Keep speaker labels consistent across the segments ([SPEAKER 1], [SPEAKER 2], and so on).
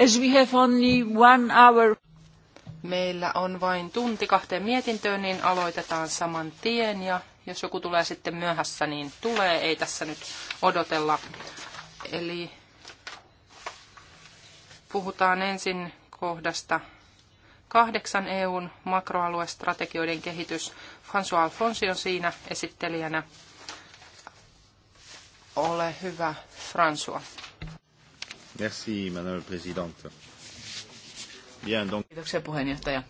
[SPEAKER 1] As we have only one hour. Meillä on vain tunti kahteen mietintöön, niin aloitetaan saman tien. Ja jos joku tulee sitten myöhässä, niin tulee. Ei tässä nyt odotella. Eli puhutaan ensin kohdasta kahdeksan EUn makroaluestrategioiden kehitys. François Alfonsi on siinä esittelijänä.
[SPEAKER 2] Ole hyvä, François.
[SPEAKER 3] Merci, Madame la Présidente. Bien, donc...
[SPEAKER 2] Kiitoksia puheenjohtaja.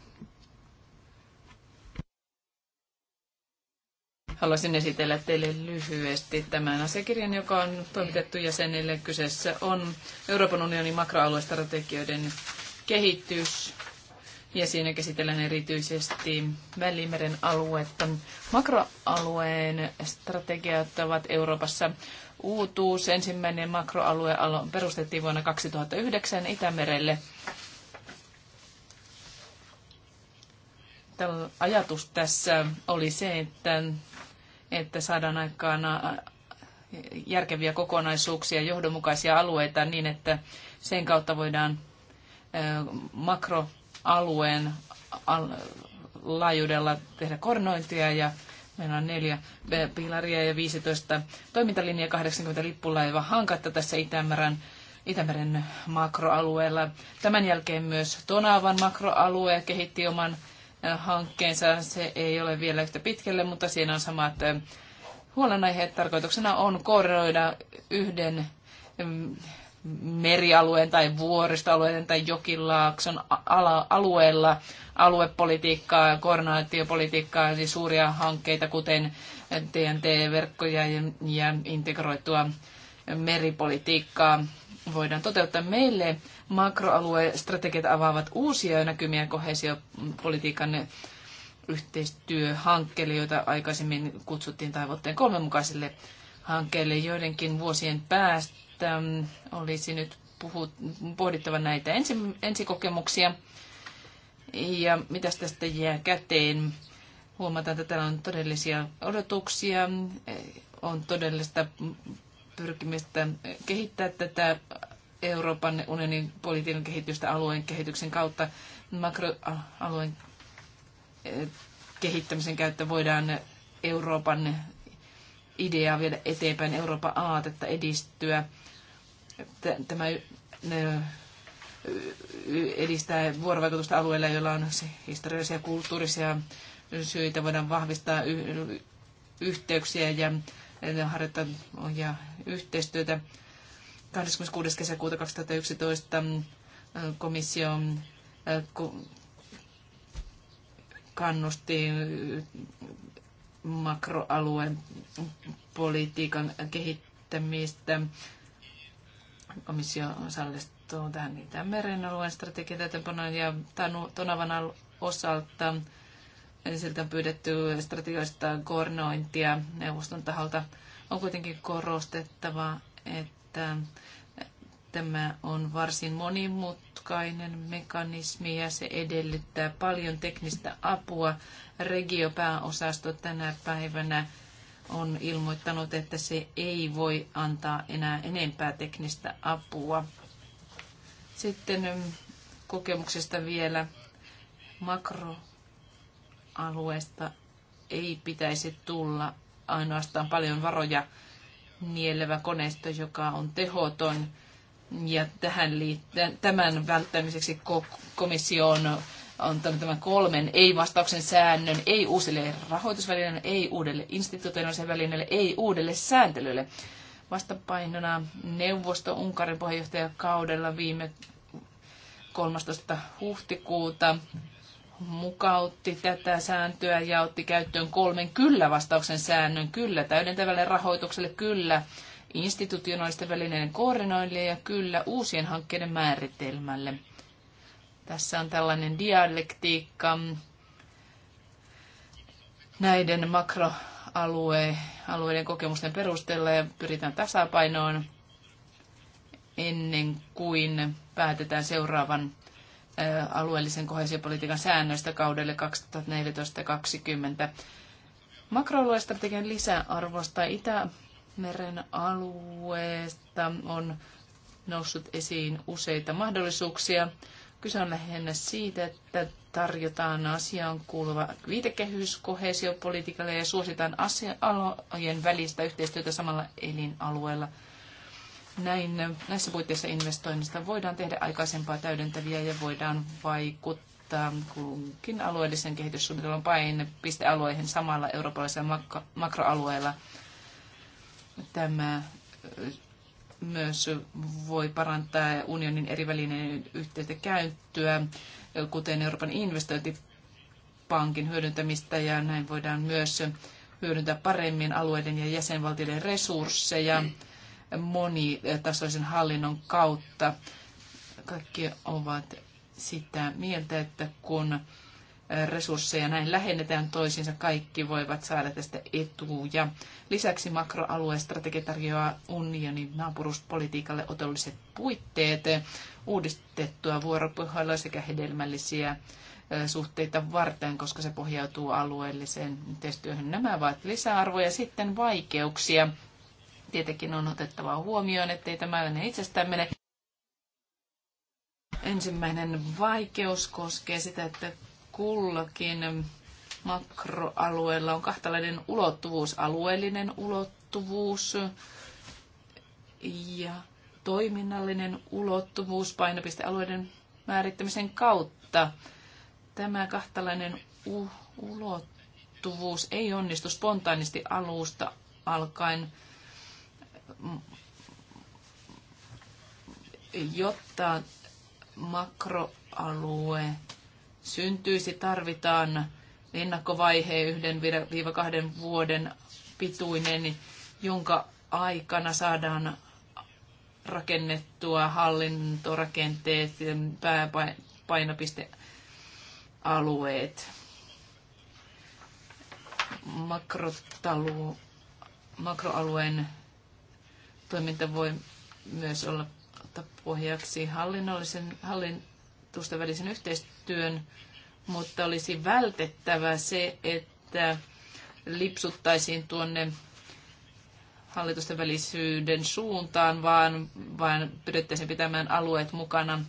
[SPEAKER 2] Haluaisin esitellä teille lyhyesti tämän asiakirjan, joka on toimitettu jäsenille. Kyseessä on Euroopan unionin makroaluestrategioiden kehitys ja siinä käsitellään erityisesti Välimeren aluetta. Makroalueen strategiat ovat Euroopassa uutuus. Ensimmäinen makroalue perustettiin vuonna 2009 Itämerelle. Tämä Ajatus tässä oli se, että, että saadaan aikaan järkeviä kokonaisuuksia, johdonmukaisia alueita niin, että sen kautta voidaan makroalueen laajuudella tehdä koordinointia ja Meillä on neljä pilaria ja 15 toimintalinjaa, 80 lippulaiva hanketta tässä Itämeren, Itämeren makroalueella. Tämän jälkeen myös Tonavan makroalue kehitti oman äh, hankkeensa. Se ei ole vielä yhtä pitkälle, mutta siinä on samat äh, huolenaiheet. Tarkoituksena on koordinoida yhden mm, merialueen tai vuoristoalueen tai jokilaakson alueella aluepolitiikkaa, koordinaatiopolitiikkaa, eli siis suuria hankkeita, kuten TNT-verkkoja ja integroitua meripolitiikkaa voidaan toteuttaa. Meille makroaluestrategiat avaavat uusia näkymiä kohesiopolitiikan yhteistyöhankkeille, joita aikaisemmin kutsuttiin tavoitteen kolmen mukaisille hankkeille. Joidenkin vuosien päästä että ähm, olisi nyt puhut, pohdittava näitä ensi, ensikokemuksia. Ja mitä tästä jää käteen? Huomataan, että täällä on todellisia odotuksia, on todellista pyrkimistä kehittää tätä Euroopan unionin politiikan kehitystä alueen kehityksen kautta. Makroalueen eh, kehittämisen käyttö voidaan Euroopan ideaa viedä eteenpäin, Euroopan aatetta edistyä tämä edistää vuorovaikutusta alueilla, joilla on historiallisia ja kulttuurisia syitä. Voidaan vahvistaa yhteyksiä ja harjoittaa ja yhteistyötä. 26. kesäkuuta 2011 komissio kannusti makroalueen politiikan kehittämistä Komissio osallistuu tähän Itämeren alueen strategian ja Tonavan osalta siltä on pyydetty strategioista koordinointia neuvoston taholta. On kuitenkin korostettava, että tämä on varsin monimutkainen mekanismi ja se edellyttää paljon teknistä apua. Regiopääosasto tänä päivänä on ilmoittanut, että se ei voi antaa enää enempää teknistä apua. Sitten mm, kokemuksesta vielä makroalueesta ei pitäisi tulla ainoastaan paljon varoja nielevä koneisto, joka on tehoton. Ja tähän liittyen, tämän välttämiseksi komissio on antanut tämän kolmen ei-vastauksen säännön, ei uusille rahoitusvälineille, ei uudelle instituutioiden välineelle, ei uudelle sääntelylle. Vastapainona neuvosto Unkarin puheenjohtajakaudella viime 13. huhtikuuta mukautti tätä sääntöä ja otti käyttöön kolmen kyllä-vastauksen säännön. Kyllä täydentävälle rahoitukselle, kyllä institutionaalisten välineiden koordinoille ja kyllä uusien hankkeiden määritelmälle. Tässä on tällainen dialektiikka näiden makroalueiden kokemusten perusteella ja pyritään tasapainoon ennen kuin päätetään seuraavan alueellisen kohesiopolitiikan säännöistä kaudelle 2014-2020. Makroalueen strategian lisäarvosta Itämeren alueesta on noussut esiin useita mahdollisuuksia Kyse on lähinnä siitä, että tarjotaan asiaan kuuluva viitekehys kohesiopolitiikalle ja suositaan alojen välistä yhteistyötä samalla elinalueella. Näin, näissä puitteissa investoinnista voidaan tehdä aikaisempaa täydentäviä ja voidaan vaikuttaa kunkin alueellisen kehityssuunnitelman painepistealueihin samalla eurooppalaisella makroalueella. Tämä myös voi parantaa unionin eri välineiden yhteistä käyttöä, kuten Euroopan investointipankin hyödyntämistä, ja näin voidaan myös hyödyntää paremmin alueiden ja jäsenvaltioiden resursseja monitasoisen hallinnon kautta. Kaikki ovat sitä mieltä, että kun resursseja. Näin lähennetään toisiinsa. Kaikki voivat saada tästä etuja. Lisäksi makroaluestrategia tarjoaa unionin naapuruspolitiikalle otolliset puitteet, uudistettua vuoropuhelua sekä hedelmällisiä suhteita varten, koska se pohjautuu alueelliseen yhteistyöhön. Nämä ovat lisäarvoja. Sitten vaikeuksia. Tietenkin on otettava huomioon, ettei tämä mene itsestään mene. Ensimmäinen vaikeus koskee sitä, että kullakin makroalueella on kahtalainen ulottuvuus, alueellinen ulottuvuus ja toiminnallinen ulottuvuus painopistealueiden määrittämisen kautta. Tämä kahtalainen u- ulottuvuus ei onnistu spontaanisti alusta alkaen, jotta makroalue syntyisi, tarvitaan ennakkovaihe 1 viiva kahden vuoden pituinen, jonka aikana saadaan rakennettua hallintorakenteet, pääpainopistealueet, makrotalu, makroalueen toiminta voi myös olla pohjaksi hallinnollisen, hallin, hallitusten välisen yhteistyön, mutta olisi vältettävä se, että lipsuttaisiin tuonne hallitusten välisyyden suuntaan, vaan, vaan pyrittäisiin pitämään alueet mukana.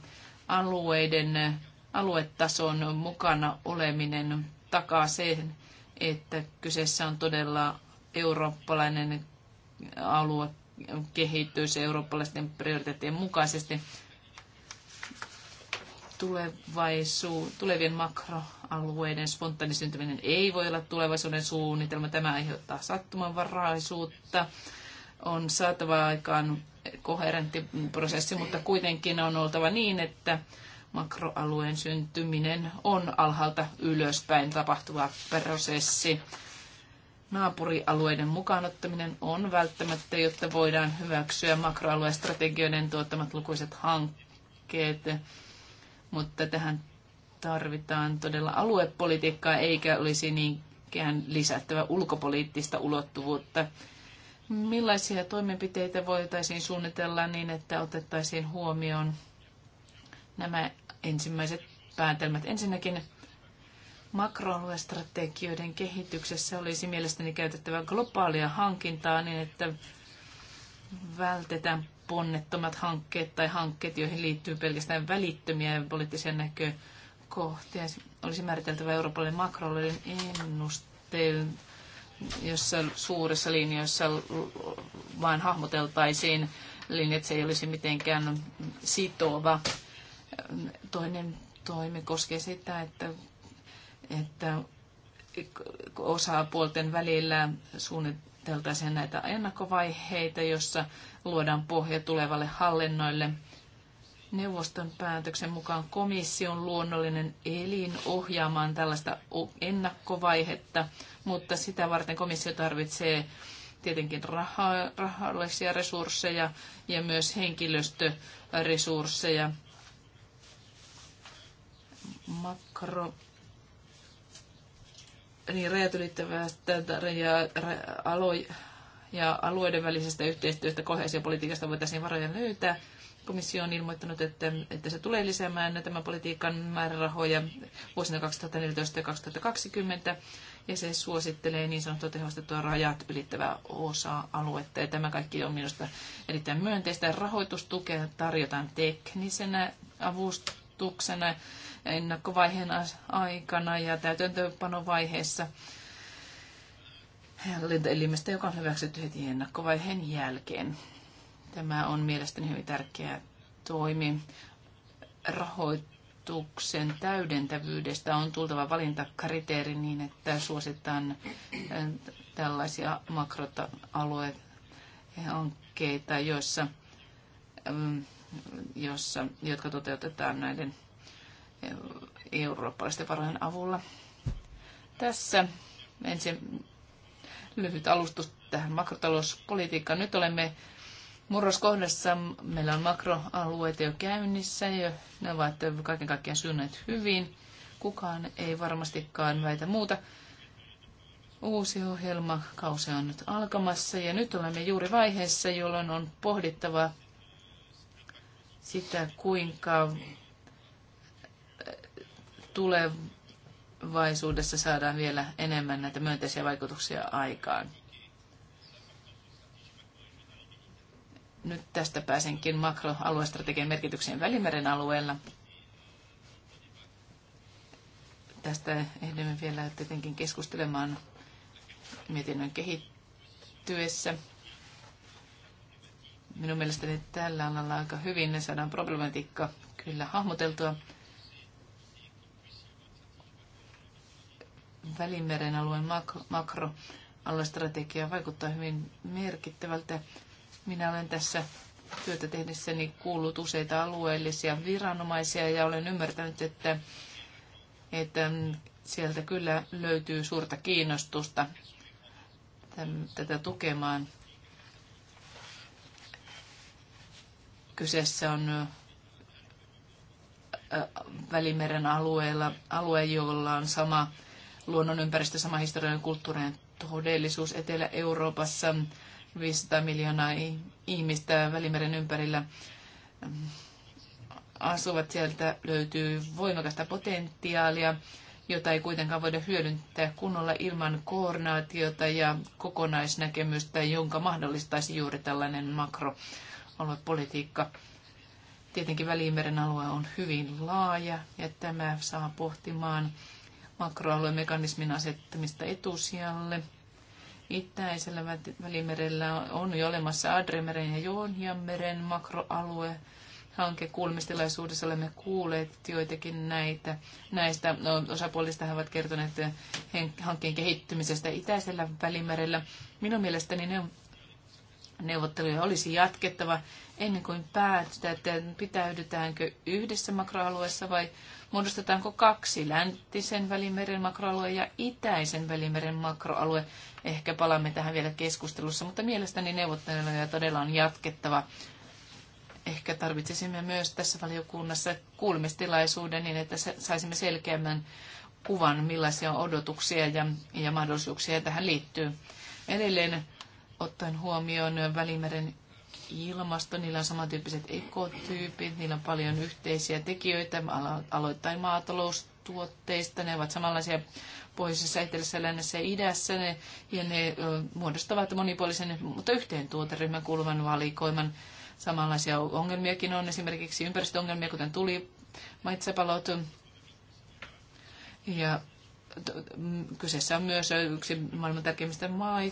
[SPEAKER 2] Alueiden, aluetason mukana oleminen takaa sen, että kyseessä on todella eurooppalainen aluekehitys eurooppalaisten prioriteettien mukaisesti tulevaisu, tulevien makroalueiden spontaani syntyminen ei voi olla tulevaisuuden suunnitelma. Tämä aiheuttaa sattumanvaraisuutta. On saatava aikaan koherentti prosessi, mutta kuitenkin on oltava niin, että makroalueen syntyminen on alhaalta ylöspäin tapahtuva prosessi. Naapurialueiden mukaanottaminen on välttämättä, jotta voidaan hyväksyä makroaluestrategioiden tuottamat lukuiset hankkeet mutta tähän tarvitaan todella aluepolitiikkaa, eikä olisi niinkään lisättävä ulkopoliittista ulottuvuutta. Millaisia toimenpiteitä voitaisiin suunnitella niin, että otettaisiin huomioon nämä ensimmäiset päätelmät? Ensinnäkin makroaluestrategioiden kehityksessä olisi mielestäni käytettävä globaalia hankintaa niin, että vältetään ponnettomat hankkeet tai hankkeet, joihin liittyy pelkästään välittömiä poliittisia näkökohtia. Olisi määriteltävä Euroopalle makroalueiden ennusteen, jossa suurissa linjoissa vain hahmoteltaisiin linjat, se ei olisi mitenkään sitova. Toinen toimi koskee sitä, että, että osapuolten välillä suunniteltaisiin näitä ennakkovaiheita, jossa luodaan pohja tulevalle hallinnoille. Neuvoston päätöksen mukaan komission luonnollinen elin ohjaamaan tällaista ennakkovaihetta, mutta sitä varten komissio tarvitsee tietenkin raha, rahallisia resursseja ja myös henkilöstöresursseja. Makro, niin rajat ylittävästä ja ja alueiden välisestä yhteistyöstä kohesiopolitiikasta voitaisiin varoja löytää. Komissio on ilmoittanut, että, että se tulee lisäämään tämän politiikan määrärahoja vuosina 2014 ja 2020, ja se suosittelee niin sanottua tehostettua rajat ylittävää osa-aluetta, ja tämä kaikki on minusta erittäin myönteistä. Rahoitustukea tarjotaan teknisenä avustuksena ennakkovaiheen aikana ja täytäntöönpanovaiheessa vaiheessa hallintaelimestä, joka on hyväksytty heti ennakkovaiheen jälkeen. Tämä on mielestäni hyvin tärkeä toimi. Rahoituksen täydentävyydestä on tultava valintakriteeri niin, että suositaan äh, tällaisia makroaluehankkeita, joissa, ähm, joissa jotka toteutetaan näiden äh, eurooppalaisten varojen avulla. Tässä ensin lyhyt alustus tähän makrotalouspolitiikkaan. Nyt olemme murroskohdassa. Meillä on makroalueet jo käynnissä jo ne ovat kaiken kaikkiaan syyneet hyvin. Kukaan ei varmastikaan väitä muuta. Uusi kausi on nyt alkamassa ja nyt olemme juuri vaiheessa, jolloin on pohdittava sitä, kuinka eh, tulee tulevaisuudessa saadaan vielä enemmän näitä myönteisiä vaikutuksia aikaan. Nyt tästä pääsenkin makroaluestrategian merkitykseen Välimeren alueella. Tästä ehdimme vielä tietenkin keskustelemaan mietinnön kehittyessä. Minun mielestäni tällä alalla aika hyvin ne saadaan problematiikka kyllä hahmoteltua. Välimeren alueen makroaluestrategia vaikuttaa hyvin merkittävältä. Minä olen tässä työtä tehdessäni kuullut useita alueellisia viranomaisia ja olen ymmärtänyt, että, että sieltä kyllä löytyy suurta kiinnostusta tätä tukemaan. Kyseessä on Välimeren alueella, alue, jolla on sama ympäristö, sama historiallinen kulttuurinen todellisuus Etelä-Euroopassa, 500 miljoonaa ihmistä Välimeren ympärillä mm, asuvat, sieltä löytyy voimakasta potentiaalia, jota ei kuitenkaan voida hyödyntää kunnolla ilman koordinaatiota ja kokonaisnäkemystä, jonka mahdollistaisi juuri tällainen makroaluepolitiikka. Tietenkin Välimeren alue on hyvin laaja ja tämä saa pohtimaan makroaluemekanismin asettamista etusijalle. Itäisellä välimerellä on jo olemassa Adremeren ja Joonjanmeren makroalue. Hankekulmistilaisuudessa olemme kuulleet joitakin näitä. Näistä no, osapuolista he ovat kertoneet eh, hankkeen kehittymisestä itäisellä välimerellä. Minun mielestäni ne on Neuvotteluja olisi jatkettava ennen kuin päätetään, että pitäydytäänkö yhdessä makroalueessa vai muodostetaanko kaksi, läntisen välimeren makroalue ja itäisen välimeren makroalue. Ehkä palaamme tähän vielä keskustelussa, mutta mielestäni neuvotteluja todella on jatkettava. Ehkä tarvitsisimme myös tässä valiokunnassa kuulemistilaisuuden niin, että saisimme selkeämmän kuvan, millaisia odotuksia ja, ja mahdollisuuksia tähän liittyy. Edelleen ottaen huomioon Välimeren ilmasto, niillä on samantyyppiset ekotyypit, niillä on paljon yhteisiä tekijöitä, aloittain maataloustuotteista, ne ovat samanlaisia pohjoisessa, etelässä, lännessä ja idässä, ne, ja ne muodostavat monipuolisen, mutta yhteen tuoteryhmän kuuluvan valikoiman. Samanlaisia ongelmiakin on, esimerkiksi ympäristöongelmia, kuten tuli maitsepalot ja Kyseessä on myös yksi maailman tärkeimmistä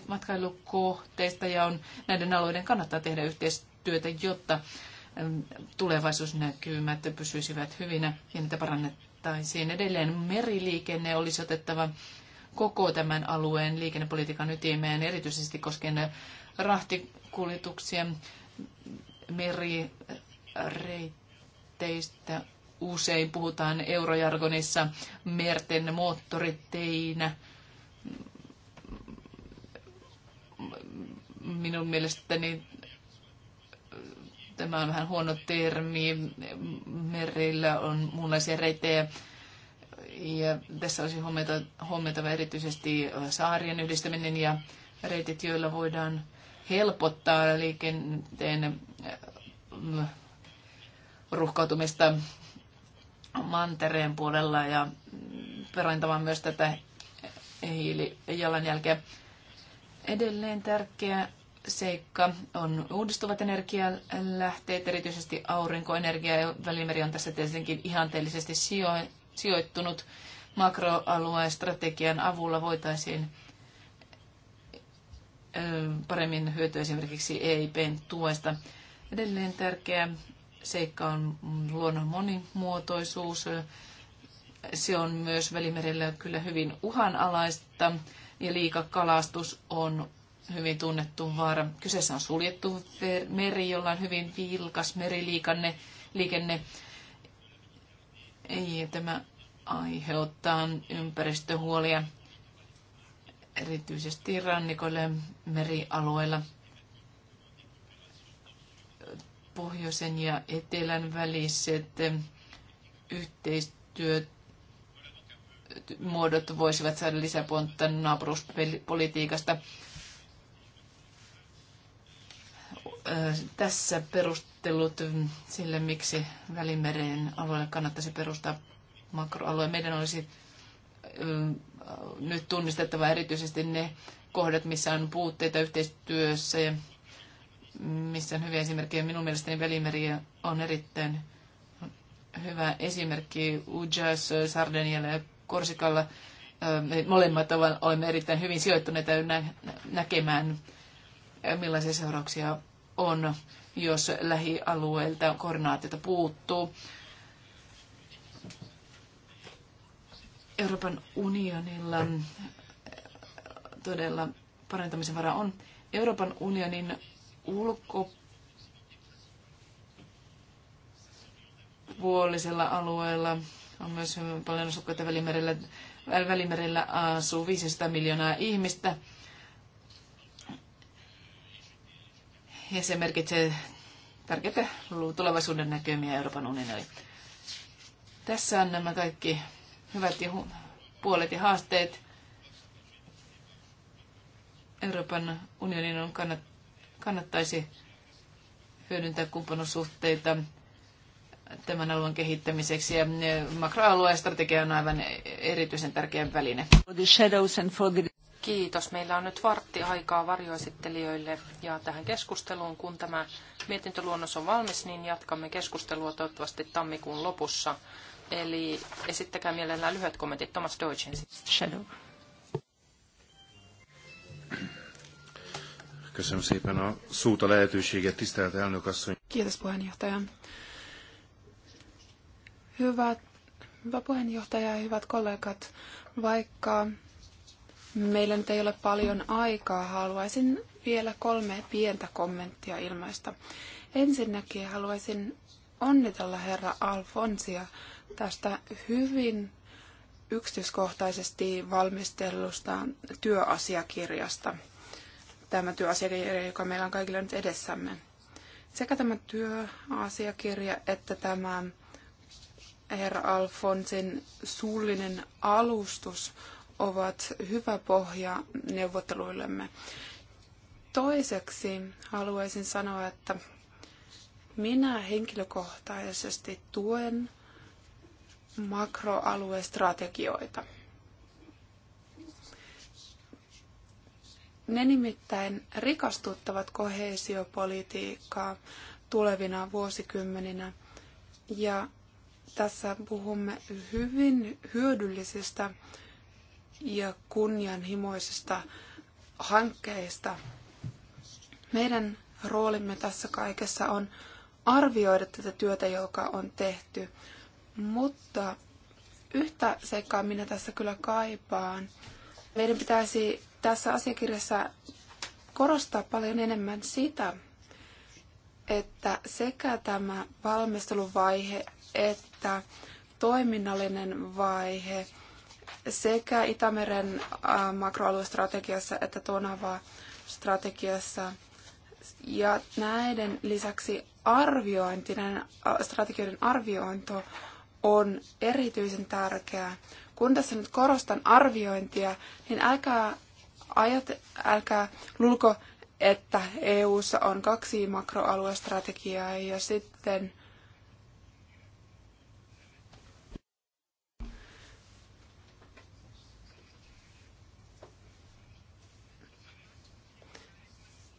[SPEAKER 2] matkailukohteista ja on, näiden alueiden kannattaa tehdä yhteistyötä, jotta tulevaisuusnäkymät pysyisivät hyvinä ja niitä parannettaisiin. Edelleen meriliikenne olisi otettava koko tämän alueen liikennepolitiikan ytimeen, erityisesti koskien rahtikuljetuksia, merireitteistä usein puhutaan eurojargonissa merten moottoriteinä. Minun mielestäni tämä on vähän huono termi. Merillä on muunlaisia reittejä. Ja tässä olisi huomioitava erityisesti saarien yhdistäminen ja reitit, joilla voidaan helpottaa liikenteen äh, ruuhkautumista mantereen puolella ja perointamaan myös tätä hiilijalanjälkeä. Edelleen tärkeä seikka on uudistuvat energialähteet, erityisesti aurinkoenergia ja välimeri on tässä tietenkin ihanteellisesti sijoittunut. Makroalueen strategian avulla voitaisiin paremmin hyötyä esimerkiksi EIPn tuesta. Edelleen tärkeä seikka on luonnon monimuotoisuus. Se on myös Välimerellä kyllä hyvin uhanalaista ja liikakalastus on hyvin tunnettu vaara. Kyseessä on suljettu meri, jolla on hyvin vilkas meriliikanne, Liikenne. Ei, tämä aiheuttaa ympäristöhuolia erityisesti rannikoille merialueilla pohjoisen ja etelän väliset eh, yhteistyömuodot voisivat saada lisäpontta naapuruuspolitiikasta. Eh, tässä perustelut sille, miksi Välimeren alueelle kannattaisi perustaa makroalue. Meidän olisi eh, nyt tunnistettava erityisesti ne kohdat, missä on puutteita yhteistyössä ja missä on hyviä esimerkkejä. Minun mielestäni Välimeri on erittäin hyvä esimerkki Ujas, Sardinialla ja Korsikalla. Ähm, me molemmat olemme erittäin hyvin sijoittuneita näkemään, äh, millaisia seurauksia on, jos lähialueilta koordinaatiota puuttuu. Euroopan unionilla äh, todella parantamisen vara on. Euroopan unionin ulkopuolisella alueella on myös hyvin paljon asukkaita Välimerellä. Välimerellä asuu 500 miljoonaa ihmistä. Ja se merkitsee tärkeitä tulevaisuuden näkymiä Euroopan unionille. Tässä on nämä kaikki hyvät ja puolet ja haasteet. Euroopan unionin on kannattaa kannattaisi hyödyntää kumppanuussuhteita tämän alueen kehittämiseksi ja e, makroalueen strategia on aivan erityisen tärkeä väline. Kiitos. Meillä on nyt vartti aikaa varjoesittelijöille
[SPEAKER 1] ja tähän keskusteluun, kun tämä mietintöluonnos on valmis, niin jatkamme keskustelua toivottavasti tammikuun lopussa. Eli esittäkää mielellään lyhyet kommentit Thomas Deutschen. Shadow.
[SPEAKER 2] Köszönöm szépen
[SPEAKER 3] a szót, a lehetőséget, tisztelt elnök asszony.
[SPEAKER 4] Kiitos puheenjohtaja. Hyvät, hyvä puheenjohtaja hyvät kollegat, vaikka meillä nyt ei ole paljon aikaa, haluaisin vielä kolme pientä kommenttia ilmaista. Ensinnäkin haluaisin onnitella herra Alfonsia tästä hyvin yksityiskohtaisesti valmistellusta työasiakirjasta – tämä työasiakirja, joka meillä on kaikilla nyt edessämme. Sekä tämä työasiakirja että tämä herra Alfonsin suullinen alustus ovat hyvä pohja neuvotteluillemme. Toiseksi haluaisin sanoa, että minä henkilökohtaisesti tuen makroaluestrategioita. Ne nimittäin rikastuttavat kohesiopolitiikkaa tulevina vuosikymmeninä. Ja tässä puhumme hyvin hyödyllisistä ja kunnianhimoisista hankkeista. Meidän roolimme tässä kaikessa on arvioida tätä työtä, joka on tehty. Mutta yhtä seikkaa minä tässä kyllä kaipaan. Meidän pitäisi tässä asiakirjassa korostaa paljon enemmän sitä, että sekä tämä valmisteluvaihe että toiminnallinen vaihe sekä Itämeren makroaluestrategiassa että tonava strategiassa ja näiden lisäksi arviointi, näiden strategioiden arviointo on erityisen tärkeää. Kun tässä nyt korostan arviointia, niin älkää ajat, älkää luulko, että EU:ssa on kaksi makroaluestrategiaa ja sitten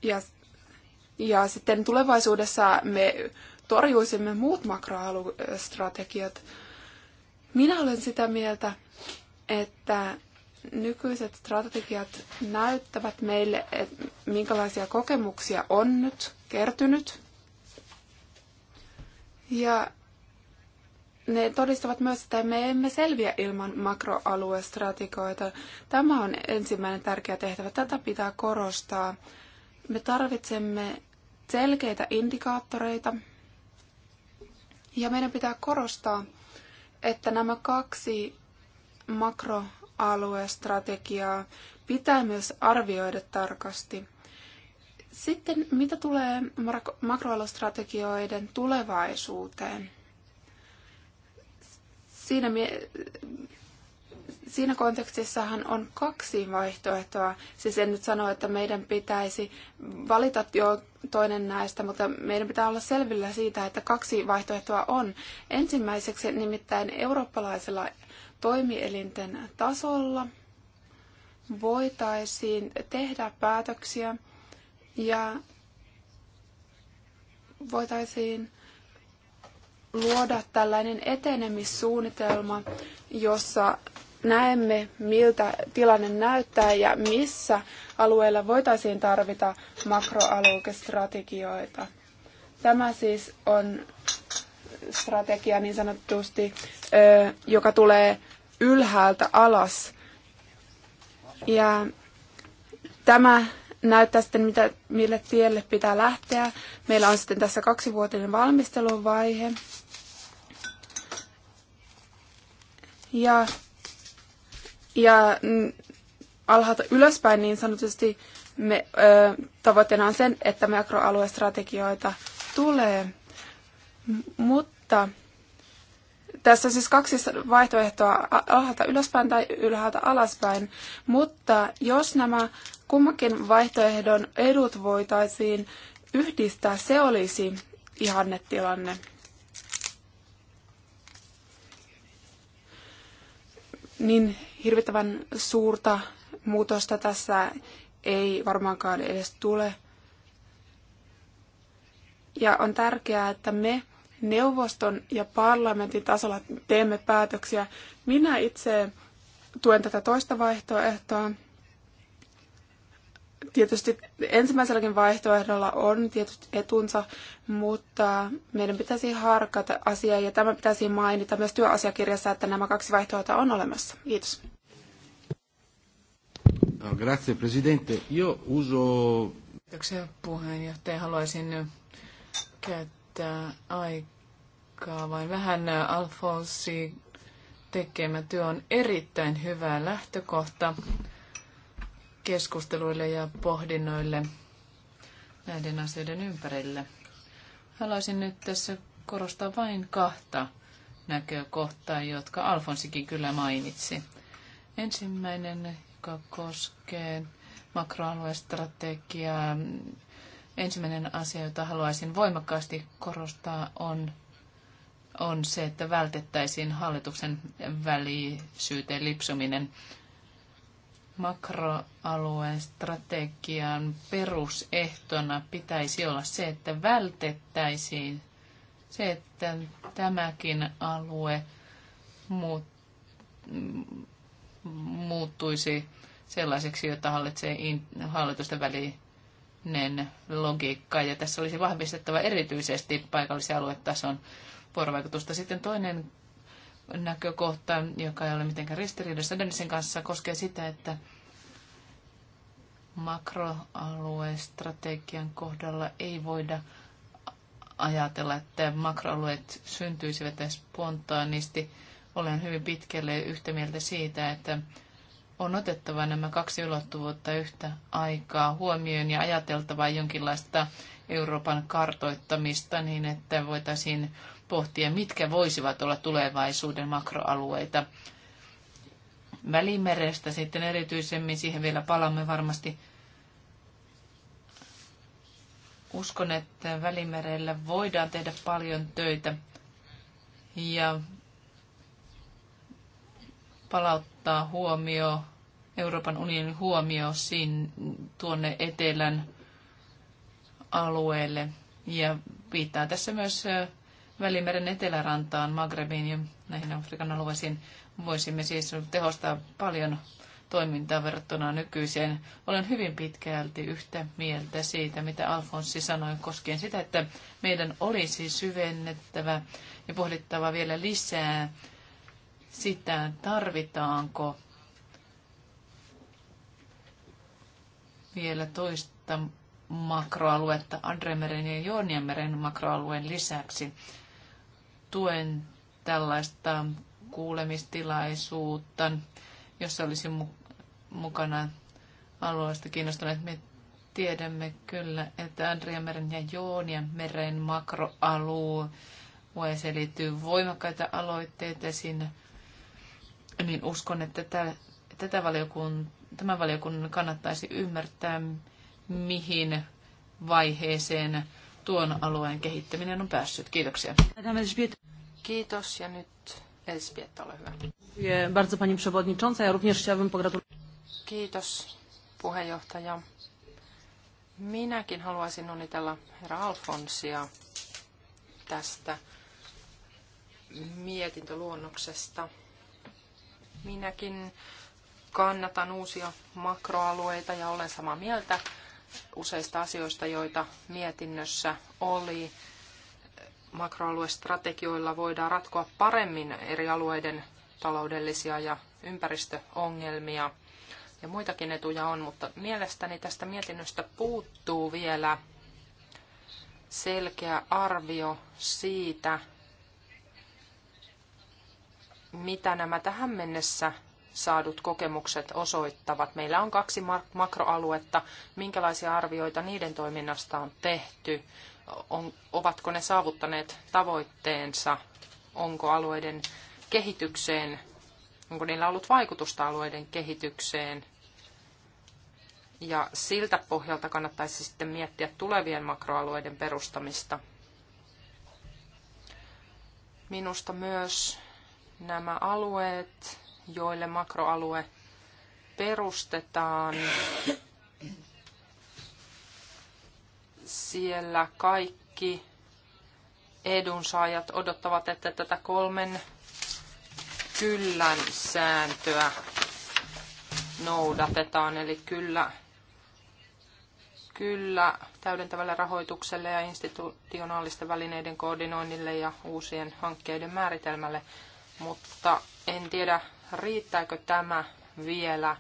[SPEAKER 4] ja, ja sitten tulevaisuudessa me torjuisimme muut makroalustrategiat. Minä olen sitä mieltä, että nykyiset strategiat näyttävät meille, että minkälaisia kokemuksia on nyt kertynyt. Ja ne todistavat myös, että me emme selviä ilman makroaluestrategioita. Tämä on ensimmäinen tärkeä tehtävä. Tätä pitää korostaa. Me tarvitsemme selkeitä indikaattoreita ja meidän pitää korostaa, että nämä kaksi makro aluestrategiaa pitää myös arvioida tarkasti. Sitten mitä tulee makroalustrategioiden tulevaisuuteen? Siinä, siinä kontekstissahan on kaksi vaihtoehtoa. Siis en nyt sano, että meidän pitäisi valita jo toinen näistä, mutta meidän pitää olla selvillä siitä, että kaksi vaihtoehtoa on. Ensimmäiseksi nimittäin eurooppalaisella toimielinten tasolla voitaisiin tehdä päätöksiä ja voitaisiin luoda tällainen etenemissuunnitelma, jossa näemme, miltä tilanne näyttää ja missä alueella voitaisiin tarvita makroalukestrategioita. Tämä siis on strategia niin sanotusti, joka tulee ylhäältä alas. Ja tämä näyttää sitten, mitä, mille tielle pitää lähteä. Meillä on sitten tässä kaksivuotinen valmisteluvaihe. Ja, ja alhaalta ylöspäin niin sanotusti me, ö, tavoitteena on sen, että makroaluestrategioita tulee. Mutta tässä on siis kaksi vaihtoehtoa, alhaalta ylöspäin tai ylhäältä alaspäin, mutta jos nämä kummakin vaihtoehdon edut voitaisiin yhdistää, se olisi ihannetilanne. Niin hirvittävän suurta muutosta tässä ei varmaankaan edes tule. Ja on tärkeää, että me neuvoston ja parlamentin tasolla teemme päätöksiä. Minä itse tuen tätä toista vaihtoehtoa. Tietysti ensimmäiselläkin vaihtoehdolla on tietyt etunsa, mutta meidän pitäisi harkata asiaa ja tämä pitäisi mainita myös työasiakirjassa, että nämä kaksi vaihtoehtoa on olemassa. Kiitos.
[SPEAKER 3] No, grazie Presidente. Io uso...
[SPEAKER 2] Kiitoksia puheenjohtaja. Haluaisin käyttää riittää aikaa vain vähän. Alfonsi tekemä työ on erittäin hyvä lähtökohta keskusteluille ja pohdinnoille näiden asioiden ympärille. Haluaisin nyt tässä korostaa vain kahta näkökohtaa, jotka Alfonsikin kyllä mainitsi. Ensimmäinen, joka koskee makroalueestrategiaa, Ensimmäinen asia, jota haluaisin voimakkaasti korostaa, on, on se, että vältettäisiin hallituksen välisyyteen lipsuminen makroalueen strategian perusehtona pitäisi olla se, että vältettäisiin se, että tämäkin alue muut, muuttuisi sellaiseksi, jota hallitsee in, hallitusten väli, poliittinen logiikka, ja tässä olisi vahvistettava erityisesti paikallisen aluetason vuorovaikutusta. Sitten toinen näkökohta, joka ei ole mitenkään ristiriidassa Dennisin kanssa, koskee sitä, että makroaluestrategian kohdalla ei voida ajatella, että makroalueet syntyisivät spontaanisti. Olen hyvin pitkälle yhtä mieltä siitä, että on otettava nämä kaksi ulottuvuutta yhtä aikaa huomioon ja ajateltava jonkinlaista Euroopan kartoittamista niin, että voitaisiin pohtia, mitkä voisivat olla tulevaisuuden makroalueita. Välimerestä sitten erityisemmin, siihen vielä palamme varmasti. Uskon, että Välimerellä voidaan tehdä paljon töitä ja palauttaa huomio Euroopan unionin huomio siinä, tuonne etelän alueelle. Ja viittaa tässä myös Välimeren etelärantaan, Magrebiin ja näihin Afrikan alueisiin. Voisimme siis tehostaa paljon toimintaa verrattuna nykyiseen. Olen hyvin pitkälti yhtä mieltä siitä, mitä Alfonssi sanoi koskien sitä, että meidän olisi syvennettävä ja pohdittava vielä lisää sitä, tarvitaanko vielä toista makroaluetta Adremeren ja Jooniameren makroalueen lisäksi. Tuen tällaista kuulemistilaisuutta, jossa olisi mukana alueesta kiinnostuneet. Me tiedämme kyllä, että Adriameren ja Jooniameren makroalueeseen liittyy voimakkaita aloitteita sinne. niin uskon, että tätä, tätä valiokuntaa tämän valiokunnan kannattaisi ymmärtää, mihin vaiheeseen tuon alueen kehittäminen on päässyt. Kiitoksia.
[SPEAKER 1] Kiitos ja nyt Elżbieta, ole hyvä.
[SPEAKER 5] Bardzo pani przewodnicząca. Ja również chciałabym pogratulować.
[SPEAKER 1] Kiitos puheenjohtaja. Minäkin haluaisin onnitella herra Alfonsia tästä mietintöluonnoksesta. Minäkin kannatan uusia makroalueita ja olen samaa mieltä useista asioista, joita mietinnössä oli. Makroaluestrategioilla voidaan ratkoa paremmin eri alueiden taloudellisia ja ympäristöongelmia ja muitakin etuja on, mutta mielestäni tästä mietinnöstä puuttuu vielä selkeä arvio siitä, mitä nämä tähän mennessä saadut kokemukset osoittavat. Meillä on kaksi makroaluetta. Minkälaisia arvioita niiden toiminnasta on tehty? On, ovatko ne saavuttaneet tavoitteensa? Onko alueiden kehitykseen, onko niillä ollut vaikutusta alueiden kehitykseen? Ja siltä pohjalta kannattaisi sitten miettiä tulevien makroalueiden perustamista. Minusta myös nämä alueet joille makroalue perustetaan, siellä kaikki edunsaajat odottavat, että tätä kolmen kyllän sääntöä noudatetaan. Eli kyllä, kyllä täydentävälle rahoitukselle ja institutionaalisten välineiden koordinoinnille ja uusien hankkeiden määritelmälle, mutta en tiedä riittääkö tämä vielä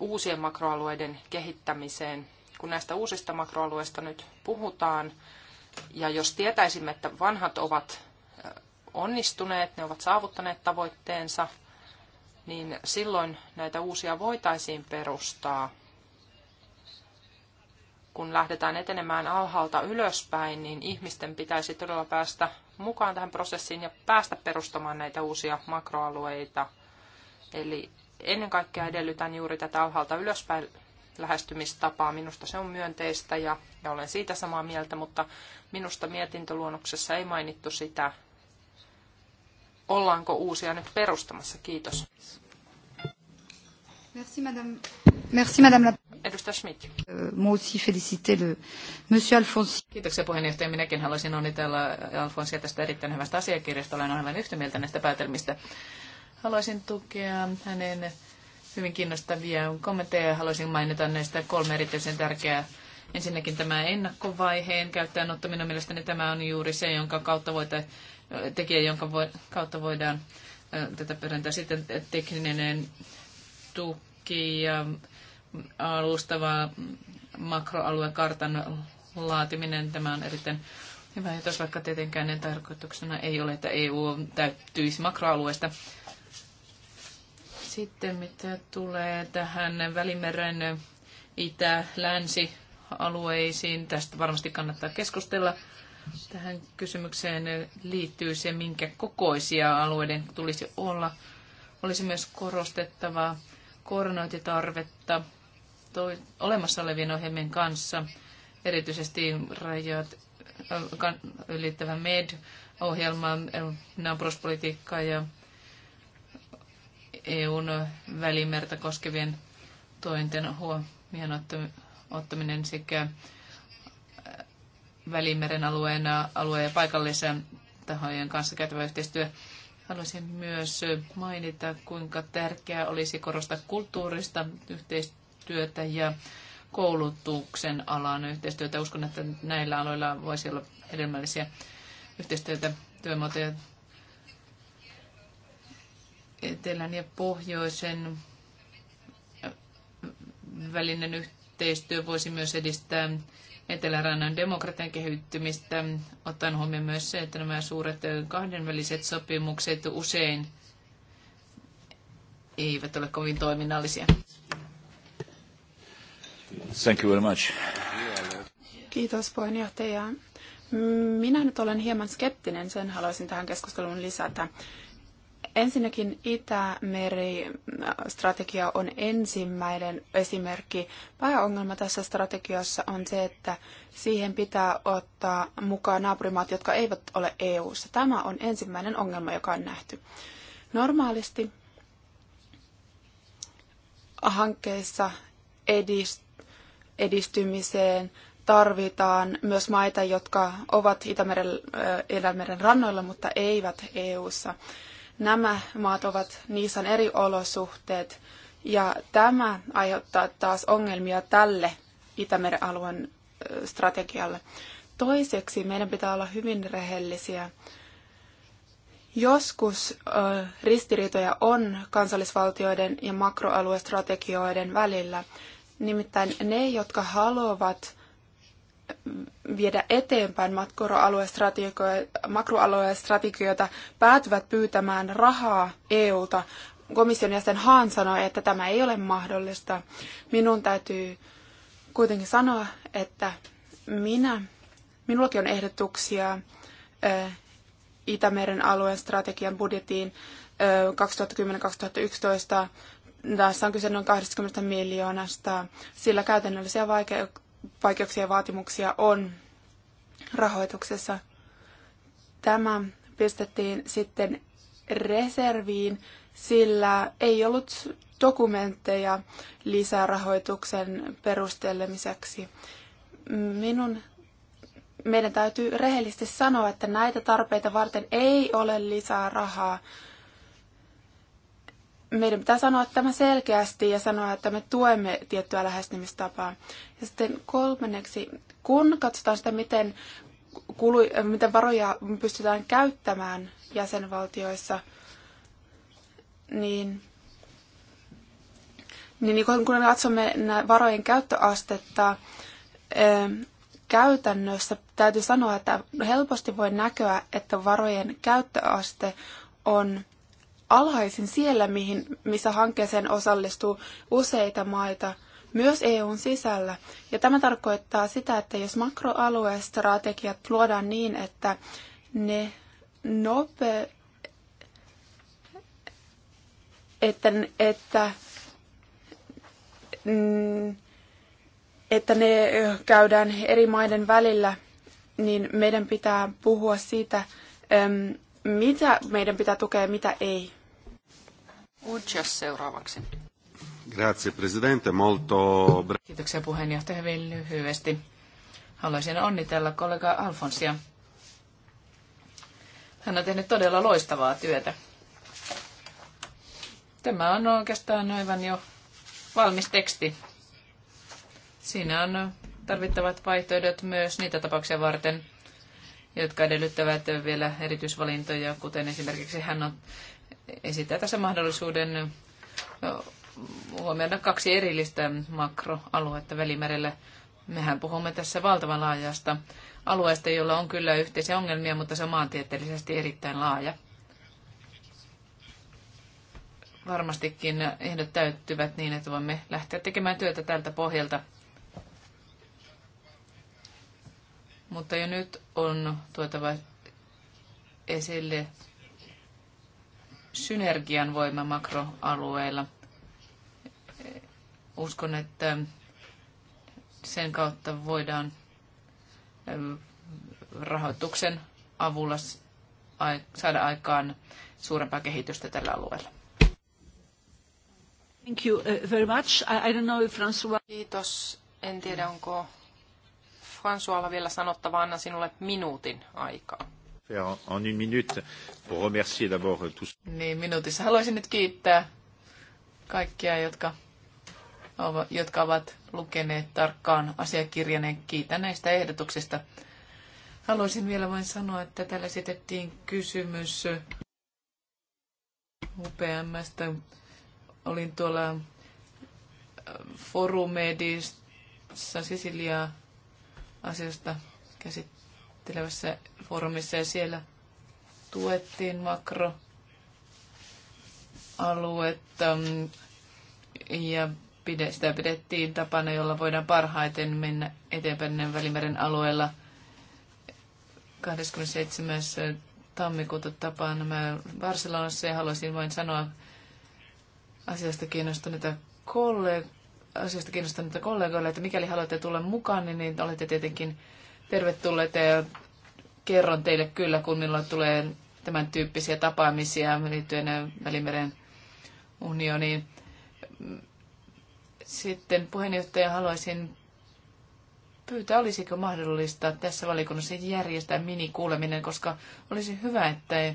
[SPEAKER 1] uusien makroalueiden kehittämiseen? Kun näistä uusista makroalueista nyt puhutaan, ja jos tietäisimme, että vanhat ovat onnistuneet, ne ovat saavuttaneet tavoitteensa, niin silloin näitä uusia voitaisiin perustaa. Kun lähdetään etenemään alhaalta ylöspäin, niin ihmisten pitäisi todella päästä mukaan tähän prosessiin ja päästä perustamaan näitä uusia makroalueita. Eli ennen kaikkea edellytän juuri tätä alhaalta ylöspäin lähestymistapaa. Minusta se on myönteistä ja, ja olen siitä samaa mieltä, mutta minusta mietintöluonnoksessa ei mainittu sitä, ollaanko uusia nyt perustamassa. Kiitos.
[SPEAKER 2] Merci, madame. Merci, madame la... Edustaja Schmidt.
[SPEAKER 4] Euh, Muusi felicitelle. Monsieur Alfonsi.
[SPEAKER 2] Kiitoksia puheenjohtaja. Minäkin haluaisin onnitella Alfonsia tästä erittäin hyvästä asiakirjasta. Olen aivan yhtä mieltä näistä päätelmistä. Haluaisin tukea hänen hyvin kiinnostavia kommentteja. Haluaisin mainita näistä kolme erityisen tärkeää Ensinnäkin tämä ennakkovaiheen käyttäjän ottaminen, mielestäni tämä on juuri se, jonka kautta voita, tekijä, jonka vo, kautta voidaan tätä perintää. Sitten tekninen tuki ja alustavaa makroaluekartan laatiminen. Tämä on erittäin hyvä ajatus, vaikka tietenkään ne tarkoituksena ei ole, että EU täyttyisi makroalueesta. Sitten mitä tulee tähän Välimeren itä-länsi-alueisiin, tästä varmasti kannattaa keskustella. Tähän kysymykseen liittyy se, minkä kokoisia alueiden tulisi olla. Olisi myös korostettava koordinointitarvetta olemassa olevien ohjelmien kanssa, erityisesti rajat ylittävä MED-ohjelma, naapuruspolitiikkaa ja EUn välimertä koskevien tointen huomioon ottaminen sekä Välimeren alueen alueen ja paikallisen tahojen kanssa käytävä yhteistyö. Haluaisin myös mainita, kuinka tärkeää olisi korostaa kulttuurista yhteistyötä yhteistyötä ja koulutuksen alan yhteistyötä. Uskon, että näillä aloilla voisi olla hedelmällisiä yhteistyötä työmuotoja etelän ja pohjoisen välinen yhteistyö voisi myös edistää Etelärannan demokratian kehittymistä, ottaen huomioon myös se, että nämä suuret kahdenväliset sopimukset usein eivät ole kovin
[SPEAKER 4] toiminnallisia.
[SPEAKER 2] Thank you very much.
[SPEAKER 4] Kiitos puheenjohtaja. Minä nyt olen hieman skeptinen, sen haluaisin tähän keskusteluun lisätä. Ensinnäkin Itämeri-strategia äh, on ensimmäinen esimerkki. Pääongelma tässä strategiassa on se, että siihen pitää ottaa mukaan naapurimaat, jotka eivät ole EU-ssa. Tämä on ensimmäinen ongelma, joka on nähty. Normaalisti hankkeissa edist, edistymiseen tarvitaan myös maita, jotka ovat Itämeren, äh, Itämeren rannoilla, mutta eivät EU:ssa. Nämä maat ovat, niissä on eri olosuhteet ja tämä aiheuttaa taas ongelmia tälle Itämeren alueen äh, strategialle. Toiseksi meidän pitää olla hyvin rehellisiä. Joskus äh, ristiriitoja on kansallisvaltioiden ja makroaluestrategioiden välillä. Nimittäin ne, jotka haluavat mm, viedä eteenpäin makroaluestrategioita, päätyvät pyytämään rahaa EUlta. Komission jäsen Haan sanoi, että tämä ei ole mahdollista. Minun täytyy kuitenkin sanoa, että minä, minullakin on ehdotuksia Itämeren alueen strategian budjettiin 2010-2011 tässä on kyse noin 20 miljoonasta, sillä käytännöllisiä vaikeuksia ja vaatimuksia on rahoituksessa. Tämä pistettiin sitten reserviin, sillä ei ollut dokumentteja lisärahoituksen perustelemiseksi. Minun, meidän täytyy rehellisesti sanoa, että näitä tarpeita varten ei ole lisää rahaa meidän pitää sanoa tämä selkeästi ja sanoa, että me tuemme tiettyä lähestymistapaa. Ja sitten kolmanneksi, kun katsotaan sitä, miten, kulu, miten varoja pystytään käyttämään jäsenvaltioissa, niin, niin kun katsomme varojen käyttöastetta, käytännössä täytyy sanoa, että helposti voi näkyä, että varojen käyttöaste on alhaisin siellä, mihin, missä hankkeeseen osallistuu useita maita, myös EUn sisällä. Ja tämä tarkoittaa sitä, että jos makroaluestrategiat luodaan niin, että ne nope, että, että, mm, että ne käydään eri maiden välillä, niin meidän pitää puhua siitä, mitä meidän pitää tukea ja mitä ei.
[SPEAKER 2] Uccias seuraavaksi.
[SPEAKER 3] Grazie, presidente. Molto...
[SPEAKER 2] Kiitoksia puheenjohtaja hyvin lyhyesti. Haluaisin onnitella kollega Alfonsia. Hän on tehnyt todella loistavaa työtä. Tämä on oikeastaan aivan jo valmis teksti. Siinä on tarvittavat vaihtoehdot myös niitä tapauksia varten, jotka edellyttävät vielä erityisvalintoja, kuten esimerkiksi hän on, esittää tässä mahdollisuuden huomioida kaksi erillistä makroaluetta Välimerellä. Mehän puhumme tässä valtavan laajasta alueesta, jolla on kyllä yhteisiä ongelmia, mutta se on maantieteellisesti erittäin laaja. Varmastikin ehdot täyttyvät niin, että voimme lähteä tekemään työtä tältä pohjalta. Mutta jo nyt on tuotava esille synergian voima makroalueilla. Uskon, että sen kautta voidaan rahoituksen avulla saada aikaan suurempaa kehitystä tällä alueella. Thank
[SPEAKER 1] you very much. I, don't know if François... Kiitos. En tiedä, onko Françoislla vielä sanottavaa, annan sinulle minuutin aikaa.
[SPEAKER 3] En une minute pour remercier d'abord tous.
[SPEAKER 2] Niin, minuutissa haluaisin nyt kiittää kaikkia, jotka, jotka ovat lukeneet tarkkaan asiakirjan ja kiitän näistä ehdotuksista. Haluaisin vielä vain sanoa, että täällä esitettiin kysymys UPMstä. Olin tuolla Forumedissa Sisilia asioista käsittelevässä foorumissa ja siellä tuettiin makroaluetta mm, ja sitä pidettiin tapana, jolla voidaan parhaiten mennä eteenpäin Välimeren alueella. 27. tammikuuta tapaan nämä Barcelonassa ja haluaisin vain sanoa asiasta kiinnostuneita kollegoita asiasta kiinnostuneita kollegoille, että mikäli haluatte tulla mukaan, niin, niin olette tietenkin tervetulleita ja kerron teille kyllä, kun minulla tulee tämän tyyppisiä tapaamisia liittyen Välimeren unioniin. Sitten puheenjohtaja haluaisin pyytää, olisiko mahdollista tässä valiokunnassa järjestää minikuuleminen, koska olisi hyvä, että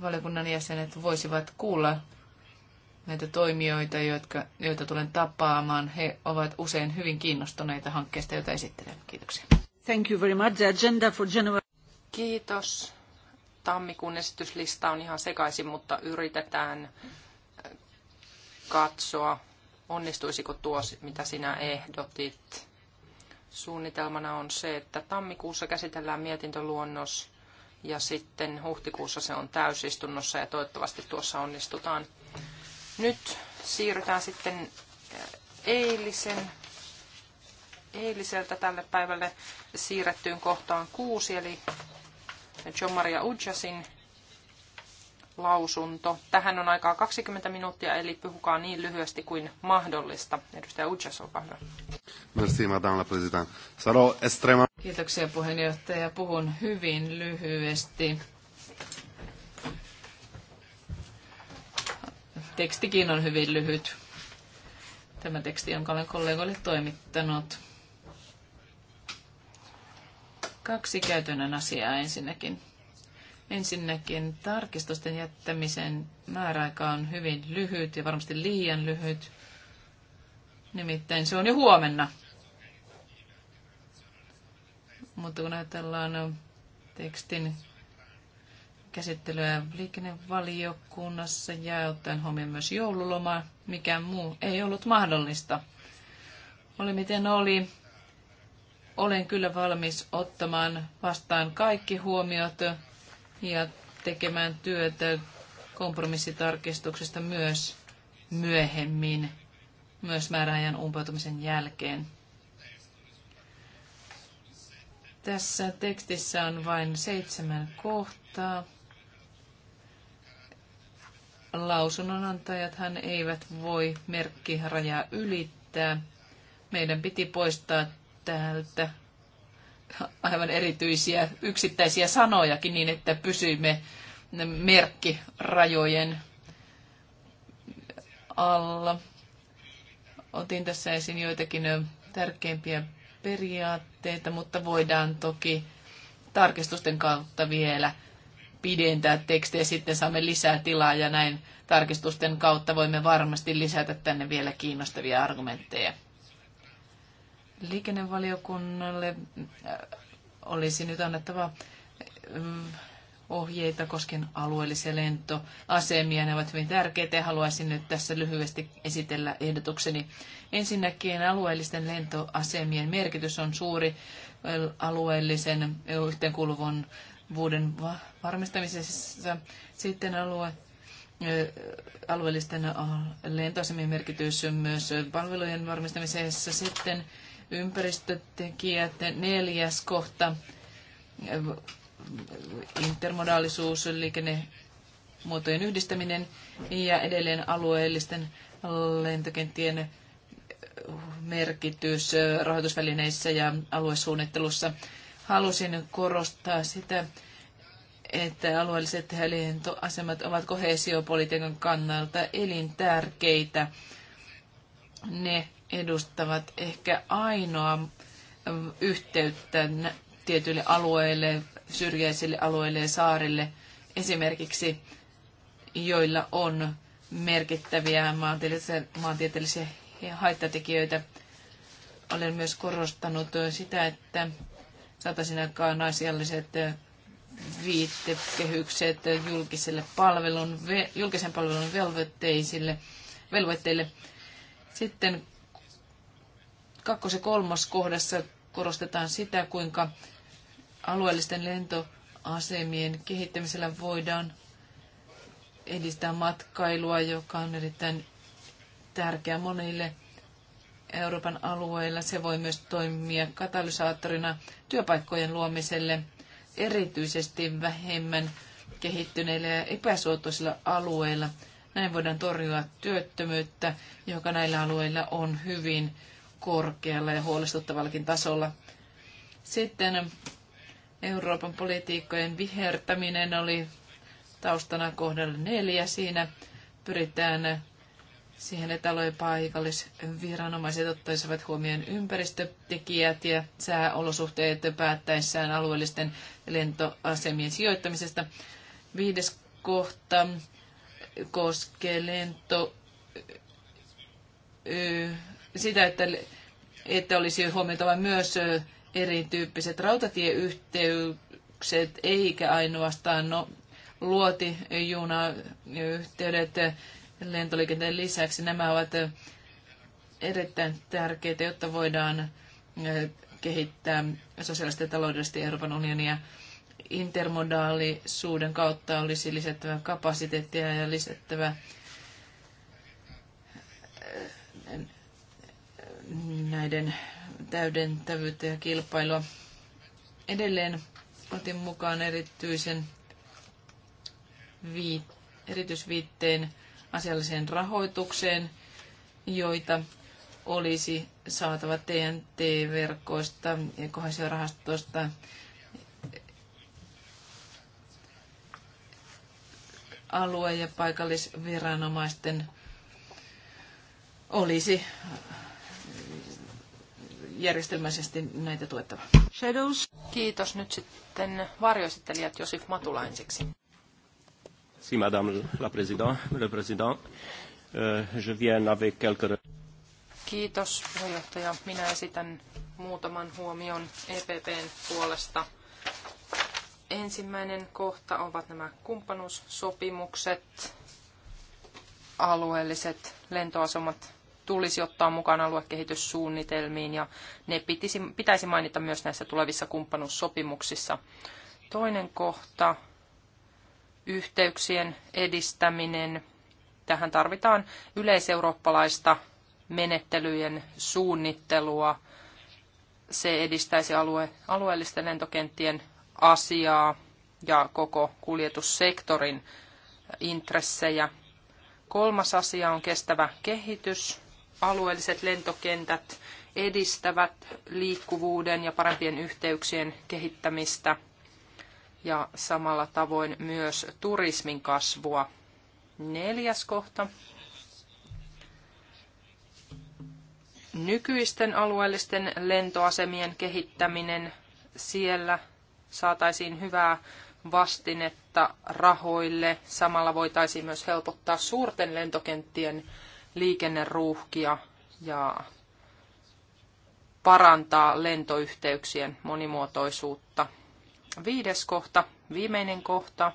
[SPEAKER 2] valiokunnan jäsenet voisivat kuulla näitä toimijoita, jotka, joita tulen tapaamaan. He ovat usein hyvin kiinnostuneita hankkeesta, joita esittelen. Kiitoksia. Thank you very much. The agenda for January. Kiitos.
[SPEAKER 1] Tammikuun esityslista on ihan sekaisin, mutta yritetään eh, katsoa, onnistuisiko tuo, mitä sinä ehdotit. Suunnitelmana on se, että tammikuussa käsitellään mietintöluonnos ja sitten huhtikuussa se on täysistunnossa ja toivottavasti tuossa onnistutaan. Nyt siirrytään sitten äh, eilisen, eiliseltä tälle päivälle siirrettyyn kohtaan kuusi, eli John Maria Ujasin lausunto. Tähän on aikaa 20 minuuttia, eli puhukaa niin lyhyesti kuin mahdollista. Edustaja Ujas, olkaa hyvä.
[SPEAKER 3] Merci, madame la présidente.
[SPEAKER 2] Kiitoksia puheenjohtaja. Puhun hyvin lyhyesti. tekstikin on hyvin lyhyt. Tämä teksti, jonka olen kollegoille toimittanut. Kaksi käytännön asiaa ensinnäkin. Ensinnäkin tarkistusten jättämisen määräaika on hyvin lyhyt ja varmasti liian lyhyt. Nimittäin se on jo huomenna. Mutta kun ajatellaan tekstin käsittelyä liikennevaliokunnassa ja ottaen huomioon myös joululoma, mikään muu ei ollut mahdollista. Oli miten oli, olen kyllä valmis ottamaan vastaan kaikki huomiot ja tekemään työtä kompromissitarkistuksesta myös myöhemmin, myös määräajan umpeutumisen jälkeen. Tässä tekstissä on vain seitsemän kohtaa lausunnonantajat hän eivät voi merkkirajaa ylittää. Meidän piti poistaa täältä aivan erityisiä yksittäisiä sanojakin niin, että pysyimme merkkirajojen alla. Otin tässä esiin joitakin tärkeimpiä periaatteita, mutta voidaan toki tarkistusten kautta vielä pidentää tekstejä, sitten saamme lisää tilaa ja näin tarkistusten kautta voimme varmasti lisätä tänne vielä kiinnostavia argumentteja. Liikennevaliokunnalle äh, olisi nyt annettava äh, ohjeita koskien alueellisia lentoasemia. Ne ovat hyvin tärkeitä ja haluaisin nyt tässä lyhyesti esitellä ehdotukseni. Ensinnäkin alueellisten lentoasemien merkitys on suuri alueellisen yhteenkuuluvan vuoden varmistamisessa. Sitten alue, alueellisten lentoasemien merkitys myös palvelujen varmistamisessa. Sitten ympäristötekijät, neljäs kohta, intermodaalisuus, liikennemuotojen yhdistäminen ja edelleen alueellisten lentokenttien merkitys rahoitusvälineissä ja aluesuunnittelussa halusin korostaa sitä, että alueelliset lentoasemat ovat kohesiopolitiikan kannalta elintärkeitä. Ne edustavat ehkä ainoa yhteyttä tietyille alueille, syrjäisille alueille ja saarille esimerkiksi, joilla on merkittäviä maantieteellisiä, maantieteellisiä haittatekijöitä. Olen myös korostanut sitä, että saataisiin aikaan naisialliset viittekehykset julkiselle palvelun, julkisen palvelun velvoitteisille, velvoitteille. Sitten kakkos- ja kolmas kohdassa korostetaan sitä, kuinka alueellisten lentoasemien kehittämisellä voidaan edistää matkailua, joka on erittäin tärkeä monille Euroopan alueilla. Se voi myös toimia katalysaattorina työpaikkojen luomiselle erityisesti vähemmän kehittyneillä ja epäsuotuisilla alueilla. Näin voidaan torjua työttömyyttä, joka näillä alueilla on hyvin korkealla ja huolestuttavallakin tasolla. Sitten Euroopan politiikkojen vihertäminen oli taustana kohdalla neljä. Siinä pyritään siihen, että alueen paikallisviranomaiset ottaisivat huomioon ympäristötekijät ja sääolosuhteet päättäessään alueellisten lentoasemien sijoittamisesta. Viides kohta koskee lento sitä, että, että olisi huomioitava myös erityyppiset rautatieyhteykset, eikä ainoastaan no, luotijunayhteydet. yhteydet lentoliikenteen lisäksi. Nämä ovat erittäin tärkeitä, jotta voidaan kehittää sosiaalisesti ja taloudellisesti Euroopan unionia. Intermodaalisuuden kautta olisi lisättävä kapasiteettia ja lisättävä näiden täydentävyyttä ja kilpailua. Edelleen otin mukaan erityisen viit, erityisviitteen asialliseen rahoitukseen, joita olisi saatava TNT-verkkoista ja kohesiorahastosta. alue- ja paikallisviranomaisten olisi järjestelmäisesti näitä
[SPEAKER 1] tuettava. Shadows. Kiitos nyt sitten varjoesittelijät Josif Matula ensiksi.
[SPEAKER 5] Madame la Présidente, le Président. Euh, je viens avec quelques...
[SPEAKER 1] Kiitos puheenjohtaja. Minä esitän muutaman huomion EPPn puolesta. Ensimmäinen kohta ovat nämä kumppanuussopimukset. Alueelliset lentoasemat tulisi ottaa mukaan aluekehityssuunnitelmiin ja ne pitisi, pitäisi mainita myös näissä tulevissa kumppanuussopimuksissa. Toinen kohta yhteyksien edistäminen. Tähän tarvitaan yleiseurooppalaista menettelyjen suunnittelua. Se edistäisi alue, alueellisten lentokenttien asiaa ja koko kuljetussektorin intressejä. Kolmas asia on kestävä kehitys. Alueelliset lentokentät edistävät liikkuvuuden ja parempien yhteyksien kehittämistä – ja samalla tavoin myös turismin kasvua. Neljäs kohta. Nykyisten alueellisten lentoasemien kehittäminen siellä saataisiin hyvää vastinetta rahoille. Samalla voitaisiin myös helpottaa suurten lentokenttien liikenneruuhkia ja parantaa lentoyhteyksien monimuotoisuutta. Viides kohta, viimeinen kohta.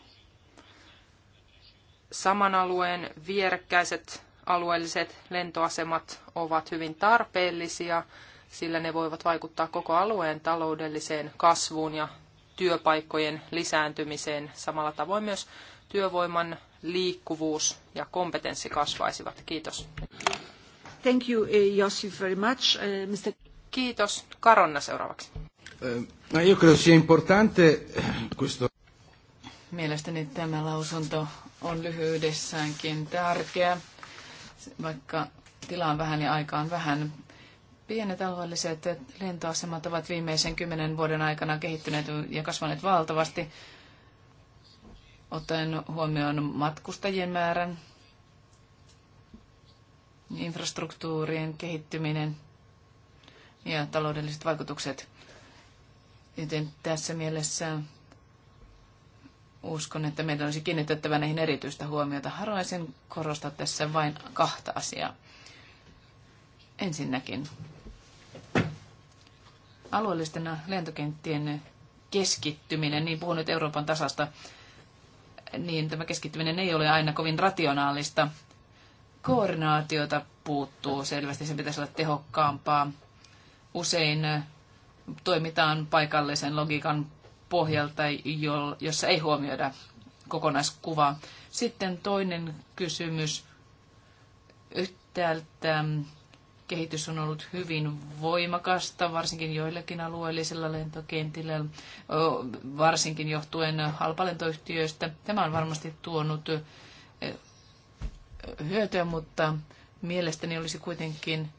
[SPEAKER 1] Saman alueen vierekkäiset alueelliset lentoasemat ovat hyvin tarpeellisia, sillä ne voivat vaikuttaa koko alueen taloudelliseen kasvuun ja työpaikkojen lisääntymiseen. Samalla tavoin myös työvoiman liikkuvuus ja kompetenssi kasvaisivat. Kiitos. Thank you, eh, Jossi, very much. Eh, Mr. Kiitos. Karonna seuraavaksi.
[SPEAKER 3] Eh, No, io credo sia importante eh, questo.
[SPEAKER 2] Mielestäni tämä lausunto on lyhyydessäänkin tärkeä, vaikka tilaan on vähän ja aikaa on vähän. Pienet alueelliset lentoasemat ovat viimeisen kymmenen vuoden aikana kehittyneet ja kasvaneet valtavasti, ottaen huomioon matkustajien määrän, infrastruktuurien kehittyminen ja taloudelliset vaikutukset – Joten tässä mielessä uskon, että meidän olisi kiinnitettävä näihin erityistä huomiota. Haluaisin korostaa tässä vain kahta asiaa. Ensinnäkin alueellisten lentokenttien keskittyminen, niin puhun nyt Euroopan tasasta, niin tämä keskittyminen ei ole aina kovin rationaalista. Koordinaatiota puuttuu selvästi, sen pitäisi olla tehokkaampaa. Usein toimitaan paikallisen logiikan pohjalta, jossa ei huomioida kokonaiskuvaa. Sitten toinen kysymys. Yhtäältä kehitys on ollut hyvin voimakasta, varsinkin joillakin alueellisilla lentokentillä, varsinkin johtuen halpalentoyhtiöistä. Tämä on varmasti tuonut hyötyä, mutta mielestäni olisi kuitenkin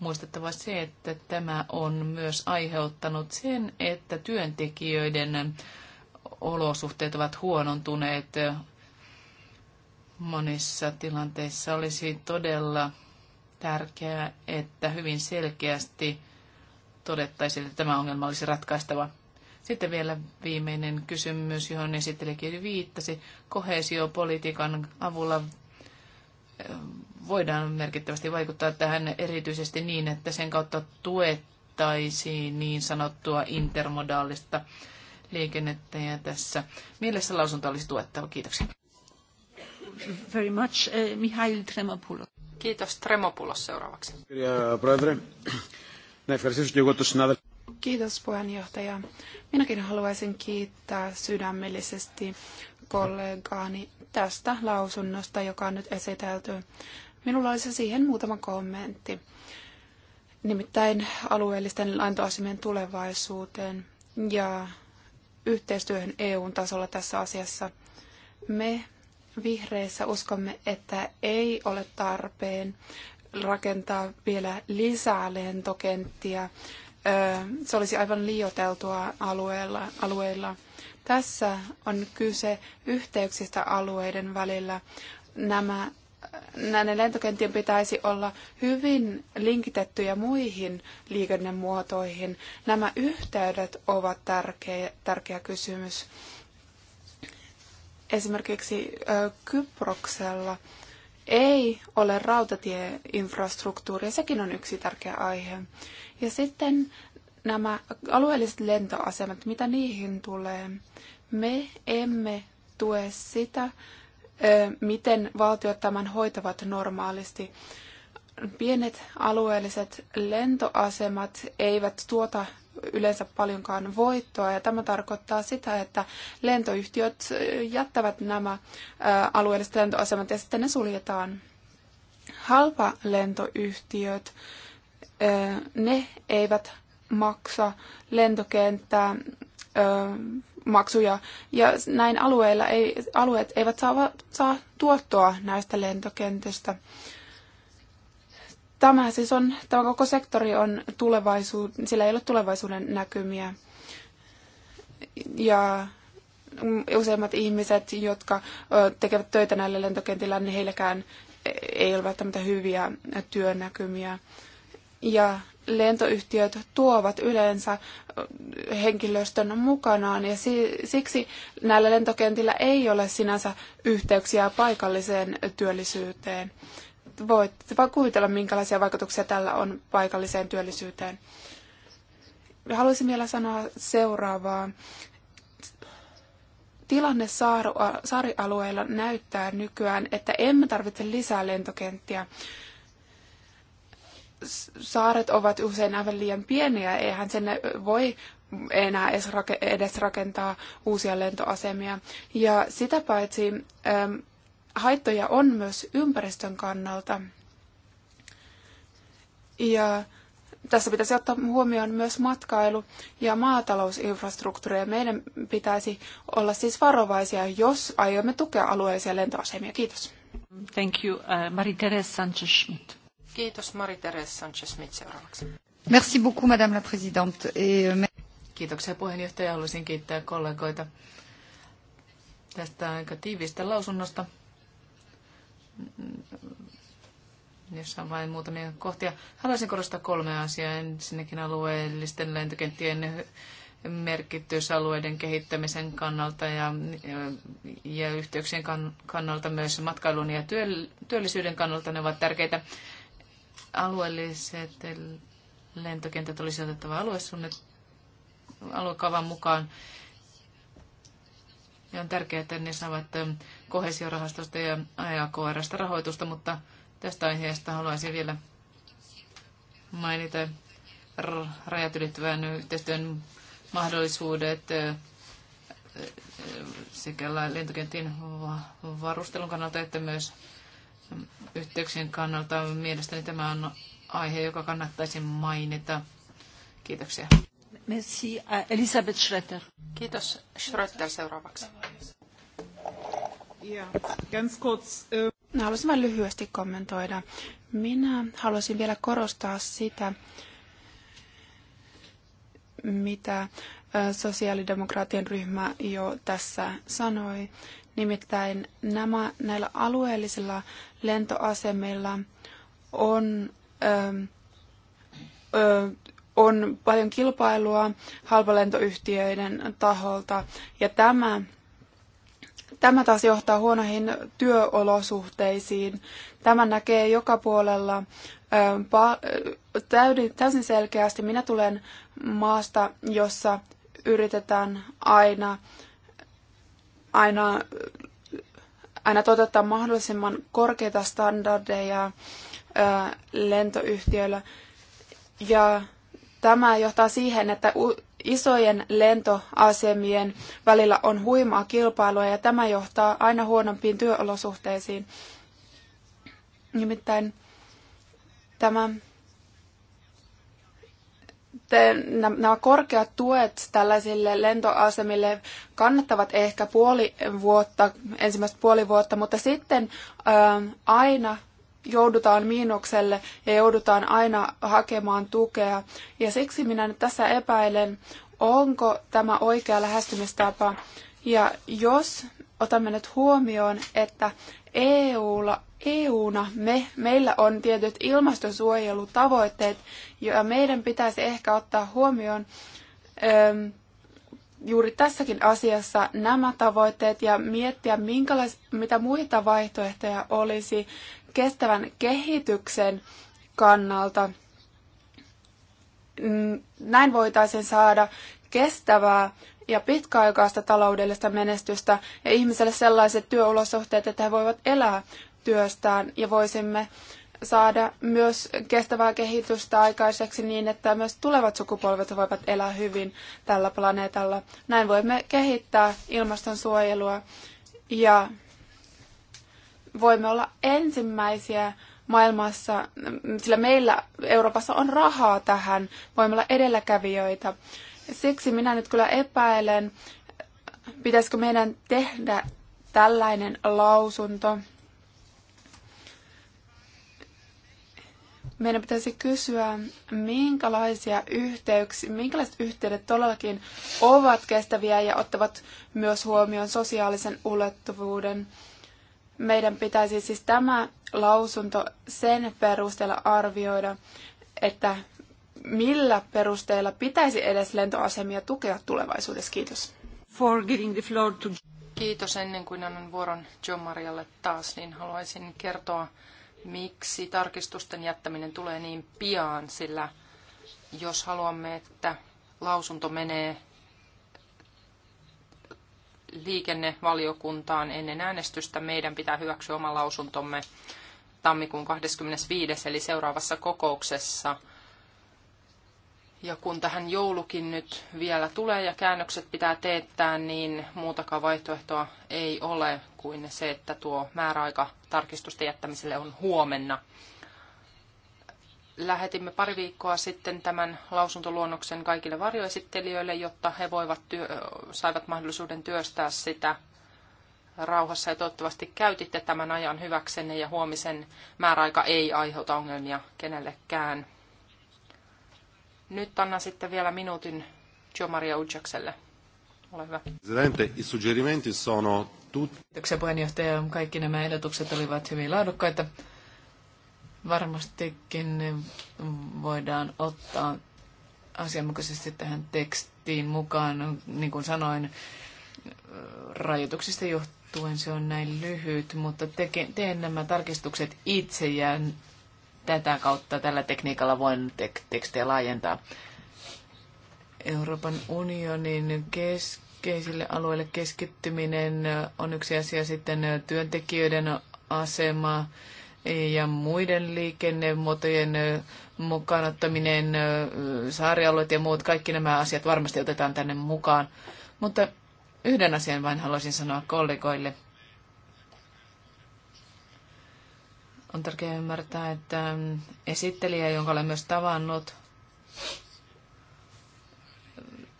[SPEAKER 2] muistettava se, että tämä on myös aiheuttanut sen, että työntekijöiden olosuhteet ovat huonontuneet. Monissa tilanteissa olisi todella tärkeää, että hyvin selkeästi todettaisiin, että tämä ongelma olisi ratkaistava. Sitten vielä viimeinen kysymys, johon esittelijäkin viittasi. Kohesiopolitiikan avulla voidaan merkittävästi vaikuttaa tähän erityisesti niin, että sen kautta tuettaisiin niin sanottua intermodaalista liikennettä ja tässä mielessä lausunto olisi tuettava. Kiitoksia.
[SPEAKER 5] Very much. Uh, Mihail Tremopoulos.
[SPEAKER 4] Kiitos. Tremopoulos seuraavaksi. Kiitos puheenjohtaja. Minäkin haluaisin kiittää sydämellisesti kollegaani tästä lausunnosta, joka on nyt esitelty. Minulla olisi siihen muutama kommentti. Nimittäin alueellisten laintoasemien tulevaisuuteen ja yhteistyöhön EUn tasolla tässä asiassa. Me vihreissä uskomme, että ei ole tarpeen rakentaa vielä lisää lentokenttiä. Se olisi aivan liioteltua alueella, alueilla. Tässä on kyse yhteyksistä alueiden välillä. Nämä näiden lentokenttien pitäisi olla hyvin linkitettyjä muihin liikennemuotoihin. Nämä yhteydet ovat tärkeä, tärkeä kysymys. Esimerkiksi Kyproksella ei ole rautatieinfrastruktuuria, sekin on yksi tärkeä aihe. Ja sitten nämä alueelliset lentoasemat, mitä niihin tulee? Me emme tue sitä, miten valtiot tämän hoitavat normaalisti. Pienet alueelliset lentoasemat eivät tuota yleensä paljonkaan voittoa ja tämä tarkoittaa sitä, että lentoyhtiöt jättävät nämä alueelliset lentoasemat ja sitten ne suljetaan. Halpa lentoyhtiöt, ne eivät maksa lentokenttää maksuja ja näin alueilla ei, alueet eivät saa, saa tuottoa näistä lentokentistä. Tämä siis on, tämä koko sektori on tulevaisuuden, sillä ei ole tulevaisuuden näkymiä. Ja useimmat ihmiset, jotka tekevät töitä näillä lentokentillä, niin heilläkään e-, ei ole välttämättä hyviä työnäkymiä. Ja lentoyhtiöt tuovat yleensä henkilöstön mukanaan ja siksi näillä lentokentillä ei ole sinänsä yhteyksiä paikalliseen työllisyyteen. Voitte vaan kuvitella, minkälaisia vaikutuksia tällä on paikalliseen työllisyyteen. Haluaisin vielä sanoa seuraavaa. Tilanne saarialueilla näyttää nykyään, että emme tarvitse lisää lentokenttiä saaret ovat usein aivan liian pieniä, eihän sinne voi enää edes rakentaa uusia lentoasemia. Ja sitä paitsi ähm, haittoja on myös ympäristön kannalta. Ja tässä pitäisi ottaa huomioon myös matkailu ja maatalousinfrastruktuuri. Ja meidän pitäisi olla siis varovaisia, jos aiomme tukea alueellisia lentoasemia. Kiitos. Thank you. Uh, äh, Marie-Therese Sanchez-Schmidt.
[SPEAKER 2] Kiitos Marie-Therese sanchez seuraavaksi.
[SPEAKER 4] Merci beaucoup, Madame la Présidente. Et... Euh,
[SPEAKER 2] Kiitoksia puheenjohtaja. Haluaisin kiittää kollegoita tästä aika tiivistä lausunnosta, jossa on vain muutamia kohtia. Haluaisin korostaa kolme asiaa. Ensinnäkin alueellisten lentokenttien merkitys alueiden kehittämisen kannalta ja, ja yhteyksien kannalta myös matkailun ja työllisyyden kannalta ne ovat tärkeitä. Alueelliset lentokentät olisi otettava aluesuunnitelmaan aluekaavan mukaan. Ja on tärkeää, että ne saavat kohesiorahastosta ja AKRsta rahoitusta, mutta tästä aiheesta haluaisin vielä mainita rajat ylittävän yhteistyön mahdollisuudet sekä lentokenttien varustelun kannalta että myös yhteyksien kannalta mielestäni tämä on aihe, joka kannattaisi mainita. Kiitoksia.
[SPEAKER 4] Merci. Elisabeth Schröter. Kiitos. Schröter seuraavaksi. Ja, äh, haluaisin vain lyhyesti kommentoida. Minä haluaisin vielä korostaa sitä, mitä äh, sosiaalidemokraatien ryhmä jo tässä sanoi. Nimittäin nämä, näillä alueellisilla lentoasemilla on, ö, ähm, ö, äh, on paljon kilpailua halpalentoyhtiöiden taholta ja tämä Tämä taas johtaa huonoihin työolosuhteisiin. Tämä näkee joka puolella ähm, äh, täysin selkeästi. Minä tulen maasta, jossa yritetään aina aina, aina toteuttaa mahdollisimman korkeita standardeja lentoyhtiöillä. Ja tämä johtaa siihen, että isojen lentoasemien välillä on huimaa kilpailua ja tämä johtaa aina huonompiin työolosuhteisiin. Nimittäin tämä sitten nämä korkeat tuet tällaisille lentoasemille kannattavat ehkä puoli vuotta, ensimmäistä puoli vuotta, mutta sitten ähm, aina joudutaan miinukselle ja joudutaan aina hakemaan tukea. Ja siksi minä nyt tässä epäilen, onko tämä oikea lähestymistapa. Ja jos otamme nyt huomioon, että EUlla EU-na me, meillä on tietyt ilmastosuojelutavoitteet, ja meidän pitäisi ehkä ottaa huomioon äm, juuri tässäkin asiassa nämä tavoitteet ja miettiä, minkälais, mitä muita vaihtoehtoja olisi kestävän kehityksen kannalta. Mm, näin voitaisiin saada kestävää ja pitkäaikaista taloudellista menestystä ja ihmiselle sellaiset työolosuhteet, että he voivat elää työstään ja voisimme saada myös kestävää kehitystä aikaiseksi niin, että myös tulevat sukupolvet voivat elää hyvin tällä planeetalla. Näin voimme kehittää ilmastonsuojelua ja voimme olla ensimmäisiä maailmassa, sillä meillä Euroopassa on rahaa tähän, voimme olla edelläkävijöitä. Siksi minä nyt kyllä epäilen, pitäisikö meidän tehdä tällainen lausunto. meidän pitäisi kysyä, minkälaisia yhteyksiä, minkälaiset yhteydet todellakin ovat kestäviä ja ottavat myös huomioon sosiaalisen ulottuvuuden. Meidän pitäisi siis tämä lausunto sen perusteella arvioida, että millä perusteella pitäisi edes lentoasemia tukea tulevaisuudessa. Kiitos.
[SPEAKER 1] For giving the floor to... Kiitos ennen kuin annan vuoron John Marialle taas, niin haluaisin kertoa miksi tarkistusten jättäminen tulee niin pian, sillä jos haluamme, että lausunto menee liikennevaliokuntaan ennen äänestystä, meidän pitää hyväksyä oma lausuntomme tammikuun 25. eli seuraavassa kokouksessa – ja kun tähän joulukin nyt vielä tulee ja käännökset pitää teettää, niin muutakaan vaihtoehtoa ei ole kuin se, että tuo määräaika tarkistusten jättämiselle on huomenna. Lähetimme pari viikkoa sitten tämän lausuntoluonnoksen kaikille varjoesittelijöille, jotta he voivat työ, saivat mahdollisuuden työstää sitä rauhassa ja toivottavasti käytitte tämän ajan hyväksenne ja huomisen määräaika ei aiheuta ongelmia kenellekään. Nyt annan sitten vielä minuutin
[SPEAKER 2] Gio Maria Ujakselle. Ole hyvä.
[SPEAKER 3] Presidente, i suggerimenti sono
[SPEAKER 2] tutti. Kiitoksia puheenjohtaja. Kaikki nämä ehdotukset olivat hyvin laadukkaita. Varmastikin ne voidaan ottaa asianmukaisesti tähän tekstiin mukaan. Niin kuin sanoin, rajoituksista johtuen se on näin lyhyt, mutta teke, teen nämä tarkistukset itse ja tätä kautta tällä tekniikalla voin tek- tekstejä laajentaa. Euroopan unionin keskeisille alueille keskittyminen on yksi asia sitten työntekijöiden asema ja muiden liikennemuotojen mukaan ottaminen, saarialueet ja muut, kaikki nämä asiat varmasti otetaan tänne mukaan. Mutta yhden asian vain haluaisin sanoa kollegoille. On tärkeää ymmärtää, että ähm, esittelijä, jonka olen myös tavannut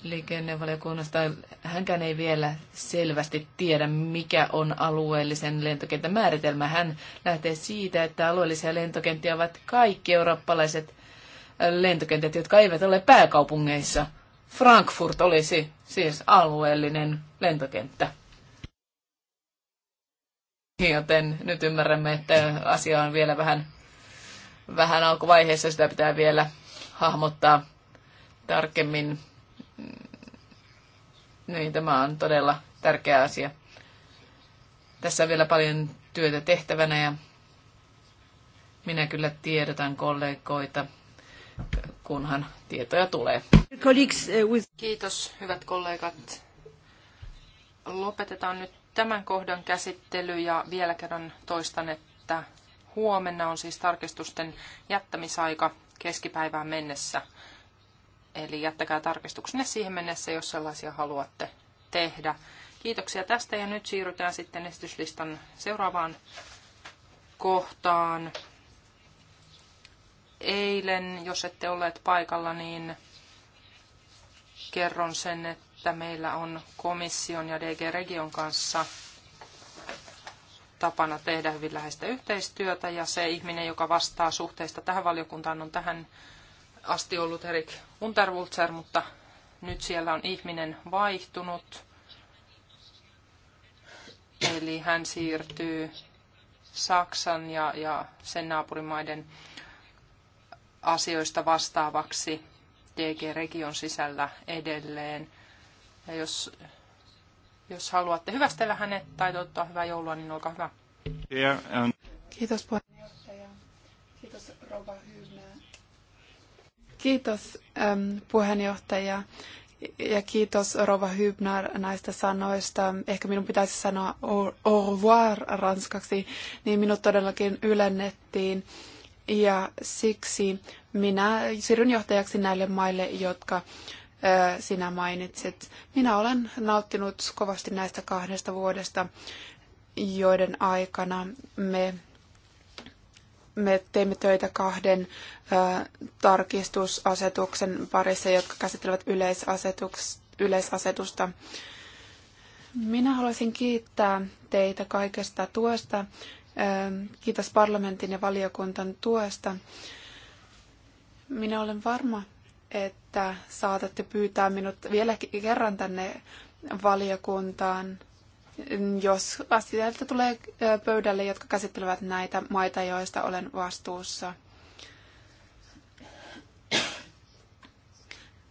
[SPEAKER 2] liikennevaliokunnasta, hänkään ei vielä selvästi tiedä, mikä on alueellisen lentokentän määritelmä. Hän lähtee siitä, että alueellisia lentokenttiä ovat kaikki eurooppalaiset äh, lentokentät, jotka eivät ole pääkaupungeissa. Frankfurt olisi siis alueellinen lentokenttä joten nyt ymmärrämme, että asia on vielä vähän, vähän alkuvaiheessa, sitä pitää vielä hahmottaa tarkemmin. Niin, tämä on todella tärkeä asia. Tässä on vielä paljon työtä tehtävänä ja minä kyllä tiedotan kollegoita, kunhan tietoja tulee. Uh,
[SPEAKER 1] Kiitos, hyvät kollegat. Lopetetaan nyt tämän kohdan käsittely ja vielä kerran toistan, että huomenna on siis tarkistusten jättämisaika keskipäivään mennessä. Eli jättäkää tarkistuksenne siihen mennessä, jos sellaisia haluatte tehdä. Kiitoksia tästä ja nyt siirrytään sitten esityslistan seuraavaan kohtaan. Eilen, jos ette olleet paikalla, niin kerron sen, että että meillä on komission ja DG Region kanssa tapana tehdä hyvin läheistä yhteistyötä ja se ihminen, joka vastaa suhteesta tähän valiokuntaan, on tähän asti ollut Erik Unterwulzer, mutta nyt siellä on ihminen vaihtunut. Eli hän siirtyy Saksan ja, ja sen naapurimaiden asioista vastaavaksi DG-region sisällä edelleen. Ja jos, jos haluatte hyvästellä hänet tai toivottaa hyvää joulua, niin olkaa hyvä.
[SPEAKER 4] Kiitos puheenjohtaja. Kiitos Rova Hyynä. Kiitos um, puheenjohtaja ja kiitos Rova Hübner näistä sanoista. Ehkä minun pitäisi sanoa au revoir ranskaksi, niin minut todellakin ylennettiin. Ja siksi minä siirryn johtajaksi näille maille, jotka sinä mainitsit. Minä olen nauttinut kovasti näistä kahdesta vuodesta, joiden aikana me, me teimme töitä kahden ö, tarkistusasetuksen parissa, jotka käsittelevät yleisasetuks, yleisasetusta. Minä haluaisin kiittää teitä kaikesta tuosta. Kiitos parlamentin ja valiokuntan tuesta. Minä olen varma, että saatatte pyytää minut vielä kerran tänne valiokuntaan, jos asioita tulee pöydälle, jotka käsittelevät näitä maita, joista olen vastuussa.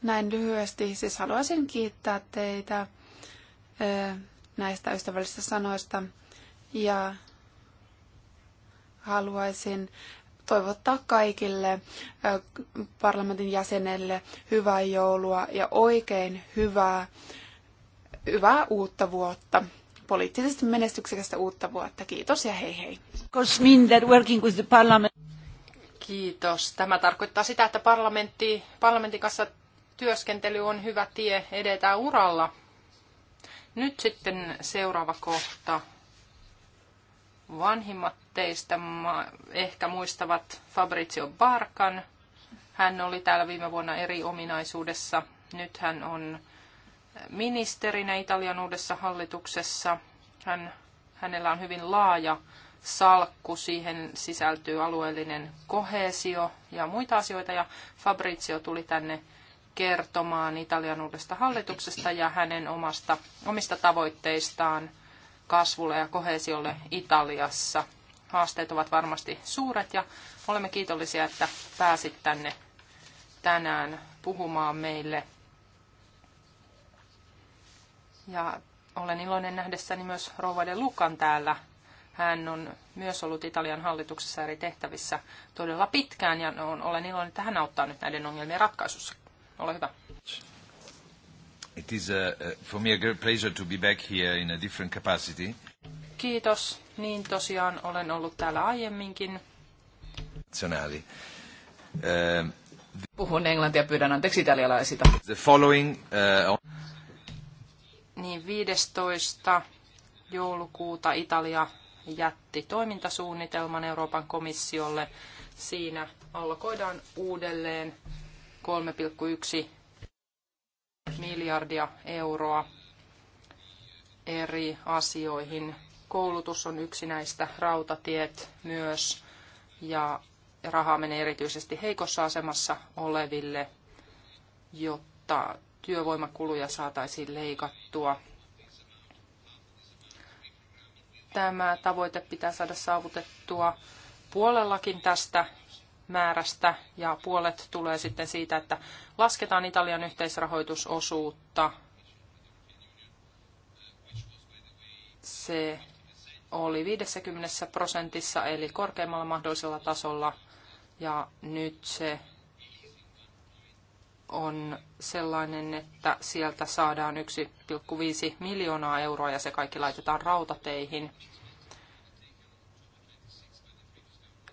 [SPEAKER 4] Näin lyhyesti siis haluaisin kiittää teitä näistä ystävällisistä sanoista ja haluaisin toivottaa kaikille parlamentin jäsenelle hyvää joulua ja oikein hyvää, hyvää uutta vuotta. Poliittisesti menestyksekästä uutta vuotta. Kiitos ja hei hei.
[SPEAKER 1] Kiitos. Tämä tarkoittaa sitä, että parlamentti, parlamentin kanssa työskentely on hyvä tie edetä uralla. Nyt sitten seuraava kohta Vanhimmat teistä ehkä muistavat Fabrizio Barkan. Hän oli täällä viime vuonna eri ominaisuudessa. Nyt hän on ministerinä Italian uudessa hallituksessa. Hän, hänellä on hyvin laaja salkku, siihen sisältyy alueellinen kohesio ja muita asioita. Ja Fabrizio tuli tänne kertomaan Italian uudesta hallituksesta ja hänen omasta, omista tavoitteistaan – kasvulle ja kohesiolle Italiassa. Haasteet ovat varmasti suuret ja olemme kiitollisia, että pääsit tänne tänään puhumaan meille. Ja olen iloinen nähdessäni myös Rouva de Lukan täällä. Hän on myös ollut Italian hallituksessa eri tehtävissä todella pitkään ja olen iloinen, että hän auttaa nyt näiden ongelmien ratkaisussa. Ole hyvä.
[SPEAKER 3] It is a, for me a great pleasure to be back here in a different capacity.
[SPEAKER 1] Kiitos. Niin tosiaan olen ollut täällä aiemminkin.
[SPEAKER 3] Nationali. Uh,
[SPEAKER 2] Puhun englantia, pyydän anteeksi italialaisita.
[SPEAKER 3] The following, uh,
[SPEAKER 1] Niin 15. joulukuuta Italia jätti toimintasuunnitelman Euroopan komissiolle. Siinä allokoidaan uudelleen 3,1 miljardia euroa eri asioihin. Koulutus on yksi näistä, rautatiet myös, ja rahaa menee erityisesti heikossa asemassa oleville, jotta työvoimakuluja saataisiin leikattua. Tämä tavoite pitää saada saavutettua puolellakin tästä määrästä ja puolet tulee sitten siitä, että lasketaan Italian yhteisrahoitusosuutta. Se oli 50 prosentissa eli korkeimmalla mahdollisella tasolla ja nyt se on sellainen, että sieltä saadaan 1,5 miljoonaa euroa ja se kaikki laitetaan rautateihin.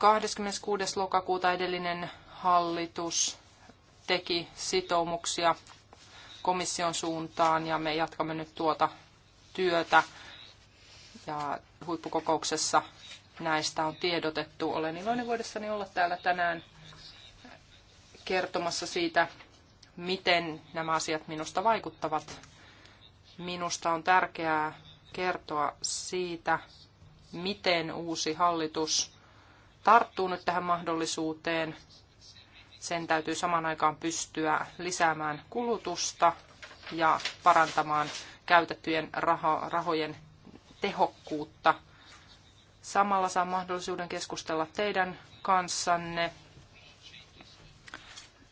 [SPEAKER 1] 26. lokakuuta edellinen hallitus teki sitoumuksia komission suuntaan ja me jatkamme nyt tuota työtä. Ja huippukokouksessa näistä on tiedotettu. Olen iloinen vuodessani olla täällä tänään kertomassa siitä, miten nämä asiat minusta vaikuttavat. Minusta on tärkeää kertoa siitä, miten uusi hallitus tarttuu nyt tähän mahdollisuuteen. Sen täytyy saman aikaan pystyä lisäämään kulutusta ja parantamaan käytettyjen raho- rahojen tehokkuutta. Samalla saa mahdollisuuden keskustella teidän kanssanne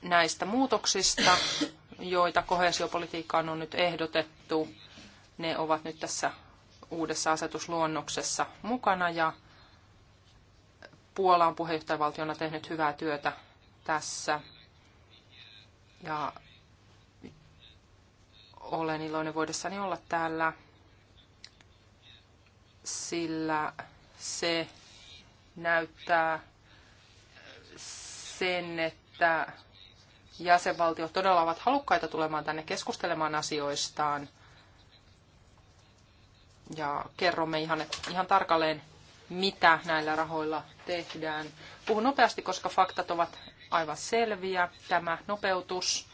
[SPEAKER 1] näistä muutoksista, joita kohesiopolitiikkaan on nyt ehdotettu. Ne ovat nyt tässä uudessa asetusluonnoksessa mukana ja Puola on puheenjohtajavaltiona tehnyt hyvää työtä tässä. Ja olen iloinen voidessani olla täällä, sillä se näyttää sen, että jäsenvaltiot todella ovat halukkaita tulemaan tänne keskustelemaan asioistaan. Ja kerromme ihan, ihan tarkalleen, mitä näillä rahoilla tehdään. Puhun nopeasti, koska faktat ovat aivan selviä. Tämä nopeutus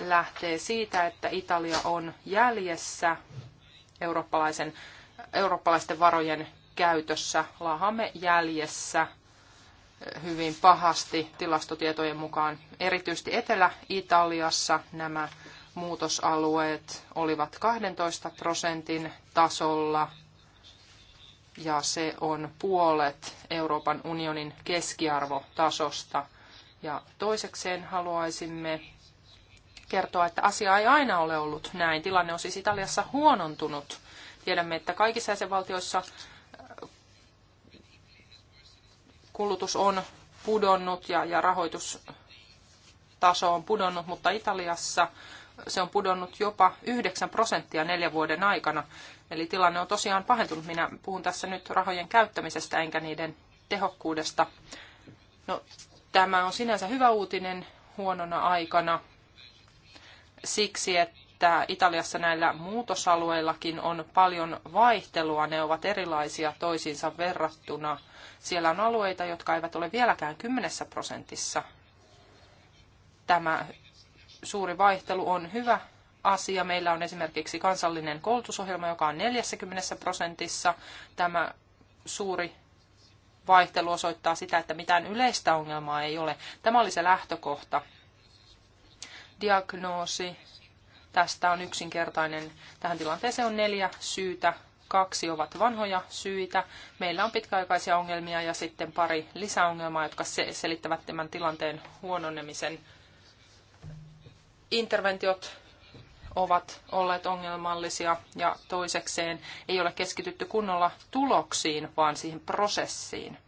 [SPEAKER 1] lähtee siitä, että Italia on jäljessä eurooppalaisen, eurooppalaisten varojen käytössä. Lahamme jäljessä hyvin pahasti tilastotietojen mukaan. Erityisesti Etelä-Italiassa nämä muutosalueet olivat 12 prosentin tasolla – ja se on puolet Euroopan unionin keskiarvotasosta. Ja toisekseen haluaisimme kertoa, että asia ei aina ole ollut näin. Tilanne on siis Italiassa huonontunut. Tiedämme, että kaikissa jäsenvaltioissa äh, kulutus on pudonnut ja, ja rahoitustaso on pudonnut, mutta Italiassa se on pudonnut jopa 9 prosenttia neljän vuoden aikana. Eli tilanne on tosiaan pahentunut. Minä puhun tässä nyt rahojen käyttämisestä enkä niiden tehokkuudesta. No, tämä on sinänsä hyvä uutinen huonona aikana siksi, että Italiassa näillä muutosalueillakin on paljon vaihtelua. Ne ovat erilaisia toisiinsa verrattuna. Siellä on alueita, jotka eivät ole vieläkään kymmenessä prosentissa. Tämä suuri vaihtelu on hyvä asia. Meillä on esimerkiksi kansallinen koulutusohjelma, joka on 40 prosentissa. Tämä suuri vaihtelu osoittaa sitä, että mitään yleistä ongelmaa ei ole. Tämä oli se lähtökohta. Diagnoosi. Tästä on yksinkertainen. Tähän tilanteeseen on neljä syytä. Kaksi ovat vanhoja syitä. Meillä on pitkäaikaisia ongelmia ja sitten pari lisäongelmaa, jotka selittävät tämän tilanteen huononemisen. Interventiot ovat olleet ongelmallisia ja toisekseen ei ole keskitytty kunnolla tuloksiin, vaan siihen prosessiin.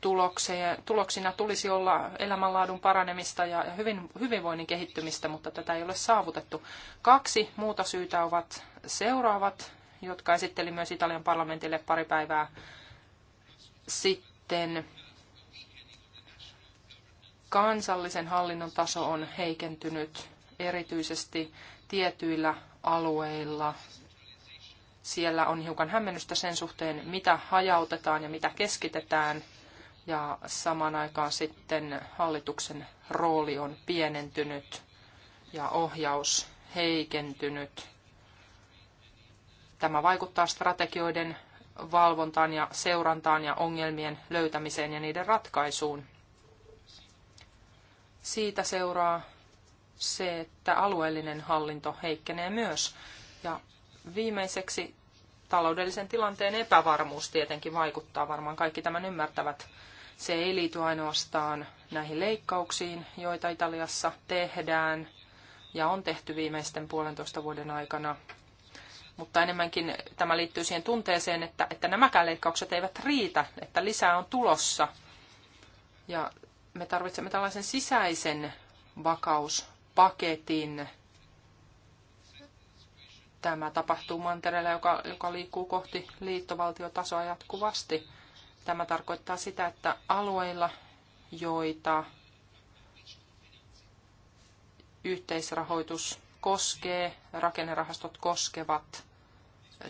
[SPEAKER 1] Tulokseen, tuloksina tulisi olla elämänlaadun paranemista ja, ja hyvin, hyvinvoinnin kehittymistä, mutta tätä ei ole saavutettu. Kaksi muuta syytä ovat seuraavat, jotka esitteli myös Italian parlamentille pari päivää sitten kansallisen hallinnon taso on heikentynyt erityisesti tietyillä alueilla. Siellä on hiukan hämmennystä sen suhteen, mitä hajautetaan ja mitä keskitetään, ja samaan aikaan sitten hallituksen rooli on pienentynyt ja ohjaus heikentynyt. Tämä vaikuttaa strategioiden valvontaan ja seurantaan ja ongelmien löytämiseen ja niiden ratkaisuun. Siitä seuraa se, että alueellinen hallinto heikkenee myös. Ja viimeiseksi taloudellisen tilanteen epävarmuus tietenkin vaikuttaa, varmaan kaikki tämän ymmärtävät. Se ei liity ainoastaan näihin leikkauksiin, joita Italiassa tehdään ja on tehty viimeisten puolentoista vuoden aikana, mutta enemmänkin tämä liittyy siihen tunteeseen, että, että nämäkään leikkaukset eivät riitä, että lisää on tulossa. Ja me tarvitsemme tällaisen sisäisen vakaus paketin. Tämä tapahtuu mantereella, joka, joka liikkuu kohti liittovaltiotasoa jatkuvasti. Tämä tarkoittaa sitä, että alueilla, joita yhteisrahoitus koskee, rakennerahastot koskevat,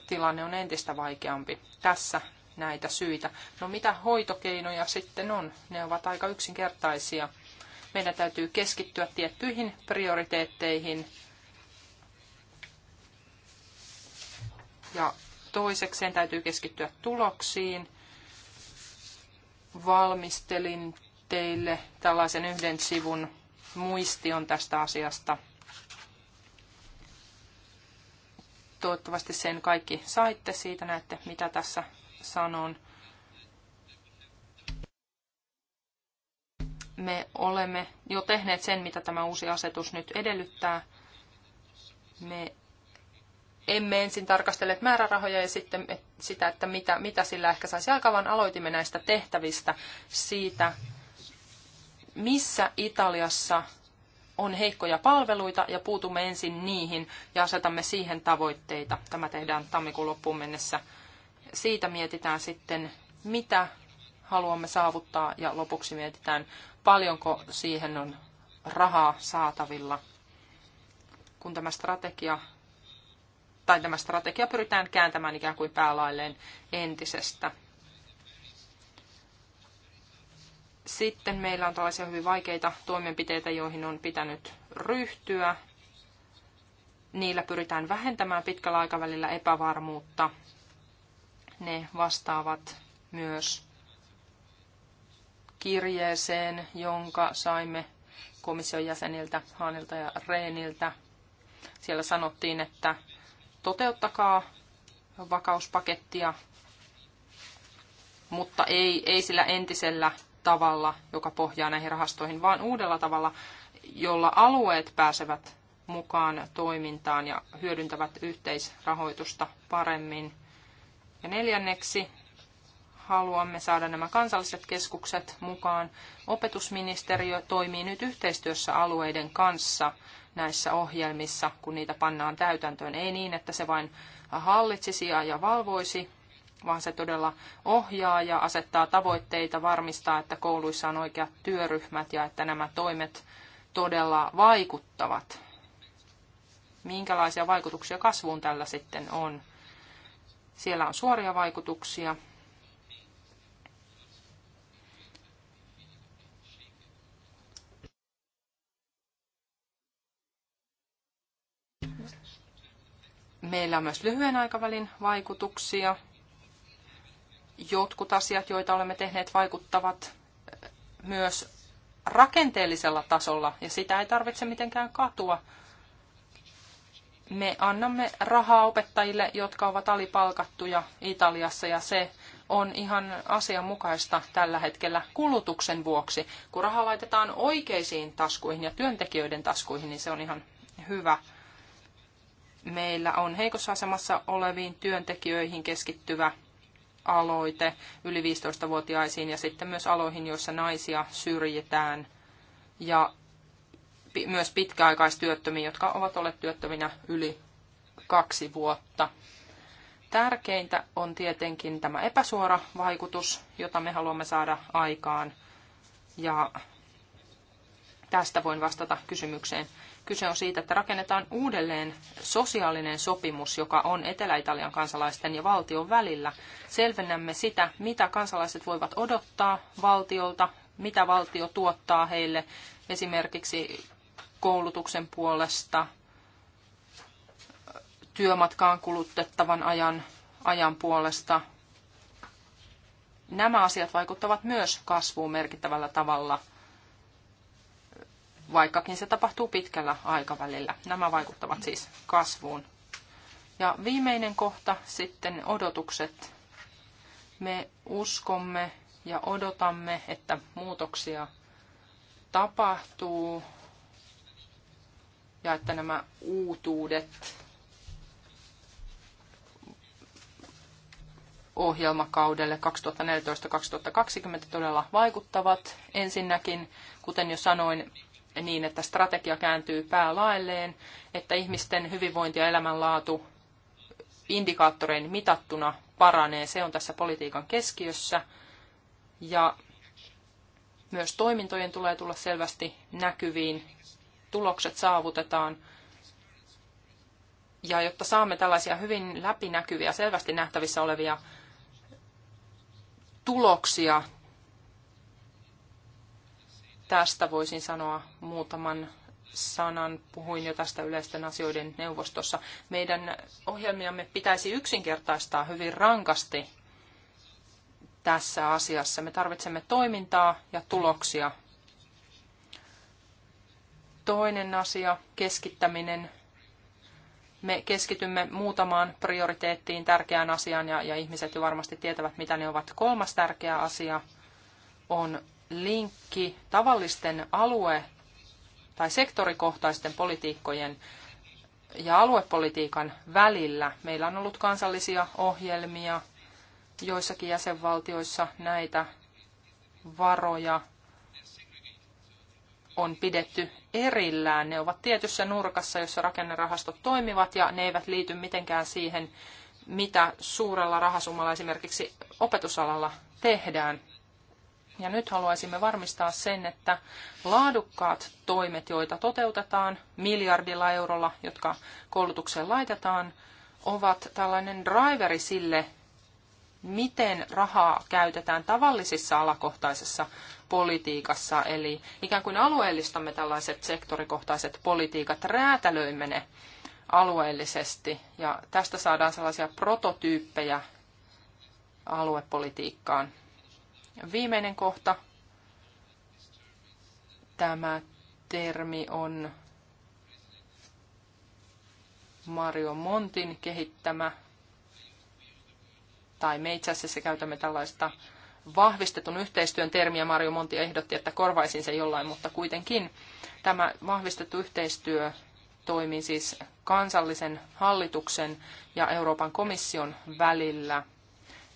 [SPEAKER 1] tilanne on entistä vaikeampi. Tässä näitä syitä. No mitä hoitokeinoja sitten on? Ne ovat aika yksinkertaisia. Meidän täytyy keskittyä tiettyihin prioriteetteihin. Ja toisekseen täytyy keskittyä tuloksiin. Valmistelin teille tällaisen yhden sivun muistion tästä asiasta. Toivottavasti sen kaikki saitte. Siitä näette, mitä tässä sanon. me olemme jo tehneet sen, mitä tämä uusi asetus nyt edellyttää. Me emme ensin tarkastelleet määrärahoja ja sitten sitä, että mitä, mitä sillä ehkä saisi aikaa, vaan aloitimme näistä tehtävistä siitä, missä Italiassa on heikkoja palveluita ja puutumme ensin niihin ja asetamme siihen tavoitteita. Tämä tehdään tammikuun loppuun mennessä. Siitä mietitään sitten, mitä haluamme saavuttaa ja lopuksi mietitään, paljonko siihen on rahaa saatavilla. Kun tämä strategia tai tämä strategia pyritään kääntämään ikään kuin päälailleen entisestä. Sitten meillä on tällaisia hyvin vaikeita toimenpiteitä, joihin on pitänyt ryhtyä. Niillä pyritään vähentämään pitkällä aikavälillä epävarmuutta. Ne vastaavat myös kirjeeseen, jonka saimme komission jäseniltä Hanilta ja Reeniltä. Siellä sanottiin, että toteuttakaa vakauspakettia, mutta ei, ei sillä entisellä tavalla, joka pohjaa näihin rahastoihin, vaan uudella tavalla, jolla alueet pääsevät mukaan toimintaan ja hyödyntävät yhteisrahoitusta paremmin. Ja neljänneksi haluamme saada nämä kansalliset keskukset mukaan. Opetusministeriö toimii nyt yhteistyössä alueiden kanssa näissä ohjelmissa, kun niitä pannaan täytäntöön. Ei niin, että se vain hallitsisi ja valvoisi, vaan se todella ohjaa ja asettaa tavoitteita, varmistaa, että kouluissa on oikeat työryhmät ja että nämä toimet todella vaikuttavat. Minkälaisia vaikutuksia kasvuun tällä sitten on? Siellä on suoria vaikutuksia Meillä on myös lyhyen aikavälin vaikutuksia. Jotkut asiat, joita olemme tehneet, vaikuttavat äh, myös rakenteellisella tasolla, ja sitä ei tarvitse mitenkään katua. Me annamme rahaa opettajille, jotka ovat alipalkattuja Italiassa, ja se on ihan asianmukaista tällä hetkellä kulutuksen vuoksi. Kun raha laitetaan oikeisiin taskuihin ja työntekijöiden taskuihin, niin se on ihan hyvä. Meillä on heikossa asemassa oleviin työntekijöihin keskittyvä aloite yli 15-vuotiaisiin ja sitten myös aloihin, joissa naisia syrjitään ja myös pitkäaikaistyöttömiä, jotka ovat olleet työttöminä yli kaksi vuotta. Tärkeintä on tietenkin tämä epäsuora vaikutus, jota me haluamme saada aikaan. Ja tästä voin vastata kysymykseen, Kyse on siitä, että rakennetaan uudelleen sosiaalinen sopimus, joka on Etelä-Italian kansalaisten ja valtion välillä. Selvennämme sitä, mitä kansalaiset voivat odottaa valtiolta, mitä valtio tuottaa heille esimerkiksi koulutuksen puolesta, työmatkaan kulutettavan ajan, ajan puolesta. Nämä asiat vaikuttavat myös kasvuun merkittävällä tavalla – vaikkakin se tapahtuu pitkällä aikavälillä. Nämä vaikuttavat siis kasvuun. Ja viimeinen kohta sitten odotukset. Me uskomme ja odotamme, että muutoksia tapahtuu ja että nämä uutuudet ohjelmakaudelle 2014-2020 todella vaikuttavat. Ensinnäkin, kuten jo sanoin, niin, että strategia kääntyy päälaelleen, että ihmisten hyvinvointi ja elämänlaatu indikaattorein mitattuna paranee. Se on tässä politiikan keskiössä. Ja myös toimintojen tulee tulla selvästi näkyviin. Tulokset saavutetaan. Ja jotta saamme tällaisia hyvin läpinäkyviä, selvästi nähtävissä olevia tuloksia tästä voisin sanoa muutaman sanan. Puhuin jo tästä yleisten asioiden neuvostossa. Meidän ohjelmiamme pitäisi yksinkertaistaa hyvin rankasti tässä asiassa. Me tarvitsemme toimintaa ja tuloksia. Toinen asia, keskittäminen. Me keskitymme muutamaan prioriteettiin tärkeään asiaan ja, ja ihmiset jo varmasti tietävät, mitä ne ovat. Kolmas tärkeä asia on linkki tavallisten alue- tai sektorikohtaisten politiikkojen ja aluepolitiikan välillä. Meillä on ollut kansallisia ohjelmia, joissakin jäsenvaltioissa näitä varoja on pidetty erillään. Ne ovat tietyssä nurkassa, jossa rakennerahastot toimivat ja ne eivät liity mitenkään siihen, mitä suurella rahasummalla esimerkiksi opetusalalla tehdään. Ja nyt haluaisimme varmistaa sen, että laadukkaat toimet, joita toteutetaan miljardilla eurolla, jotka koulutukseen laitetaan, ovat tällainen driveri sille, miten rahaa käytetään tavallisissa alakohtaisessa politiikassa. Eli ikään kuin alueellistamme tällaiset sektorikohtaiset politiikat, räätälöimme ne alueellisesti ja tästä saadaan sellaisia prototyyppejä aluepolitiikkaan. Viimeinen kohta. Tämä termi on Mario Montin kehittämä, tai me itse asiassa käytämme tällaista vahvistetun yhteistyön termiä. Mario Monti ehdotti, että korvaisin sen jollain, mutta kuitenkin tämä vahvistettu yhteistyö toimii siis kansallisen hallituksen ja Euroopan komission välillä.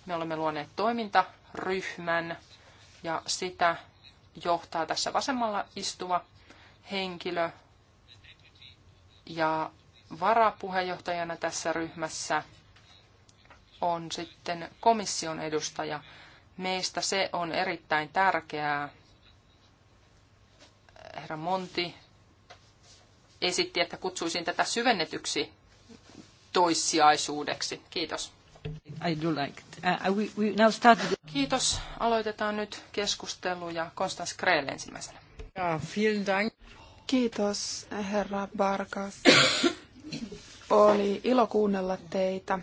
[SPEAKER 1] Me olemme luoneet toiminta ryhmän ja sitä johtaa tässä vasemmalla istuva henkilö. Ja varapuheenjohtajana tässä ryhmässä on sitten komission edustaja. Meistä se on erittäin tärkeää. Herra Monti esitti, että kutsuisin tätä syvennetyksi toissijaisuudeksi. Kiitos. Kiitos. Aloitetaan nyt keskustelu ja Konstans Kreel ensimmäisenä. Ja, dank. Kiitos, herra
[SPEAKER 4] Barkas. Oli ilo kuunnella teitä.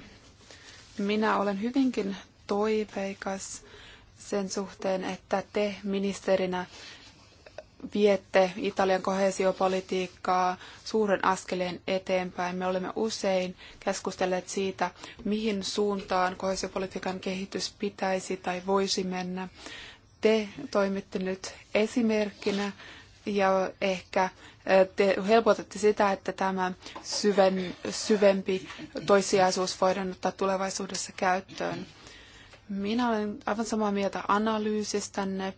[SPEAKER 4] Minä olen hyvinkin toiveikas sen suhteen, että te ministerinä viette Italian kohesiopolitiikkaa suuren askeleen eteenpäin. Me olemme usein keskustelleet siitä, mihin suuntaan kohesiopolitiikan kehitys pitäisi tai voisi mennä. Te toimitte nyt esimerkkinä ja ehkä te helpotatte sitä, että tämä syven, syvempi toissijaisuus voidaan ottaa tulevaisuudessa käyttöön. Minä olen aivan samaa mieltä analyysistänne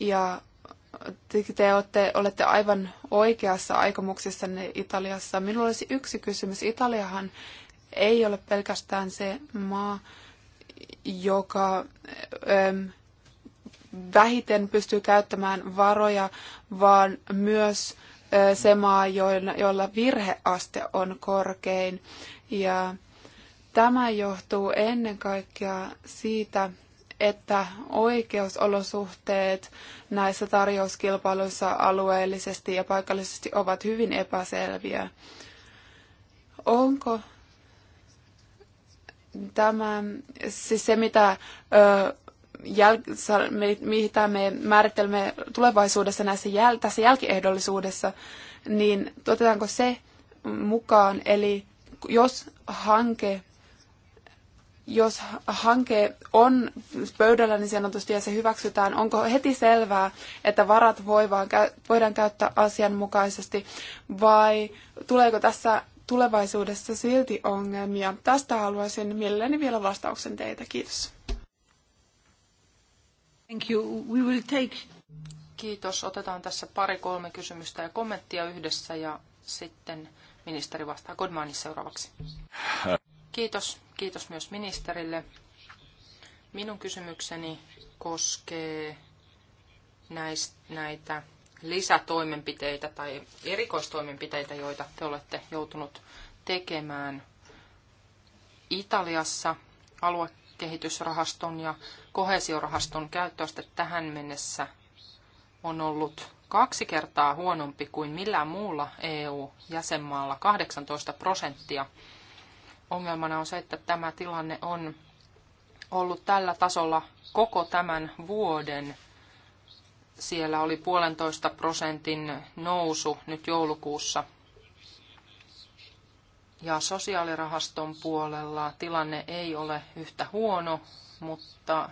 [SPEAKER 4] ja te olette, olette aivan oikeassa aikomuksissanne Italiassa. Minulla olisi yksi kysymys. Italiahan ei ole pelkästään se maa, joka ö, vähiten pystyy käyttämään varoja, vaan myös ö, se maa, joilla, jolla virheaste on korkein. Ja tämä johtuu ennen kaikkea siitä, että oikeusolosuhteet näissä tarjouskilpailuissa alueellisesti ja paikallisesti ovat hyvin epäselviä. Onko tämä, siis se mitä, ö, jäl, mitä me määrittelemme tulevaisuudessa näissä jäl, tässä jälkiehdollisuudessa, niin otetaanko se mukaan, eli jos hanke jos hanke on pöydällä, niin sanotusti ja se hyväksytään. Onko heti selvää, että varat voidaan, voidaan käyttää asianmukaisesti vai tuleeko tässä tulevaisuudessa silti ongelmia? Tästä haluaisin mielelläni vielä vastauksen teitä. Kiitos.
[SPEAKER 2] Thank you. We will
[SPEAKER 1] take... Kiitos. Otetaan tässä pari-kolme kysymystä ja kommenttia yhdessä ja sitten ministeri vastaa Godmanin seuraavaksi. Kiitos. Kiitos myös ministerille. Minun kysymykseni koskee näistä, näitä lisätoimenpiteitä tai erikoistoimenpiteitä, joita te olette joutunut tekemään Italiassa aluekehitysrahaston ja kohesiorahaston käyttöaste tähän mennessä on ollut kaksi kertaa huonompi kuin millään muulla EU-jäsenmaalla, 18 prosenttia ongelmana on se, että tämä tilanne on ollut tällä tasolla koko tämän vuoden. Siellä oli puolentoista prosentin nousu nyt joulukuussa. Ja sosiaalirahaston puolella tilanne ei ole yhtä huono, mutta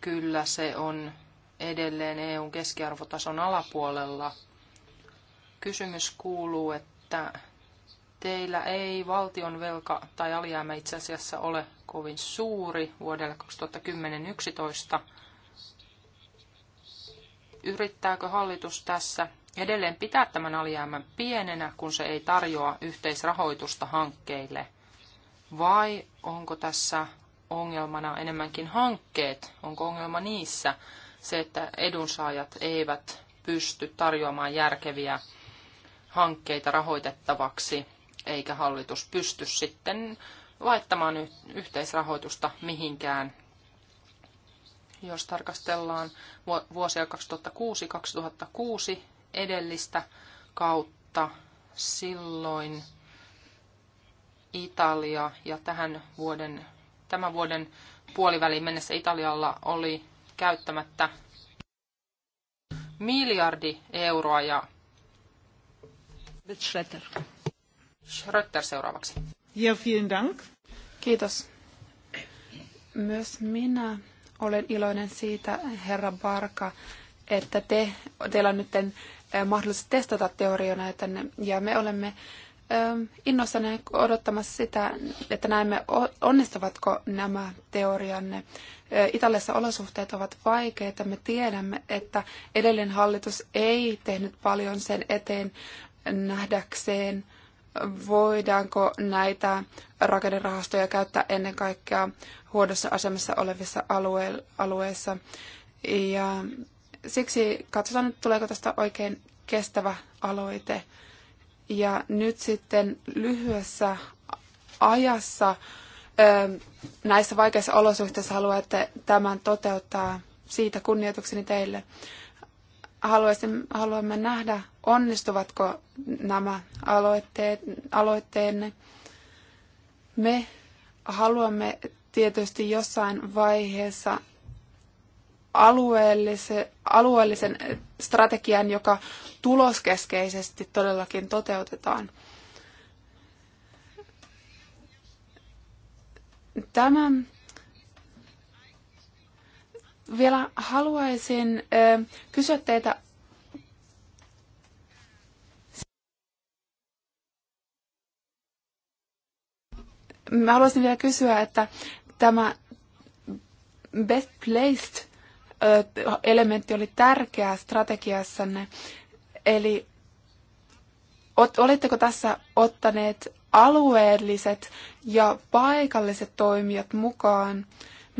[SPEAKER 1] kyllä se on edelleen EUn keskiarvotason alapuolella. Kysymys kuuluu, että teillä ei valtion velka tai alijäämä itse asiassa ole kovin suuri vuodelle 2010-2011. Yrittääkö hallitus tässä edelleen pitää tämän alijäämän pienenä, kun se ei tarjoa yhteisrahoitusta hankkeille? Vai onko tässä ongelmana enemmänkin hankkeet? Onko ongelma niissä se, että edunsaajat eivät pysty tarjoamaan järkeviä hankkeita rahoitettavaksi eikä hallitus pysty sitten laittamaan yhteisrahoitusta mihinkään. Jos tarkastellaan vuosia 2006-2006 edellistä kautta, silloin Italia ja tähän vuoden, tämän vuoden puoliväliin mennessä Italialla oli käyttämättä miljardi euroa ja Schröter seuraavaksi.
[SPEAKER 4] Ja vielen dank. Kiitos. Myös minä olen iloinen siitä, herra Barka, että te, teillä on nyt mahdollisuus testata teoriaa, että ja me olemme innoissanne odottamassa sitä, että näemme onnistuvatko nämä teorianne. Italiassa olosuhteet ovat vaikeita. Me tiedämme, että edellinen hallitus ei tehnyt paljon sen eteen nähdäkseen voidaanko näitä rakennerahastoja käyttää ennen kaikkea huodossa asemassa olevissa alue- alueissa. Ja siksi katsotaan tuleeko tästä oikein kestävä aloite. Ja nyt sitten lyhyessä ajassa näissä vaikeissa olosuhteissa haluatte tämän toteuttaa. Siitä kunnioitukseni teille haluaisin, haluamme nähdä, onnistuvatko nämä aloitteet, aloitteenne. Me haluamme tietysti jossain vaiheessa alueellisen, alueellisen strategian, joka tuloskeskeisesti todellakin toteutetaan. Tämän vielä haluaisin kysyä teitä. Mä haluaisin vielä kysyä, että tämä best placed elementti oli tärkeä strategiassanne. Eli olitteko tässä ottaneet alueelliset ja paikalliset toimijat mukaan?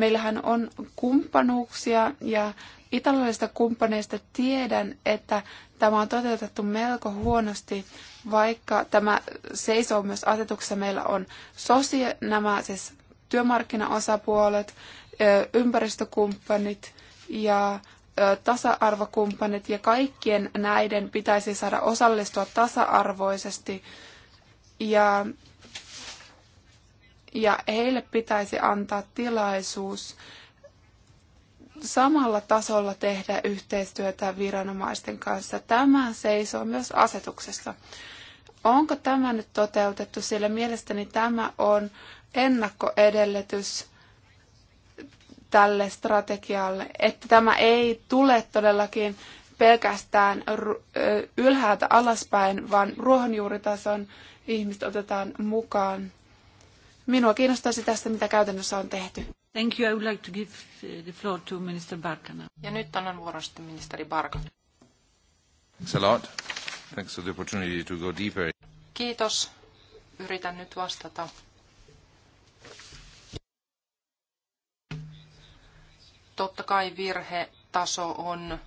[SPEAKER 4] Meillähän on kumppanuuksia ja italialaisista kumppaneista tiedän, että tämä on toteutettu melko huonosti, vaikka tämä seisoo myös asetuksessa. Meillä on sosia, nämä siis työmarkkinaosapuolet, ympäristökumppanit ja tasa-arvokumppanit ja kaikkien näiden pitäisi saada osallistua tasa-arvoisesti. Ja ja heille pitäisi antaa tilaisuus samalla tasolla tehdä yhteistyötä viranomaisten kanssa. Tämä seisoo myös asetuksessa. Onko tämä nyt toteutettu, sillä mielestäni tämä on ennakkoedellytys tälle strategialle, että tämä ei tule todellakin pelkästään ylhäältä alaspäin, vaan ruohonjuuritason ihmiset otetaan mukaan. Minua kiinnostaisi tästä, mitä käytännössä on tehty.
[SPEAKER 5] Thank you. I would like to give uh, the floor to Minister Barka now. Ja nyt annan vuorosta
[SPEAKER 1] ministeri Barka.
[SPEAKER 3] Thanks a lot. Thanks for the opportunity to go deeper.
[SPEAKER 1] Kiitos. Yritän nyt vastata. Totta kai virhetaso on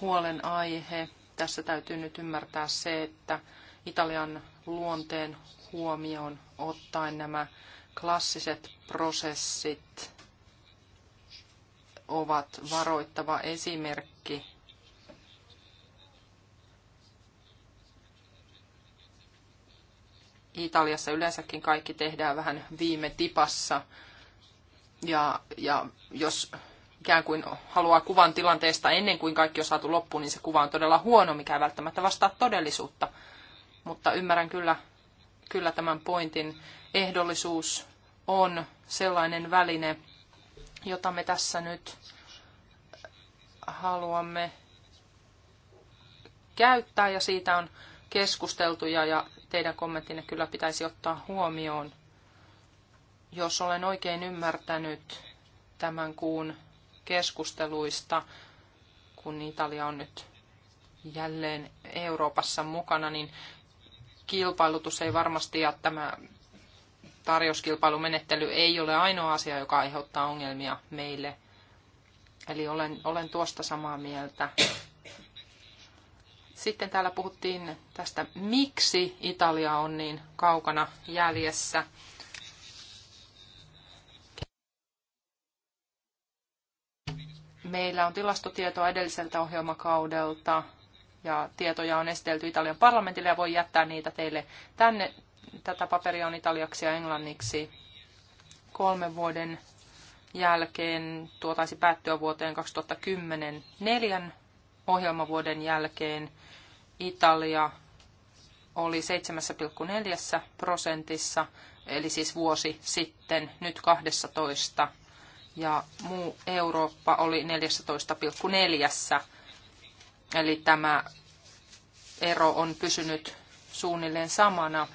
[SPEAKER 1] huolenaihe. Tässä täytyy nyt ymmärtää se, että Italian luonteen huomioon ottaen nämä klassiset prosessit ovat varoittava esimerkki Italiassa yleensäkin kaikki tehdään vähän viime tipassa. Ja, ja jos ikään kuin haluaa kuvan tilanteesta ennen kuin kaikki on saatu loppuun, niin se kuva on todella huono, mikä ei välttämättä vastaa todellisuutta. Mutta ymmärrän kyllä, kyllä tämän pointin ehdollisuus on sellainen väline, jota me tässä nyt haluamme käyttää ja siitä on keskusteltu ja, ja teidän kommenttinne kyllä pitäisi ottaa huomioon. Jos olen oikein ymmärtänyt tämän kuun keskusteluista, kun Italia on nyt jälleen Euroopassa mukana, niin kilpailutus ei varmasti ja tämä tarjouskilpailumenettely ei ole ainoa asia, joka aiheuttaa ongelmia meille. Eli olen, olen tuosta samaa mieltä. Sitten täällä puhuttiin tästä, miksi Italia on niin kaukana jäljessä. Meillä on tilastotietoa edelliseltä ohjelmakaudelta ja tietoja on esitelty Italian parlamentille ja voi jättää niitä teille tänne Tätä paperia on italiaksi ja englanniksi. Kolmen vuoden jälkeen tuo taisi päättyä vuoteen 2010 neljän ohjelmavuoden jälkeen Italia oli 7,4 prosentissa, eli siis vuosi sitten, nyt 12, ja muu Eurooppa oli 14,4, eli tämä ero on pysynyt suunnilleen samana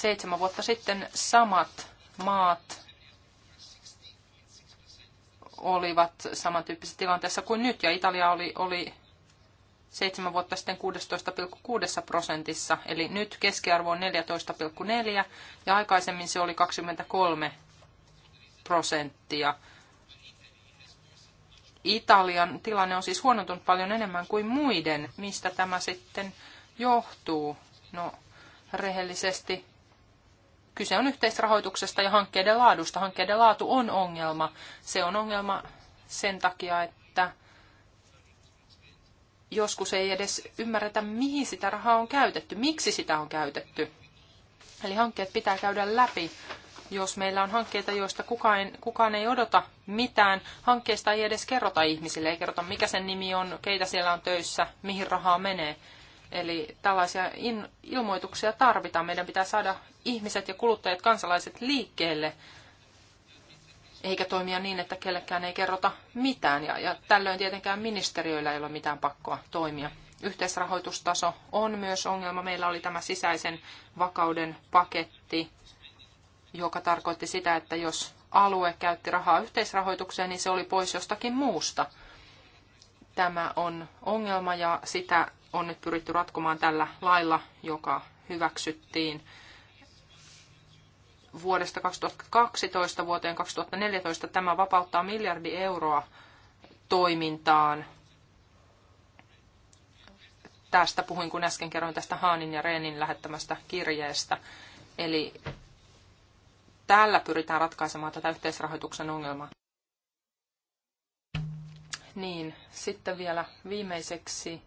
[SPEAKER 1] seitsemän vuotta sitten samat maat olivat samantyyppisessä tilanteessa kuin nyt, ja Italia oli, oli seitsemän vuotta sitten 16,6 prosentissa, eli nyt keskiarvo on 14,4, ja aikaisemmin se oli 23 prosenttia. Italian tilanne on siis huonontunut paljon enemmän kuin muiden. Mistä tämä sitten johtuu? No, rehellisesti Kyse on yhteisrahoituksesta ja hankkeiden laadusta. Hankkeiden laatu on ongelma. Se on ongelma sen takia, että joskus ei edes ymmärretä, mihin sitä rahaa on käytetty, miksi sitä on käytetty. Eli hankkeet pitää käydä läpi. Jos meillä on hankkeita, joista kukaan, kukaan ei odota mitään, hankkeesta ei edes kerrota ihmisille, ei kerrota mikä sen nimi on, keitä siellä on töissä, mihin rahaa menee. Eli tällaisia ilmoituksia tarvitaan. Meidän pitää saada ihmiset ja kuluttajat, kansalaiset liikkeelle, eikä toimia niin, että kellekään ei kerrota mitään. Ja, ja tällöin tietenkään ministeriöillä ei ole mitään pakkoa toimia. Yhteisrahoitustaso on myös ongelma. Meillä oli tämä sisäisen vakauden paketti, joka tarkoitti sitä, että jos alue käytti rahaa yhteisrahoitukseen, niin se oli pois jostakin muusta. Tämä on ongelma ja sitä on nyt pyritty ratkomaan tällä lailla, joka hyväksyttiin vuodesta 2012 vuoteen 2014. Tämä vapauttaa miljardi euroa toimintaan. Tästä puhuin, kun äsken kerroin tästä Haanin ja Reenin lähettämästä kirjeestä. Eli tällä pyritään ratkaisemaan tätä yhteisrahoituksen ongelmaa. Niin, sitten vielä viimeiseksi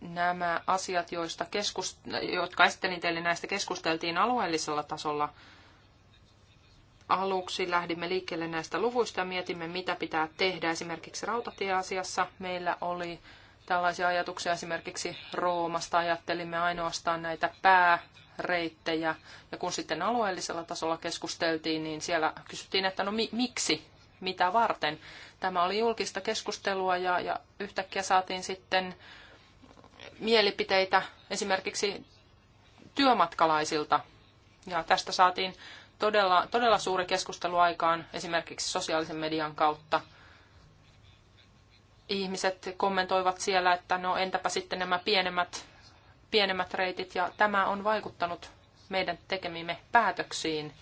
[SPEAKER 1] nämä asiat, joista keskust- jotka esittelin teille, näistä keskusteltiin alueellisella tasolla. Aluksi lähdimme liikkeelle näistä luvuista ja mietimme, mitä pitää tehdä. Esimerkiksi rautatieasiassa meillä oli tällaisia ajatuksia esimerkiksi Roomasta. Ajattelimme ainoastaan näitä pääreittejä. Ja kun sitten alueellisella tasolla keskusteltiin, niin siellä kysyttiin, että no mi- miksi, mitä varten. Tämä oli julkista keskustelua ja, ja yhtäkkiä saatiin sitten mielipiteitä esimerkiksi työmatkalaisilta. Ja tästä saatiin todella, todella suuri keskustelu aikaan esimerkiksi sosiaalisen median kautta. Ihmiset kommentoivat siellä, että no entäpä sitten nämä pienemmät, pienemmät reitit, ja tämä on vaikuttanut meidän tekemimme päätöksiin.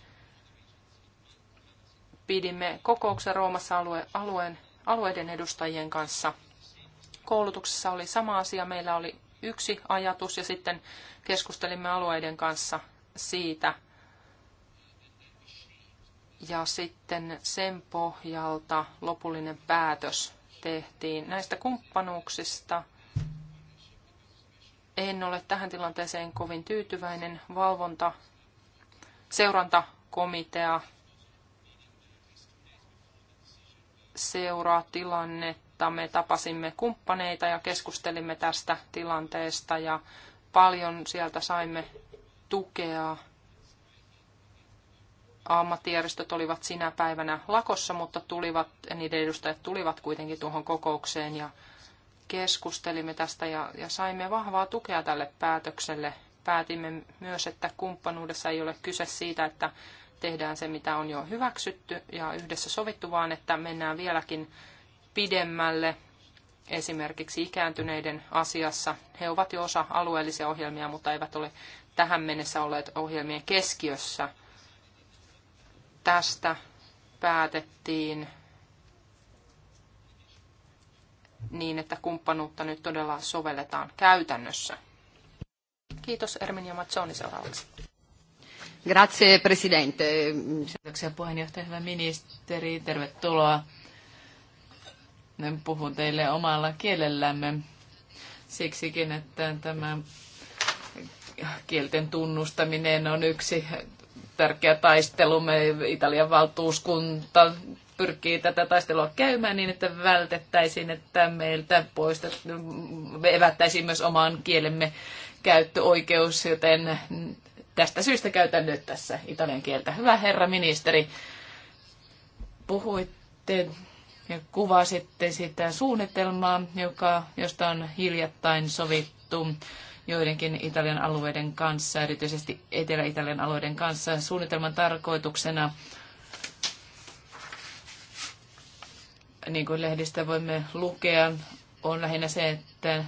[SPEAKER 1] Pidimme kokouksen Roomassa alue, alueen, alueiden edustajien kanssa – koulutuksessa oli sama asia. Meillä oli yksi ajatus ja sitten keskustelimme alueiden kanssa siitä. Ja sitten sen pohjalta lopullinen päätös tehtiin näistä kumppanuuksista. En ole tähän tilanteeseen kovin tyytyväinen. Valvonta, seurantakomitea seuraa tilannetta mutta me tapasimme kumppaneita ja keskustelimme tästä tilanteesta ja paljon sieltä saimme tukea. Ammattijärjestöt olivat sinä päivänä lakossa, mutta tulivat, niiden edustajat tulivat kuitenkin tuohon kokoukseen ja keskustelimme tästä ja, ja saimme vahvaa tukea tälle päätökselle. Päätimme myös, että kumppanuudessa ei ole kyse siitä, että tehdään se, mitä on jo hyväksytty ja yhdessä sovittu, vaan että mennään vieläkin pidemmälle esimerkiksi ikääntyneiden asiassa. He ovat jo osa alueellisia ohjelmia, mutta eivät ole tähän mennessä olleet ohjelmien keskiössä. Tästä päätettiin niin, että kumppanuutta nyt todella sovelletaan käytännössä. Kiitos Erminia Mazzoni seuraavaksi.
[SPEAKER 2] Grazie Presidente. Kiitoksia puheenjohtaja, hyvä ministeri. Tervetuloa puhun teille omalla kielellämme. Siksikin, että tämä kielten tunnustaminen on yksi tärkeä taistelu. Me Italian valtuuskunta pyrkii tätä taistelua käymään niin, että vältettäisiin, että meiltä poistet, me evättäisiin myös omaan kielemme käyttöoikeus, joten tästä syystä käytän nyt tässä italian kieltä. Hyvä herra ministeri, puhuitte ja kuvasitte sitä suunnitelmaa, joka, josta on hiljattain sovittu joidenkin Italian alueiden kanssa, erityisesti Etelä-Italian alueiden kanssa. Suunnitelman tarkoituksena, niin kuin lehdistä voimme lukea, on lähinnä se, että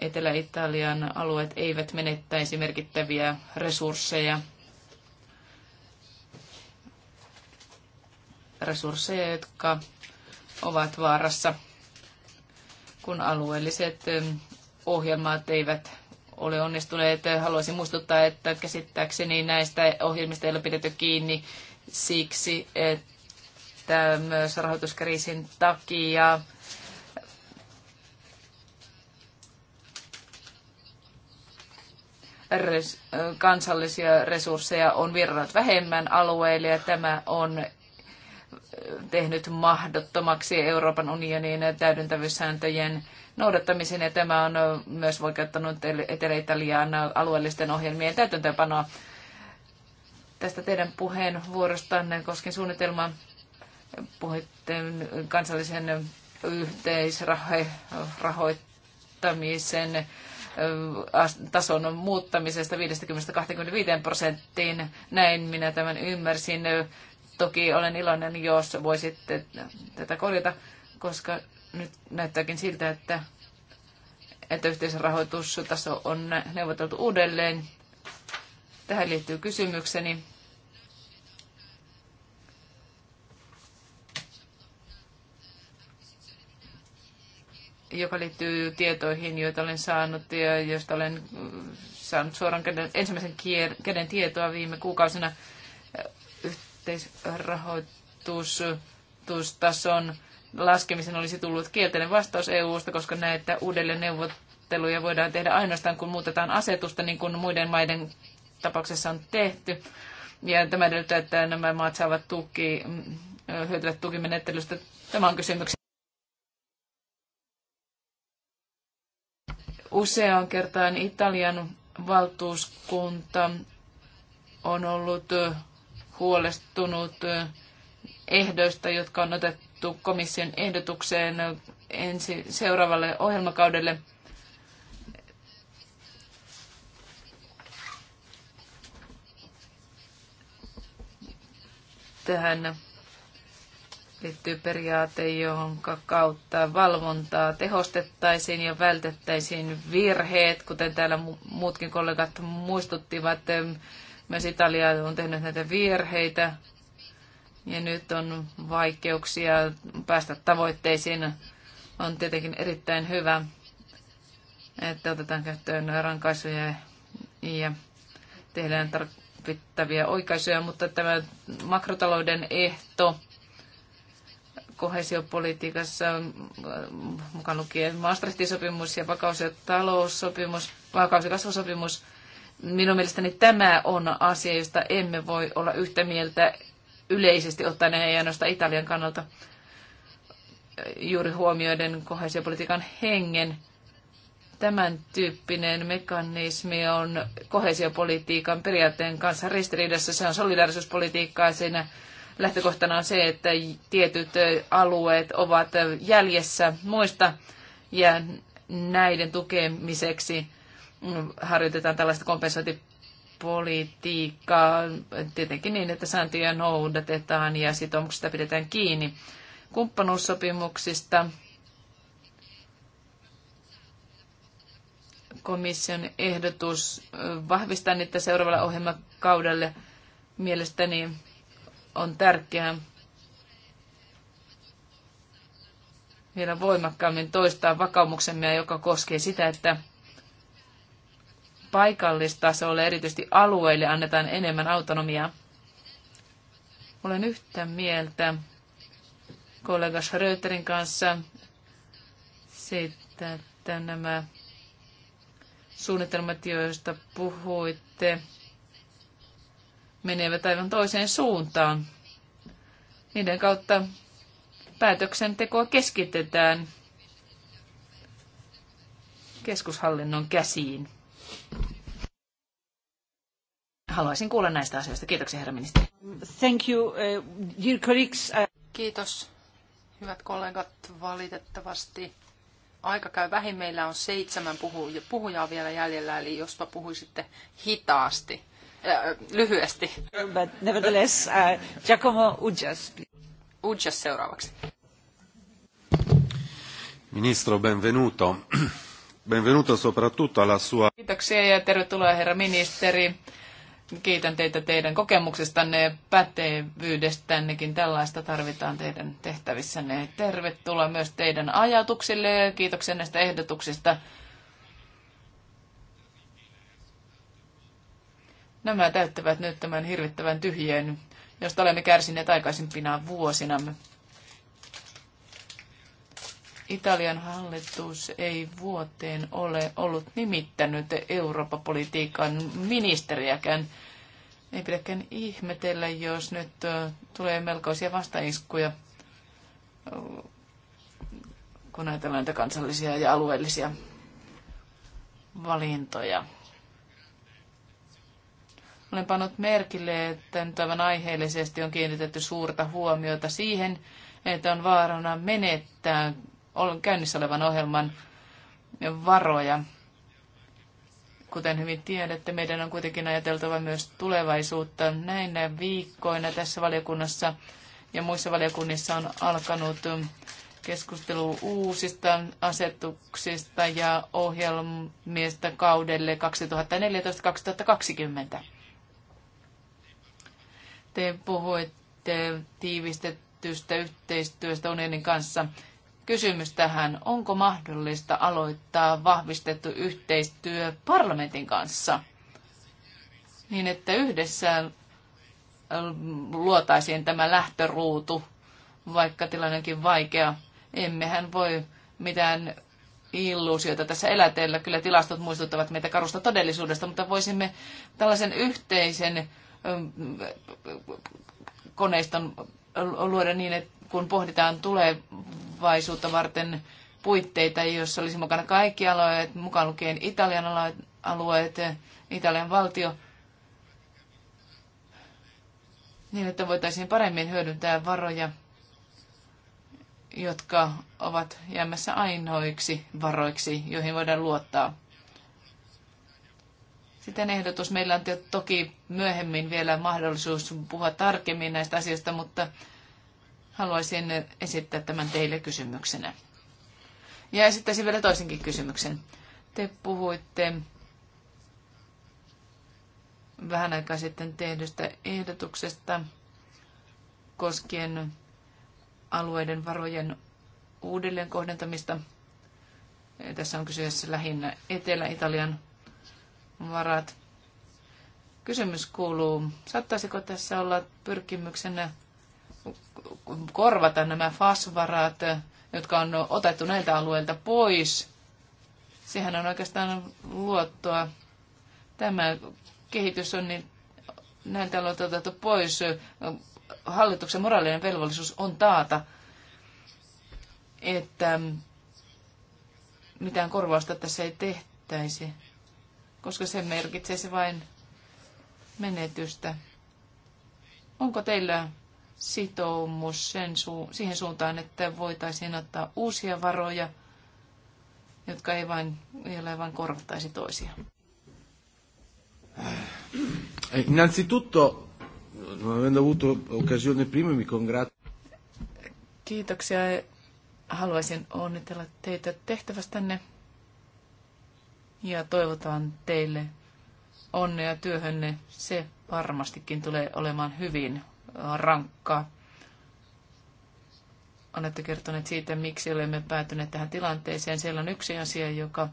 [SPEAKER 2] Etelä-Italian alueet eivät menettäisi merkittäviä resursseja, resursseja, jotka ovat vaarassa, kun alueelliset ohjelmat eivät ole onnistuneet. Haluaisin muistuttaa, että käsittääkseni näistä ohjelmista ei ole pidetty kiinni siksi, että myös rahoituskriisin takia kansallisia resursseja on virrat vähemmän alueille ja tämä on tehnyt mahdottomaksi Euroopan unionin täydentävyyssääntöjen noudattamisen, ja tämä on myös voikeuttanut Etelä-Italian alueellisten ohjelmien täytäntöönpanoa. Tästä teidän puheenvuorostanne koskien suunnitelma puhuitte kansallisen yhteisrahoittamisen tason muuttamisesta 50-25 prosenttiin. Näin minä tämän ymmärsin. Toki olen iloinen, jos voisitte tätä korjata, koska nyt näyttääkin siltä, että, että yhteisrahoitustaso on neuvoteltu uudelleen. Tähän liittyy kysymykseni. joka liittyy tietoihin, joita olen saanut ja joista olen saanut suoran käden, ensimmäisen kier, käden tietoa viime kuukausina yhteisrahoitustason laskemisen olisi tullut kielteinen vastaus EU-sta, koska näitä uudelleen neuvotteluja voidaan tehdä ainoastaan, kun muutetaan asetusta, niin kuin muiden maiden tapauksessa on tehty. Ja tämä edellyttää, että nämä maat saavat tuki, hyötyvät tukimenettelystä. Tämä on kysymyksen Useaan kertaan Italian valtuuskunta on ollut huolestunut ehdoista, jotka on otettu komission ehdotukseen ensi, seuraavalle ohjelmakaudelle. Tähän liittyy periaate, johon kautta valvontaa tehostettaisiin ja vältettäisiin virheet, kuten täällä muutkin kollegat muistuttivat. Myös Italia on tehnyt näitä virheitä ja nyt on vaikeuksia päästä tavoitteisiin. On tietenkin erittäin hyvä, että otetaan käyttöön rankaisuja ja tehdään tarvittavia oikaisuja, mutta tämä makrotalouden ehto kohesiopolitiikassa mukaan lukien Maastrichtin sopimus ja vakaus- ja taloussopimus, vakaus- ja kasvusopimus – Minun mielestäni tämä on asia, josta emme voi olla yhtä mieltä yleisesti ottaen ja ainoastaan Italian kannalta juuri huomioiden kohesiopolitiikan hengen. Tämän tyyppinen mekanismi on kohesiopolitiikan periaatteen kanssa ristiriidassa. Se on solidaarisuuspolitiikkaa. Siinä lähtökohtana on se, että tietyt alueet ovat jäljessä muista ja näiden tukemiseksi – harjoitetaan tällaista kompensointipolitiikkaa tietenkin niin, että sääntöjä noudatetaan ja sitoumuksista pidetään kiinni. Kumppanuussopimuksista komission ehdotus vahvistaa niitä seuraavalla ohjelmakaudelle mielestäni on tärkeää vielä voimakkaammin toistaa vakaumuksemme, joka koskee sitä, että paikallistasolle, erityisesti alueille, annetaan enemmän autonomiaa. Olen yhtä mieltä kollega Schröterin kanssa siitä, että nämä suunnitelmat, joista puhuitte, menevät aivan toiseen suuntaan. Niiden kautta päätöksentekoa keskitetään keskushallinnon käsiin haluaisin kuulla näistä asioista. Kiitoksia, herra ministeri.
[SPEAKER 1] Thank you, uh, dear colleagues. Uh, Kiitos, hyvät kollegat. Valitettavasti aika käy vähin. Meillä on seitsemän puhujaa vielä jäljellä, eli jospa puhuisitte hitaasti, äh, lyhyesti.
[SPEAKER 5] But nevertheless, uh,
[SPEAKER 1] Giacomo Ujas, Ujas seuraavaksi.
[SPEAKER 3] Ministro, benvenuto. Benvenuto soprattutto alla sua...
[SPEAKER 2] Kiitoksia ja tervetuloa herra ministeri. Kiitän teitä teidän kokemuksestanne ja pätevyydestännekin. Tällaista tarvitaan teidän tehtävissänne. Tervetuloa myös teidän ajatuksille ja kiitoksia näistä ehdotuksista. Nämä täyttävät nyt tämän hirvittävän tyhjön, josta olemme kärsineet aikaisempina vuosinamme. Italian hallitus ei vuoteen ole ollut nimittänyt Eurooppa-politiikan ministeriäkään. Ei pidäkään ihmetellä, jos nyt tulee melkoisia vastaiskuja, kun ajatellaan näitä kansallisia ja alueellisia valintoja. Olen pannut merkille, että nyt aivan aiheellisesti on kiinnitetty suurta huomiota siihen, että on vaarana menettää käynnissä olevan ohjelman varoja. Kuten hyvin tiedätte, meidän on kuitenkin ajateltava myös tulevaisuutta. Näinä viikkoina tässä valiokunnassa ja muissa valiokunnissa on alkanut keskustelu uusista asetuksista ja ohjelmista kaudelle 2014-2020. Te puhuitte tiivistetystä yhteistyöstä unionin kanssa kysymys tähän. Onko mahdollista aloittaa vahvistettu yhteistyö parlamentin kanssa niin, että yhdessä luotaisiin tämä lähtöruutu, vaikka tilannekin vaikea. Emmehän voi mitään illuusioita tässä elätellä. Kyllä tilastot muistuttavat meitä karusta todellisuudesta, mutta voisimme tällaisen yhteisen mm, koneiston luoda niin, että kun pohditaan tulee tulevaisuutta varten puitteita, jossa olisi mukana kaikki alueet, mukaan lukien Italian alueet, Italian valtio, niin että voitaisiin paremmin hyödyntää varoja, jotka ovat jäämässä ainoiksi varoiksi, joihin voidaan luottaa. Sitten ehdotus. Meillä on toki myöhemmin vielä mahdollisuus puhua tarkemmin näistä asioista, mutta Haluaisin esittää tämän teille kysymyksenä. Ja esittäisin vielä toisenkin kysymyksen. Te puhuitte vähän aikaa sitten tehdystä ehdotuksesta koskien alueiden varojen uudelleenkohdentamista. Tässä on kyseessä lähinnä Etelä-Italian varat. Kysymys kuuluu, saattaisiko tässä olla pyrkimyksenä korvata nämä fasvarat, jotka on otettu näiltä alueilta pois. Sehän on oikeastaan luottoa. Tämä kehitys on niin näiltä alueilta otettu pois. Hallituksen moraalinen velvollisuus on taata, että mitään korvausta tässä ei tehtäisi, koska se merkitsee se vain menetystä. Onko teillä sitoumus sen su- siihen suuntaan, että voitaisiin ottaa uusia varoja, jotka ei vain, ei vain korvattaisi toisia?
[SPEAKER 5] Eh, innanzitutto, non avendo avuto occasione prima, mi congratulo.
[SPEAKER 2] Kiitoksia. Haluaisin onnitella teitä tehtävästänne ja toivotan teille onnea työhönne. Se varmastikin tulee olemaan hyvin rankkaa. Olette kertoneet siitä, miksi olemme päätyneet tähän tilanteeseen. Siellä on yksi asia, joka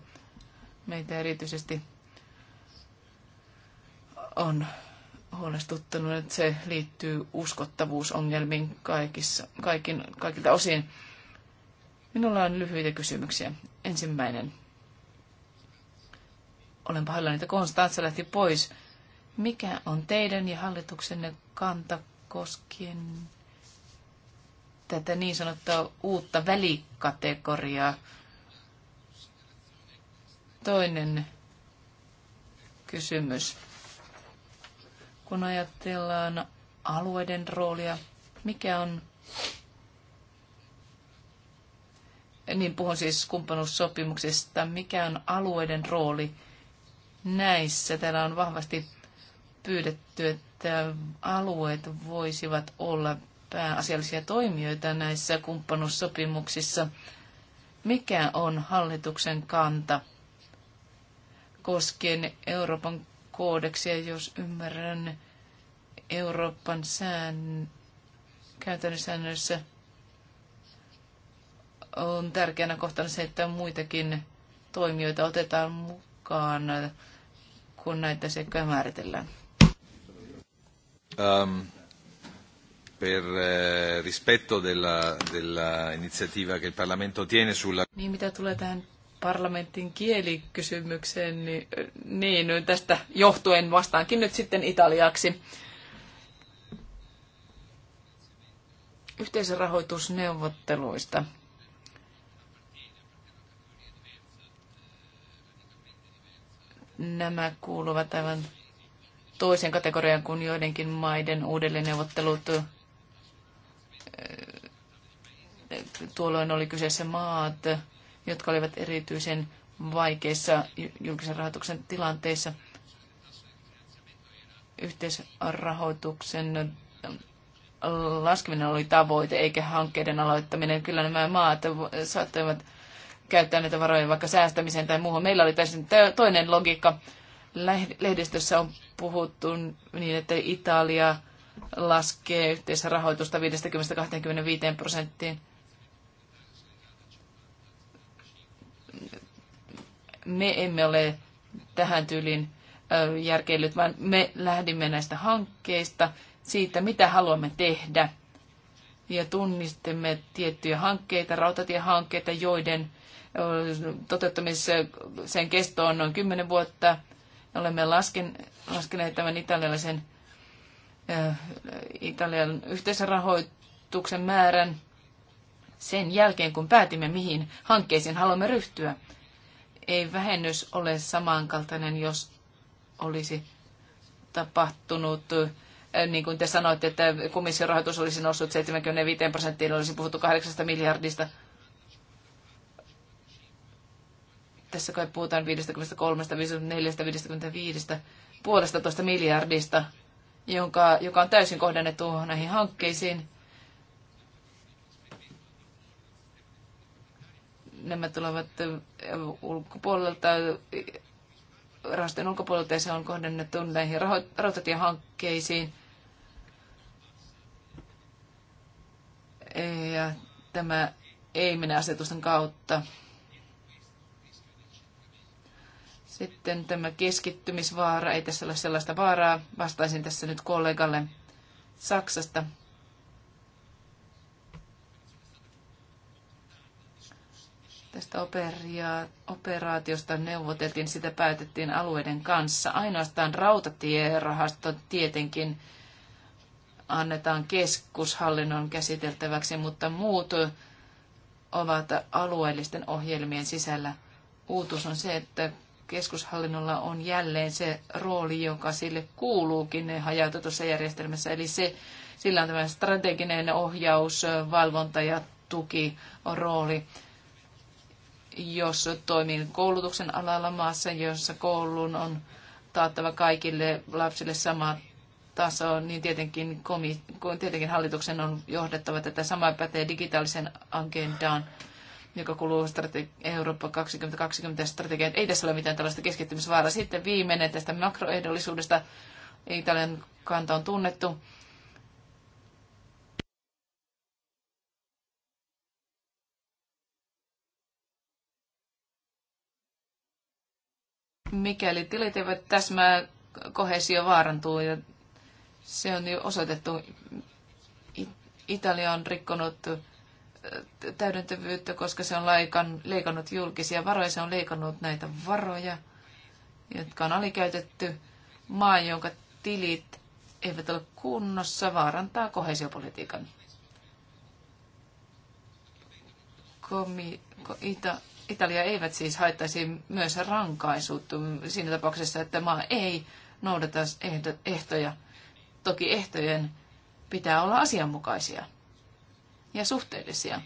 [SPEAKER 2] meitä erityisesti on huolestuttanut, että se liittyy uskottavuusongelmiin kaikissa, kaikin, kaikilta osin. Minulla on lyhyitä kysymyksiä. Ensimmäinen. Olen pahoillani, että Konstantsa lähti pois. Mikä on teidän ja hallituksenne kanta koskien tätä niin sanottua uutta välikategoriaa. Toinen kysymys. Kun ajatellaan alueiden roolia, mikä on, niin puhun siis kumppanuussopimuksesta, mikä on alueiden rooli näissä? Täällä on vahvasti pyydetty, että että alueet voisivat olla pääasiallisia toimijoita näissä kumppanuussopimuksissa. Mikä on hallituksen kanta koskien Euroopan koodeksia, jos ymmärrän Euroopan sään, käytännön säännöissä on tärkeänä kohtana se, että muitakin toimijoita otetaan mukaan, kun näitä sekä määritellään.
[SPEAKER 3] Um, per eh, rispetto dell'iniziativa della che il Parlamento tiene sulla...
[SPEAKER 2] Niin mitä tulee tähän parlamentin kielikysymykseen, niin, eh, niin no, tästä johtuen vastaankin nyt sitten italiaksi. Yhteisrahoitusneuvotteluista. Nämä kuuluvat aivan toisen kategorian kuin joidenkin maiden uudelleenneuvottelut. Tuolloin oli kyseessä maat, jotka olivat erityisen vaikeissa julkisen rahoituksen tilanteissa. Yhteisrahoituksen laskeminen oli tavoite, eikä hankkeiden aloittaminen. Kyllä nämä maat saattoivat käyttää näitä varoja vaikka säästämiseen tai muuhun. Meillä oli täysin toinen logiikka lehdistössä on puhuttu niin, että Italia laskee yhteensä rahoitusta 50-25 prosenttiin. Me emme ole tähän tyyliin järkeilyt, vaan me lähdimme näistä hankkeista, siitä mitä haluamme tehdä. Ja tunnistimme tiettyjä hankkeita, rautatiehankkeita, joiden toteuttamisen kesto on noin 10 vuotta – Olemme lasken, laskeneet tämän italialaisen Italian yhteisrahoituksen määrän sen jälkeen, kun päätimme, mihin hankkeisiin haluamme ryhtyä. Ei vähennys ole samankaltainen, jos olisi tapahtunut niin kuin te sanoitte, että komission rahoitus olisi noussut 75 prosenttiin, olisi puhuttu 8 miljardista – Tässä kai puhutaan 53, 54, 55, puolesta toista miljardista, jonka, joka on täysin kohdennettu näihin hankkeisiin. Nämä tulevat äh, ulkopuolelta, rahastojen ulkopuolelta ja se on kohdennettu näihin rautatiehankkeisiin. Ja tämä ei mene asetusten kautta. Sitten tämä keskittymisvaara, ei tässä ole sellaista vaaraa. Vastaisin tässä nyt kollegalle Saksasta. Tästä operaatiosta neuvoteltiin, sitä päätettiin alueiden kanssa. Ainoastaan rautatierahasto tietenkin annetaan keskushallinnon käsiteltäväksi, mutta muut ovat alueellisten ohjelmien sisällä. Uutuus on se, että keskushallinnolla on jälleen se rooli, jonka sille kuuluukin hajautetussa järjestelmässä. Eli se, sillä on tämä strateginen ohjaus, valvonta ja tuki rooli. Jos toimin koulutuksen alalla maassa, jossa koulun on taattava kaikille lapsille sama taso, niin tietenkin, komi- tietenkin hallituksen on johdettava tätä samaa pätee digitaalisen agendaan joka kuuluu strategi- Eurooppa 2020 strategiaan. Ei tässä ole mitään tällaista keskittymisvaaraa. Sitten viimeinen tästä makroehdollisuudesta. Italian kanta on tunnettu. Mikäli tilit eivät täsmää, kohesio vaarantuu ja se on jo osoitettu. Italia on rikkonut täydentävyyttä, koska se on laikan, leikannut julkisia varoja, se on leikannut näitä varoja, jotka on alikäytetty. Maa, jonka tilit eivät ole kunnossa, vaarantaa kohesiopolitiikan. Komi, ko, ita, Italia eivät siis haittaisi myös rankaisuutta siinä tapauksessa, että maa ei noudata ehtoja. Toki ehtojen pitää olla asianmukaisia ja suhteellisia.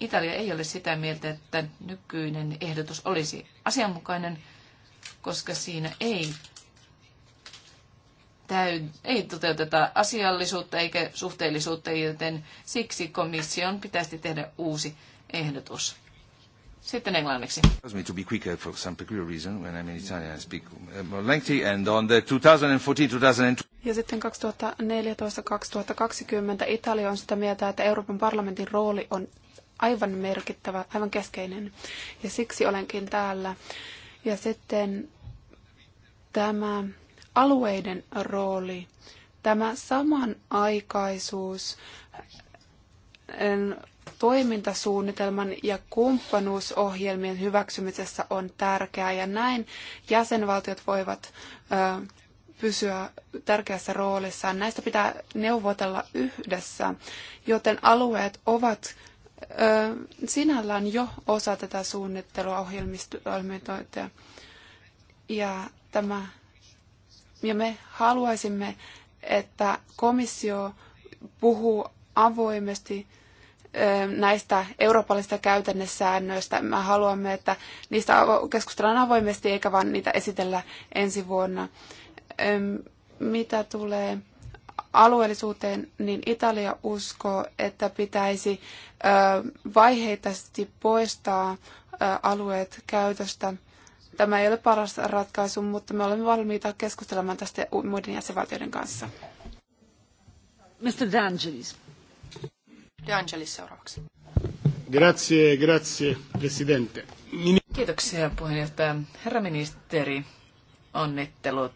[SPEAKER 2] Italia ei ole sitä mieltä, että nykyinen ehdotus olisi asianmukainen, koska siinä ei, täy, ei toteuteta asiallisuutta eikä suhteellisuutta, joten siksi komission pitäisi tehdä uusi ehdotus.
[SPEAKER 4] Sitten englanniksi.
[SPEAKER 3] me to be quicker for some peculiar reason when I'm in Italian I speak uh, more lengthy and on the 2014-2020
[SPEAKER 4] ja sitten 2014-2020 Italia on sitä mieltä, että Euroopan parlamentin rooli on aivan merkittävä, aivan keskeinen. Ja siksi olenkin täällä. Ja sitten tämä alueiden rooli, tämä samanaikaisuus toimintasuunnitelman ja kumppanuusohjelmien hyväksymisessä on tärkeää ja näin jäsenvaltiot voivat ö, pysyä tärkeässä roolissaan. Näistä pitää neuvotella yhdessä, joten alueet ovat ö, sinällään jo osa tätä suunnittelua ohjelmistoimintoja. Ja, tämä, ja me haluaisimme, että komissio puhuu avoimesti näistä eurooppalaisista käytännesäännöistä. Me haluamme, että niistä keskustellaan avoimesti eikä vaan niitä esitellä ensi vuonna. Mitä tulee alueellisuuteen, niin Italia uskoo, että pitäisi vaiheittaisesti poistaa alueet käytöstä. Tämä ei ole paras ratkaisu, mutta me olemme valmiita keskustelemaan tästä muiden jäsenvaltioiden kanssa.
[SPEAKER 5] Mr. D'Angelis.
[SPEAKER 2] De Angelis seuraavaksi.
[SPEAKER 3] Grazie, grazie, presidente.
[SPEAKER 2] Min- Kiitoksia puheenjohtaja. Herra ministeri, onnittelut.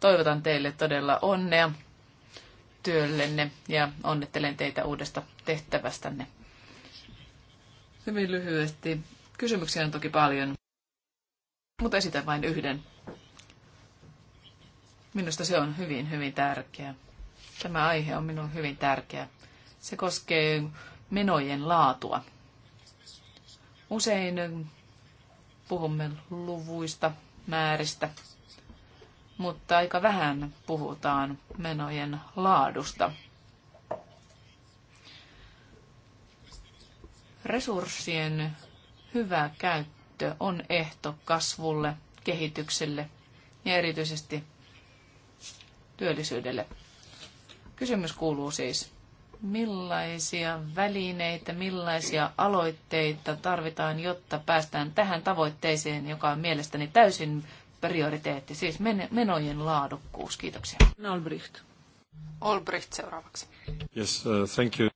[SPEAKER 2] Toivotan teille todella onnea työllenne ja onnittelen teitä uudesta tehtävästänne. Hyvin lyhyesti. Kysymyksiä on toki paljon, mutta esitän vain yhden. Minusta se on hyvin, hyvin tärkeä. Tämä aihe on minun hyvin tärkeä. Se koskee menojen laatua. Usein puhumme luvuista, määristä, mutta aika vähän puhutaan menojen laadusta. Resurssien hyvä käyttö on ehto kasvulle, kehitykselle ja erityisesti työllisyydelle. Kysymys kuuluu siis, Millaisia välineitä, millaisia aloitteita tarvitaan, jotta päästään tähän tavoitteeseen, joka on mielestäni täysin prioriteetti, siis
[SPEAKER 4] menojen laadukkuus. Kiitoksia. Olbricht.
[SPEAKER 1] Olbricht seuraavaksi.
[SPEAKER 2] Yes, uh, thank you.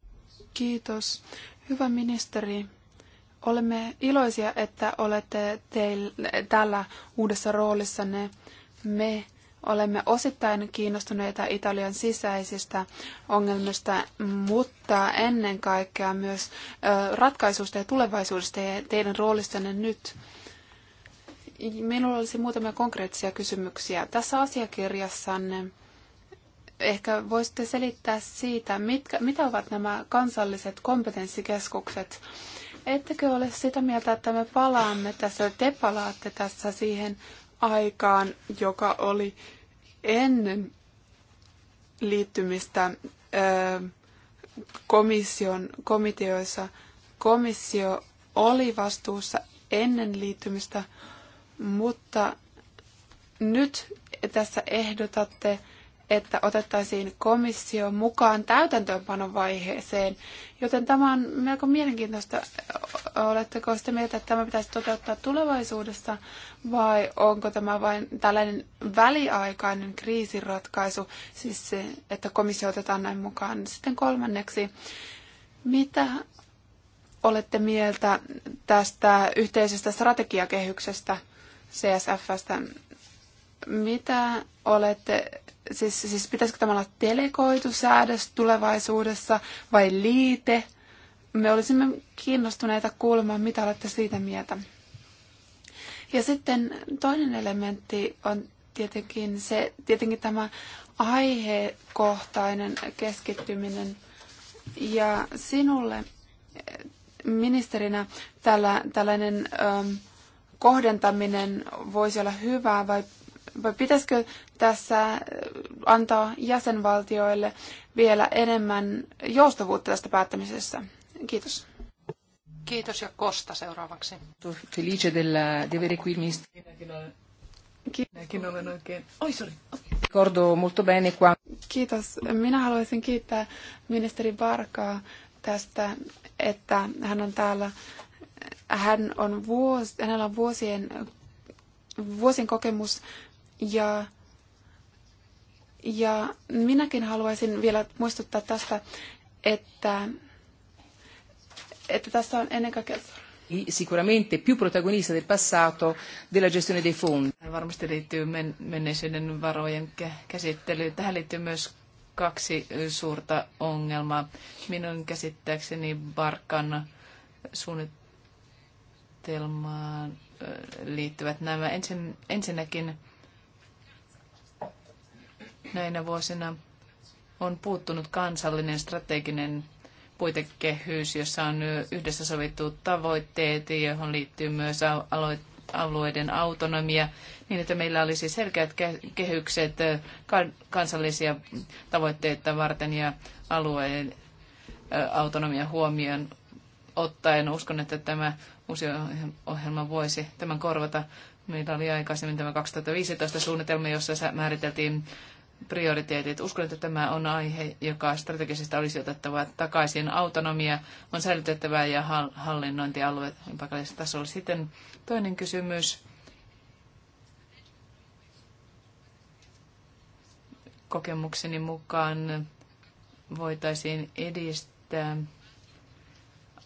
[SPEAKER 4] Kiitos. Hyvä ministeri, olemme iloisia, että olette teillä täällä uudessa roolissanne. Me Olemme osittain kiinnostuneita Italian sisäisistä ongelmista, mutta ennen kaikkea myös ratkaisusta ja tulevaisuudesta ja teidän roolistanne nyt. Minulla olisi muutamia konkreettisia kysymyksiä. Tässä asiakirjassanne ehkä voisitte selittää siitä, mitkä, mitä ovat nämä kansalliset kompetenssikeskukset. Ettekö ole sitä mieltä, että me palaamme tässä, te palaatte tässä siihen aikaan, joka oli ennen liittymistä komission komiteoissa. Komissio oli vastuussa ennen liittymistä, mutta nyt tässä ehdotatte että otettaisiin komissio mukaan täytäntöönpanon vaiheeseen, joten tämä on melko mielenkiintoista. Oletteko sitä mieltä, että tämä pitäisi toteuttaa tulevaisuudessa vai onko tämä vain tällainen väliaikainen kriisiratkaisu, siis se, että komissio otetaan näin mukaan? Sitten kolmanneksi, mitä olette mieltä tästä yhteisestä strategiakehyksestä CSFstä? Mitä olette siis, siis pitäisikö tämä olla delegoitu säädös tulevaisuudessa vai liite? Me olisimme kiinnostuneita kuulemaan, mitä olette siitä mieltä. Ja sitten toinen elementti on tietenkin, se, tietenkin tämä aihekohtainen keskittyminen. Ja sinulle ministerinä tällä, tällainen ö, kohdentaminen voisi olla hyvää vai vai pitäisikö tässä äh, antaa jäsenvaltioille vielä enemmän joustavuutta tästä päättämisessä? Kiitos.
[SPEAKER 2] Kiitos ja Kosta seuraavaksi.
[SPEAKER 4] Felice della, di avere qui il ministro. Kiitos. Minä haluaisin kiittää ministeri Barkaa tästä, että hän on täällä. Hän on vuos, hänellä on vuosien, vuosien kokemus ja, ja minäkin haluaisin vielä muistuttaa tästä, että, että tässä on ennen kaikkea
[SPEAKER 2] sicuramente più protagonista del passato della gestione dei fondi. Varmasti liittyy men- menneisyyden varojen käsittelyyn. Tähän liittyy myös kaksi suurta ongelmaa. Minun käsittääkseni Barkan suunnitelmaan liittyvät nämä. Ensin, ensinnäkin näinä vuosina on puuttunut kansallinen strateginen puitekehys, jossa on yhdessä sovittu tavoitteet, johon liittyy myös alueiden autonomia, niin että meillä olisi selkeät kehykset kansallisia tavoitteita varten ja alueen autonomia huomioon ottaen. Uskon, että tämä uusi ohjelma voisi tämän korvata. Meillä oli aikaisemmin tämä 2015 suunnitelma, jossa määriteltiin prioriteetit. Uskon, että tämä on aihe, joka strategisesti olisi otettava takaisin. Autonomia on säilytettävää ja hallinnointialue paikallisella tasolla. Sitten toinen kysymys. Kokemukseni mukaan voitaisiin edistää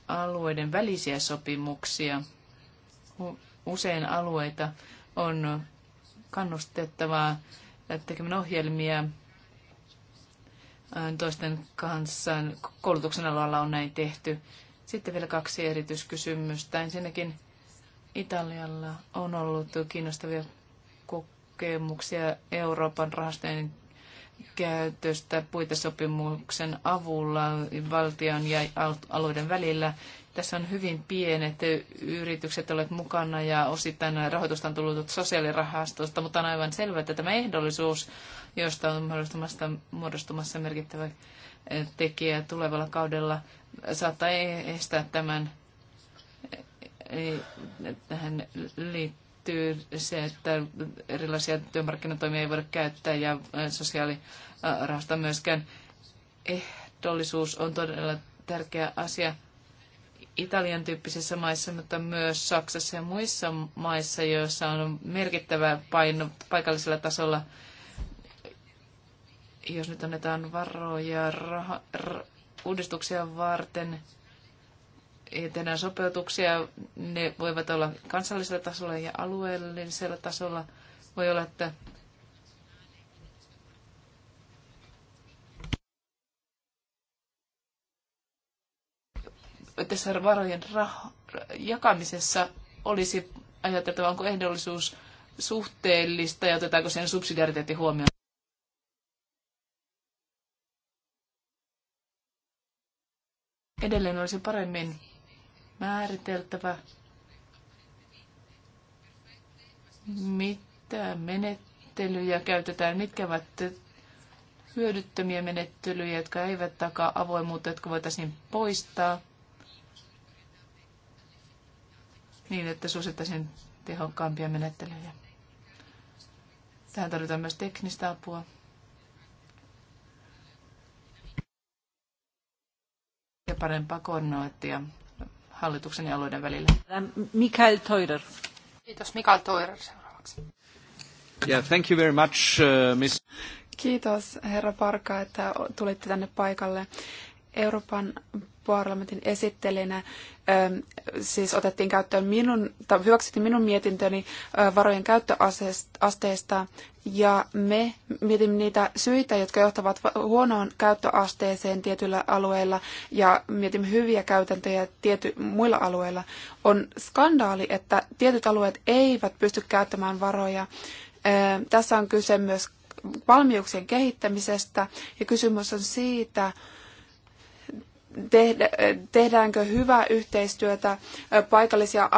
[SPEAKER 2] alueiden välisiä sopimuksia. Usein alueita on kannustettavaa tekemään ohjelmia toisten kanssa. Koulutuksen alalla on näin tehty. Sitten vielä kaksi erityiskysymystä. Ensinnäkin Italialla on ollut kiinnostavia kokemuksia Euroopan rahastojen käytöstä puitesopimuksen avulla valtion ja alueiden välillä. Tässä on hyvin pienet yritykset olleet mukana ja osittain rahoitusta on tullut sosiaalirahastosta, mutta on aivan selvää, että tämä ehdollisuus, josta on muodostumassa, muodostumassa merkittävä eh, tekijä tulevalla kaudella, saattaa estää tämän eh, eh, tähän liittyy se, että erilaisia työmarkkinatoimia ei voida käyttää ja sosiaalirahasta myöskään ehdollisuus on todella tärkeä asia. Italian tyyppisissä maissa, mutta myös Saksassa ja muissa maissa, joissa on merkittävä paino paikallisella tasolla. Jos nyt annetaan varoja raha, ra, uudistuksia varten ja tehdään sopeutuksia, ne voivat olla kansallisella tasolla ja alueellisella tasolla. Voi olla, että tässä varojen rah- jakamisessa olisi ajateltava, onko ehdollisuus suhteellista ja otetaanko sen subsidiariteetti huomioon? Edelleen olisi paremmin määriteltävä, mitä menettelyjä käytetään, mitkä ovat hyödyttömiä menettelyjä, jotka eivät takaa avoimuutta, jotka voitaisiin poistaa – niin, että suosittaisin tehokkaampia menettelyjä. Tähän tarvitaan myös teknistä apua. Ja parempaa koordinointia hallituksen ja alueiden välillä. Ähm, Mikael Toider.
[SPEAKER 1] Kiitos
[SPEAKER 4] Mikael Toider
[SPEAKER 1] seuraavaksi.
[SPEAKER 2] Yeah, thank you very much, uh, miss...
[SPEAKER 4] Kiitos herra Parka, että tulitte tänne paikalle. Euroopan parlamentin esittelijänä ähm, siis otettiin käyttöön minun, tai hyväksyttiin minun mietintöni äh, varojen käyttöasteista ja me mietimme niitä syitä, jotka johtavat huonoon käyttöasteeseen tietyillä alueilla, ja mietimme hyviä käytäntöjä tiety, muilla alueilla. On skandaali, että tietyt alueet eivät pysty käyttämään varoja. Ähm, tässä on kyse myös valmiuksien kehittämisestä, ja kysymys on siitä, tehdäänkö hyvää yhteistyötä paikallisia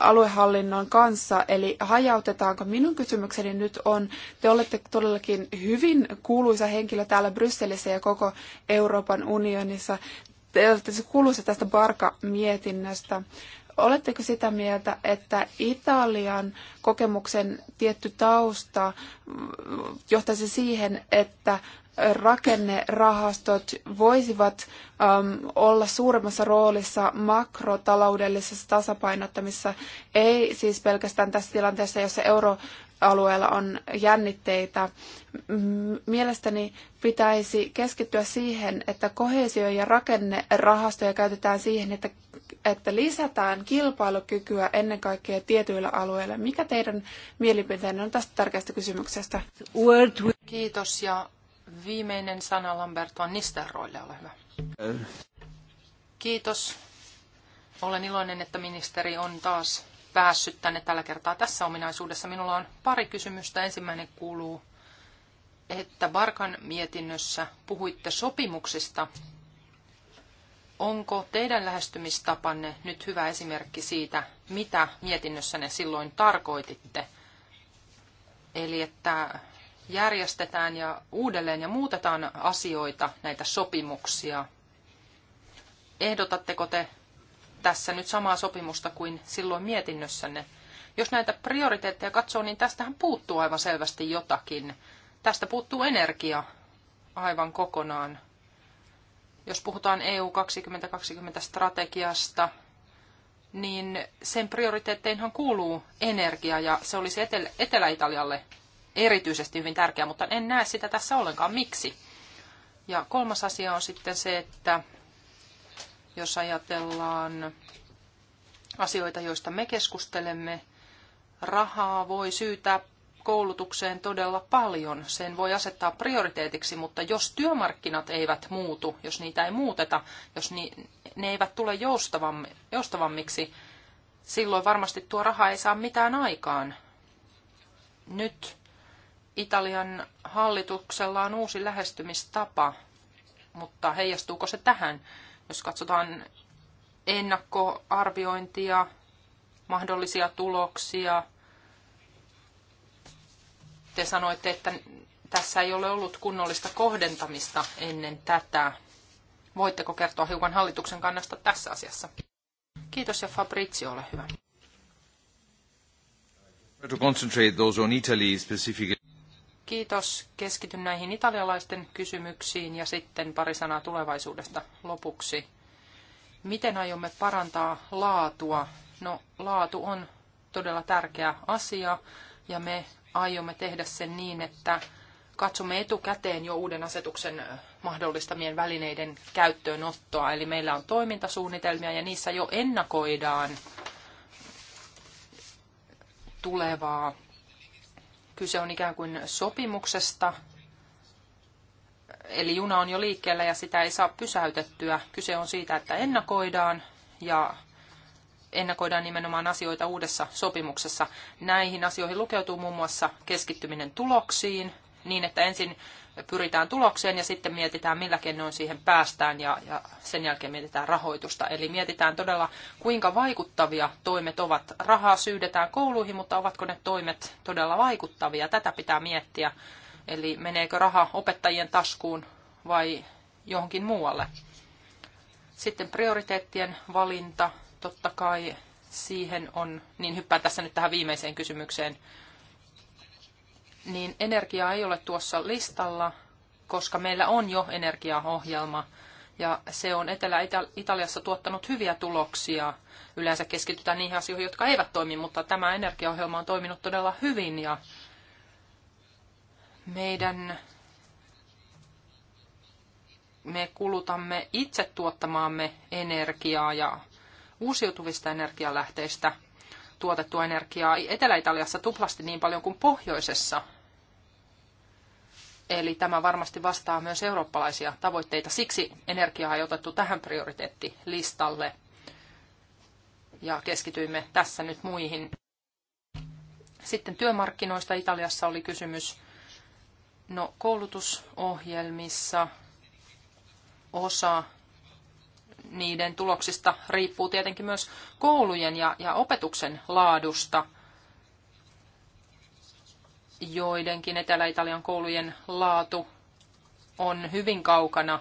[SPEAKER 4] aluehallinnon kanssa, eli hajautetaanko. Minun kysymykseni nyt on, te olette todellakin hyvin kuuluisa henkilö täällä Brysselissä ja koko Euroopan unionissa. Te olette siis kuuluisa tästä Barka-mietinnöstä. Oletteko sitä mieltä, että Italian kokemuksen tietty tausta johtaisi siihen, että rakennerahastot voisivat ähm, olla suuremmassa roolissa makrotaloudellisessa tasapainottamisessa, ei siis pelkästään tässä tilanteessa, jossa euroalueella on jännitteitä. Mielestäni pitäisi keskittyä siihen, että kohesio- ja rakennerahastoja käytetään siihen, että, että lisätään kilpailukykyä ennen kaikkea tietyillä alueilla. Mikä teidän mielipiteenne on tästä tärkeästä kysymyksestä?
[SPEAKER 1] Kiitos ja Viimeinen sana Lambert van Nistelrooille, ole hyvä. Kiitos. Olen iloinen, että ministeri on taas päässyt tänne tällä kertaa tässä ominaisuudessa. Minulla on pari kysymystä. Ensimmäinen kuuluu, että Barkan mietinnössä puhuitte sopimuksista. Onko teidän lähestymistapanne nyt hyvä esimerkki siitä, mitä mietinnössänne silloin tarkoititte? Eli että järjestetään ja uudelleen ja muutetaan asioita, näitä sopimuksia. Ehdotatteko te tässä nyt samaa sopimusta kuin silloin mietinnössänne? Jos näitä prioriteetteja katsoo, niin tästähän puuttuu aivan selvästi jotakin. Tästä puuttuu energia aivan kokonaan. Jos puhutaan EU 2020 strategiasta, niin sen prioriteetteinhan kuuluu energia ja se olisi Etelä- Etelä-Italialle erityisesti hyvin tärkeä, mutta en näe sitä tässä ollenkaan. Miksi? Ja kolmas asia on sitten se, että jos ajatellaan asioita, joista me keskustelemme, rahaa voi syytää koulutukseen todella paljon. Sen voi asettaa prioriteetiksi, mutta jos työmarkkinat eivät muutu, jos niitä ei muuteta, jos ni, ne eivät tule joustavam, joustavammiksi, silloin varmasti tuo raha ei saa mitään aikaan. Nyt Italian hallituksella on uusi lähestymistapa, mutta heijastuuko se tähän, jos katsotaan ennakkoarviointia, mahdollisia tuloksia? Te sanoitte, että tässä ei ole ollut kunnollista kohdentamista ennen tätä. Voitteko kertoa hiukan hallituksen kannasta tässä asiassa? Kiitos ja Fabrizio, ole hyvä.
[SPEAKER 3] To concentrate those on Italy specifically.
[SPEAKER 1] Kiitos. Keskityn näihin italialaisten kysymyksiin ja sitten pari sanaa tulevaisuudesta lopuksi. Miten aiomme parantaa laatua? No, laatu on todella tärkeä asia ja me aiomme tehdä sen niin, että katsomme etukäteen jo uuden asetuksen mahdollistamien välineiden käyttöönottoa. Eli meillä on toimintasuunnitelmia ja niissä jo ennakoidaan tulevaa Kyse on ikään kuin sopimuksesta, eli juna on jo liikkeellä ja sitä ei saa pysäytettyä. Kyse on siitä, että ennakoidaan ja ennakoidaan nimenomaan asioita uudessa sopimuksessa. Näihin asioihin lukeutuu muun muassa keskittyminen tuloksiin, niin, että ensin pyritään tulokseen ja sitten mietitään, millä keinoin siihen päästään ja, ja sen jälkeen mietitään rahoitusta. Eli mietitään todella, kuinka vaikuttavia toimet ovat. Rahaa syydetään kouluihin, mutta ovatko ne toimet todella vaikuttavia? Tätä pitää miettiä. Eli meneekö raha opettajien taskuun vai johonkin muualle? Sitten prioriteettien valinta, totta kai siihen on, niin hyppään tässä nyt tähän viimeiseen kysymykseen, niin energia ei ole tuossa listalla, koska meillä on jo energiaohjelma ja se on Etelä-Italiassa tuottanut hyviä tuloksia. Yleensä keskitytään niihin asioihin, jotka eivät toimi, mutta tämä energiaohjelma on toiminut todella hyvin ja meidän me kulutamme itse tuottamaamme energiaa ja uusiutuvista energialähteistä – tuotettua energiaa Etelä-Italiassa tuplasti niin paljon kuin pohjoisessa. Eli tämä varmasti vastaa myös eurooppalaisia tavoitteita. Siksi energiaa ei otettu tähän prioriteettilistalle. Ja keskityimme tässä nyt muihin. Sitten työmarkkinoista Italiassa oli kysymys. No koulutusohjelmissa osa niiden tuloksista riippuu tietenkin myös koulujen ja, ja opetuksen laadusta. Joidenkin Etelä-Italian koulujen laatu on hyvin kaukana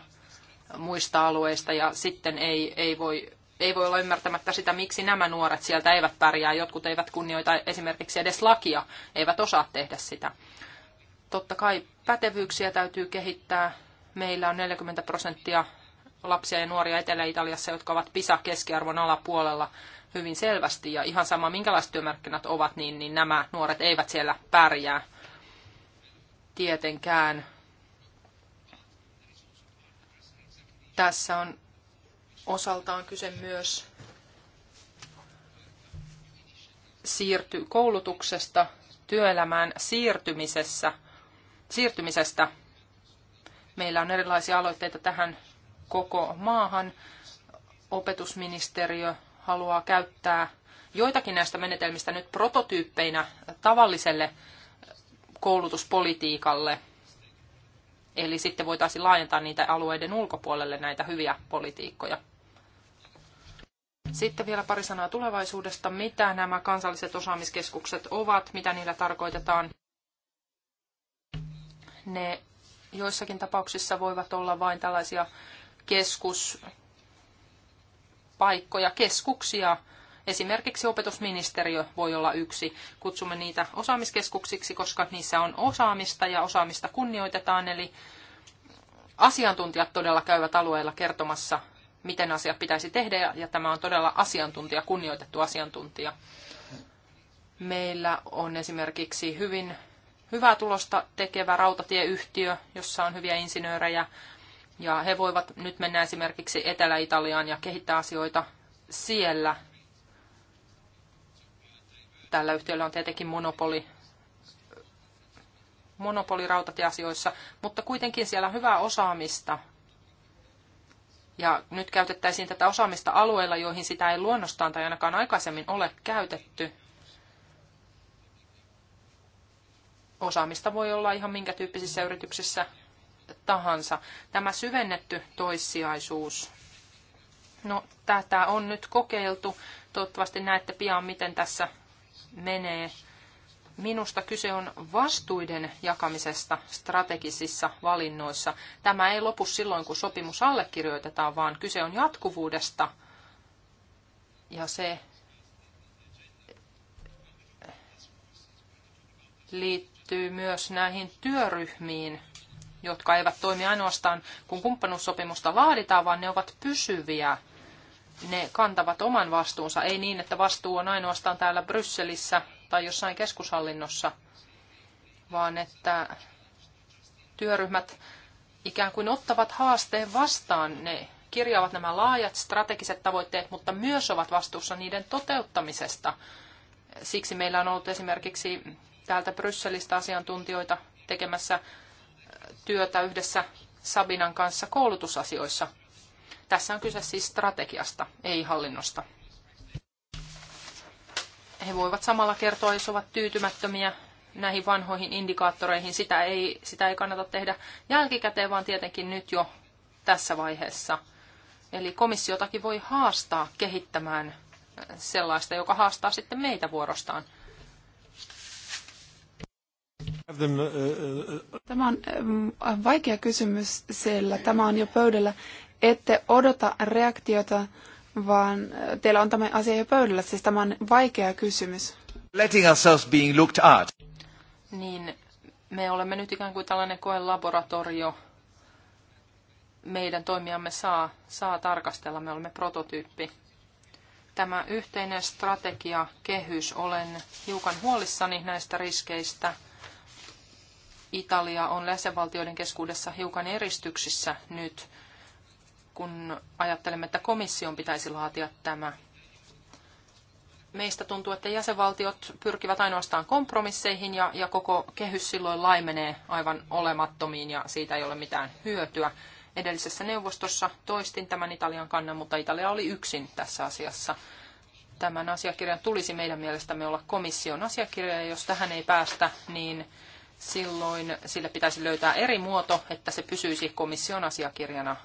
[SPEAKER 1] muista alueista ja sitten ei, ei, voi, ei voi olla ymmärtämättä sitä, miksi nämä nuoret sieltä eivät pärjää. Jotkut eivät kunnioita esimerkiksi edes lakia, eivät osaa tehdä sitä. Totta kai pätevyyksiä täytyy kehittää. Meillä on 40 prosenttia lapsia ja nuoria Etelä-Italiassa, jotka ovat PISA-keskiarvon alapuolella hyvin selvästi. Ja ihan sama, minkälaiset työmarkkinat ovat, niin, niin nämä nuoret eivät siellä pärjää tietenkään. Tässä on osaltaan kyse myös siirty koulutuksesta, työelämään siirtymisessä, siirtymisestä. Meillä on erilaisia aloitteita tähän koko maahan. Opetusministeriö haluaa käyttää joitakin näistä menetelmistä nyt prototyyppeinä tavalliselle koulutuspolitiikalle. Eli sitten voitaisiin laajentaa niitä alueiden ulkopuolelle näitä hyviä politiikkoja. Sitten vielä pari sanaa tulevaisuudesta. Mitä nämä kansalliset osaamiskeskukset ovat? Mitä niillä tarkoitetaan? Ne joissakin tapauksissa voivat olla vain tällaisia keskuspaikkoja, keskuksia. Esimerkiksi opetusministeriö voi olla yksi. Kutsumme niitä osaamiskeskuksiksi, koska niissä on osaamista ja osaamista kunnioitetaan. Eli asiantuntijat todella käyvät alueella kertomassa, miten asiat pitäisi tehdä, ja tämä on todella asiantuntija, kunnioitettu asiantuntija. Meillä on esimerkiksi hyvin hyvää tulosta tekevä rautatieyhtiö, jossa on hyviä insinöörejä, ja he voivat nyt mennä esimerkiksi Etelä-Italiaan ja kehittää asioita siellä. Tällä yhtiöllä on tietenkin monopoli, monopoli rautatieasioissa, mutta kuitenkin siellä on hyvää osaamista. Ja nyt käytettäisiin tätä osaamista alueilla, joihin sitä ei luonnostaan tai ainakaan aikaisemmin ole käytetty. Osaamista voi olla ihan minkä tyyppisissä yrityksissä tahansa. Tämä syvennetty toissijaisuus. No, tätä on nyt kokeiltu. Toivottavasti näette pian, miten tässä menee. Minusta kyse on vastuiden jakamisesta strategisissa valinnoissa. Tämä ei lopu silloin, kun sopimus allekirjoitetaan, vaan kyse on jatkuvuudesta. Ja se liittyy myös näihin työryhmiin, jotka eivät toimi ainoastaan, kun kumppanuussopimusta laaditaan, vaan ne ovat pysyviä. Ne kantavat oman vastuunsa, ei niin, että vastuu on ainoastaan täällä Brysselissä tai jossain keskushallinnossa, vaan että työryhmät ikään kuin ottavat haasteen vastaan. Ne kirjaavat nämä laajat strategiset tavoitteet, mutta myös ovat vastuussa niiden toteuttamisesta. Siksi meillä on ollut esimerkiksi täältä Brysselistä asiantuntijoita tekemässä työtä yhdessä Sabinan kanssa koulutusasioissa. Tässä on kyse siis strategiasta, ei hallinnosta. He voivat samalla kertoa, jos ovat tyytymättömiä näihin vanhoihin indikaattoreihin. Sitä ei, sitä ei kannata tehdä jälkikäteen, vaan tietenkin nyt jo tässä vaiheessa. Eli komissiotakin voi haastaa kehittämään sellaista, joka haastaa sitten meitä vuorostaan – Uh, uh,
[SPEAKER 4] uh, tämä on ähm, vaikea kysymys, sillä tämä on jo pöydällä. Ette odota reaktiota, vaan äh, teillä on tämä asia jo pöydällä. Siis tämä on vaikea kysymys. Letting ourselves being looked at. Niin, me olemme nyt ikään
[SPEAKER 1] kuin tällainen koelaboratorio. Meidän toimijamme saa, saa tarkastella, me olemme prototyyppi. Tämä yhteinen strategia, kehys, olen hiukan huolissani näistä riskeistä – Italia on jäsenvaltioiden keskuudessa hiukan eristyksissä nyt, kun ajattelemme, että komission pitäisi laatia tämä. Meistä tuntuu, että jäsenvaltiot pyrkivät ainoastaan kompromisseihin ja, ja koko kehys silloin laimenee aivan olemattomiin ja siitä ei ole mitään hyötyä. Edellisessä neuvostossa toistin tämän Italian kannan, mutta Italia oli yksin tässä asiassa tämän asiakirjan tulisi meidän mielestämme olla komission asiakirja, ja jos tähän ei päästä, niin silloin sille pitäisi löytää eri muoto, että se pysyisi komission asiakirjana.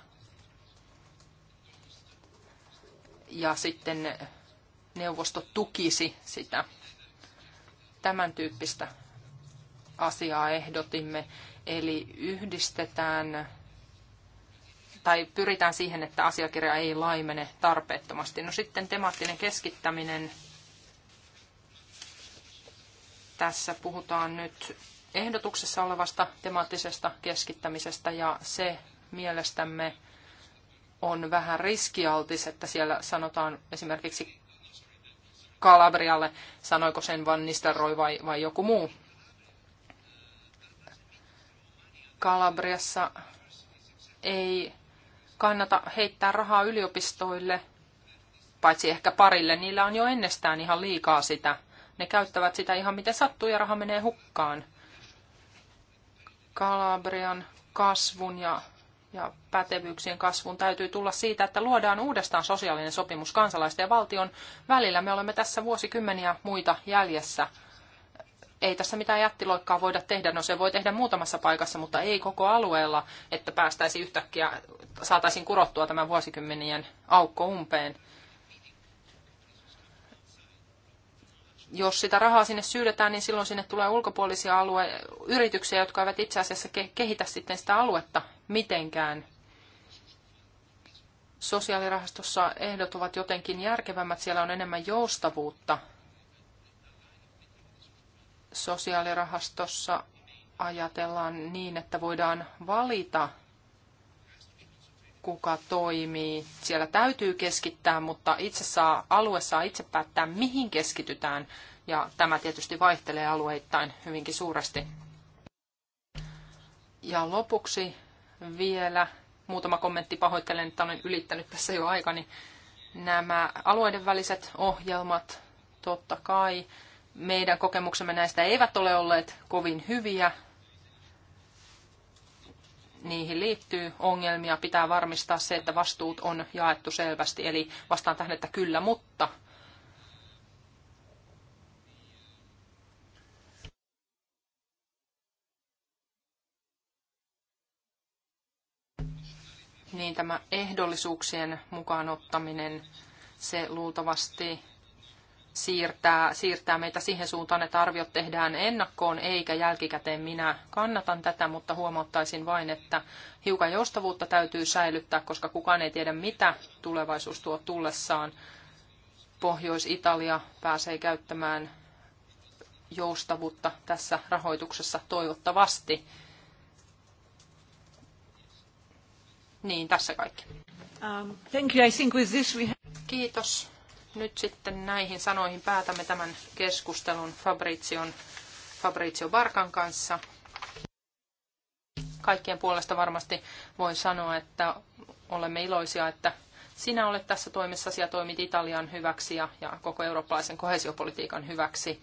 [SPEAKER 1] Ja sitten neuvosto tukisi sitä. Tämän tyyppistä asiaa ehdotimme. Eli yhdistetään tai pyritään siihen, että asiakirja ei laimene tarpeettomasti. No sitten temaattinen keskittäminen. Tässä puhutaan nyt ehdotuksessa olevasta temaattisesta keskittämisestä ja se mielestämme on vähän riskialtis, että siellä sanotaan esimerkiksi Kalabrialle, sanoiko sen Van Nistelrooy vai, vai joku muu. Kalabriassa ei kannata heittää rahaa yliopistoille, paitsi ehkä parille. Niillä on jo ennestään ihan liikaa sitä. Ne käyttävät sitä ihan miten sattuu ja raha menee hukkaan. Kalabrian kasvun ja, ja pätevyyksien kasvun täytyy tulla siitä, että luodaan uudestaan sosiaalinen sopimus kansalaisten ja valtion välillä. Me olemme tässä vuosikymmeniä muita jäljessä. Ei tässä mitään jättiloikkaa voida tehdä. No se voi tehdä muutamassa paikassa, mutta ei koko alueella, että päästäisiin yhtäkkiä, saataisiin kurottua tämän vuosikymmenien aukko umpeen. jos sitä rahaa sinne syydetään, niin silloin sinne tulee ulkopuolisia alue, yrityksiä, jotka eivät itse asiassa kehitä sitten sitä aluetta mitenkään. Sosiaalirahastossa ehdot ovat jotenkin järkevämmät, siellä on enemmän joustavuutta. Sosiaalirahastossa ajatellaan niin, että voidaan valita kuka toimii. Siellä täytyy keskittää, mutta itse saa, alue saa itse päättää, mihin keskitytään. Ja tämä tietysti vaihtelee alueittain hyvinkin suuresti. Ja lopuksi vielä muutama kommentti. Pahoittelen, että olen ylittänyt tässä jo aikani. Nämä alueiden väliset ohjelmat, totta kai. Meidän kokemuksemme näistä eivät ole olleet kovin hyviä niihin liittyy ongelmia, pitää varmistaa se, että vastuut on jaettu selvästi. Eli vastaan tähän, että kyllä, mutta niin tämä ehdollisuuksien mukaan ottaminen, se luultavasti siirtää, siirtää meitä siihen suuntaan, että arviot tehdään ennakkoon eikä jälkikäteen. Minä kannatan tätä, mutta huomauttaisin vain, että hiukan joustavuutta täytyy säilyttää, koska kukaan ei tiedä, mitä tulevaisuus tuo tullessaan. Pohjois-Italia pääsee käyttämään joustavuutta tässä rahoituksessa toivottavasti. Niin, tässä kaikki. Um,
[SPEAKER 2] thank you. I think with this we have...
[SPEAKER 1] Kiitos nyt sitten näihin sanoihin päätämme tämän keskustelun Fabrizion, Fabrizio Barkan kanssa. Kaikkien puolesta varmasti voin sanoa, että olemme iloisia, että sinä olet tässä toimessa ja toimit Italian hyväksi ja, ja koko eurooppalaisen kohesiopolitiikan hyväksi.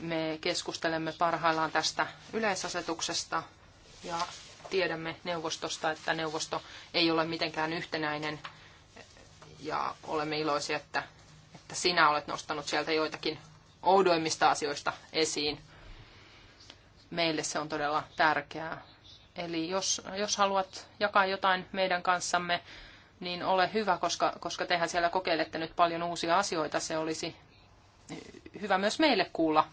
[SPEAKER 1] Me keskustelemme parhaillaan tästä yleisasetuksesta ja tiedämme neuvostosta, että neuvosto ei ole mitenkään yhtenäinen ja olemme iloisia, että, että sinä olet nostanut sieltä joitakin oudoimmista asioista esiin. Meille se on todella tärkeää. Eli jos, jos haluat jakaa jotain meidän kanssamme, niin ole hyvä, koska, koska tehän siellä kokeilette nyt paljon uusia asioita. Se olisi hyvä myös meille kuulla,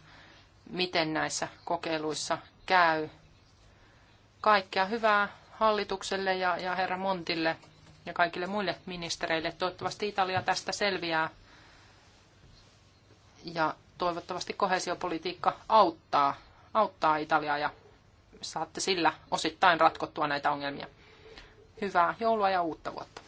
[SPEAKER 1] miten näissä kokeiluissa käy. Kaikkea hyvää hallitukselle ja, ja herra Montille ja kaikille muille ministereille. Toivottavasti Italia tästä selviää ja toivottavasti kohesiopolitiikka auttaa, auttaa Italiaa ja saatte sillä osittain ratkottua näitä ongelmia. Hyvää joulua ja uutta vuotta!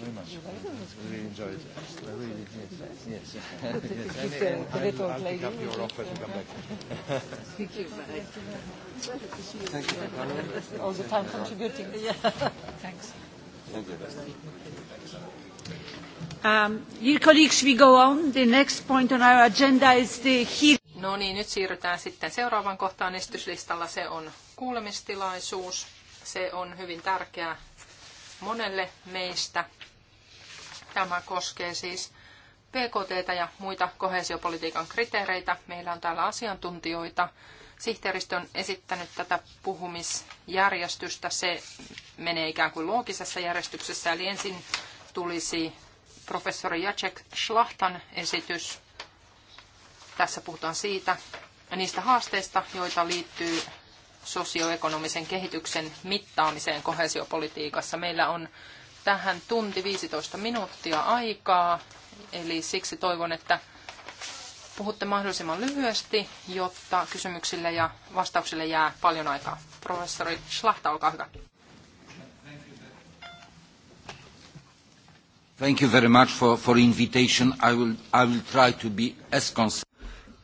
[SPEAKER 5] very much. I really enjoyed it. I really did. Yes. Yes. I'll, pick up your offer to come
[SPEAKER 3] back. Thank you. Thank you. All the time contributing. Thanks.
[SPEAKER 5] Thank you. dear colleagues, we go on. The next point on our agenda is the No
[SPEAKER 1] niin, nyt siirrytään sitten seuraavaan kohtaan esityslistalla. Se on kuulemistilaisuus. Se on hyvin tärkeä monelle meistä. Tämä koskee siis PKT ja muita kohesiopolitiikan kriteereitä. Meillä on täällä asiantuntijoita. Sihteeristö on esittänyt tätä puhumisjärjestystä. Se menee ikään kuin loogisessa järjestyksessä, eli ensin tulisi professori Jacek Schlachtan esitys. Tässä puhutaan siitä, niistä haasteista, joita liittyy sosioekonomisen kehityksen mittaamiseen kohesiopolitiikassa. Meillä on tähän tunti 15 minuuttia aikaa, eli siksi toivon, että puhutte mahdollisimman lyhyesti, jotta kysymyksille ja vastauksille jää paljon aikaa. Professori Schlachta, olkaa hyvä.
[SPEAKER 3] Thank you very much for, for invitation. I will, I will try to be as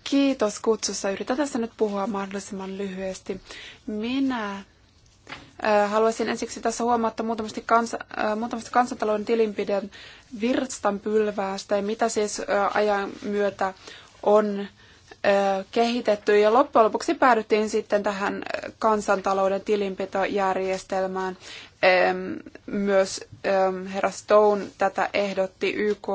[SPEAKER 4] Kiitos kutsussa. Yritän tässä nyt puhua mahdollisimman lyhyesti. Minä Äh, haluaisin ensiksi tässä huomauttaa muutamasta, kans, äh, muutamasta kansantalouden tilinpidon virstanpylväästä ja mitä siis äh, ajan myötä on kehitetty. Ja loppujen lopuksi päädyttiin sitten tähän kansantalouden tilinpitojärjestelmään myös herra Stone tätä ehdotti YK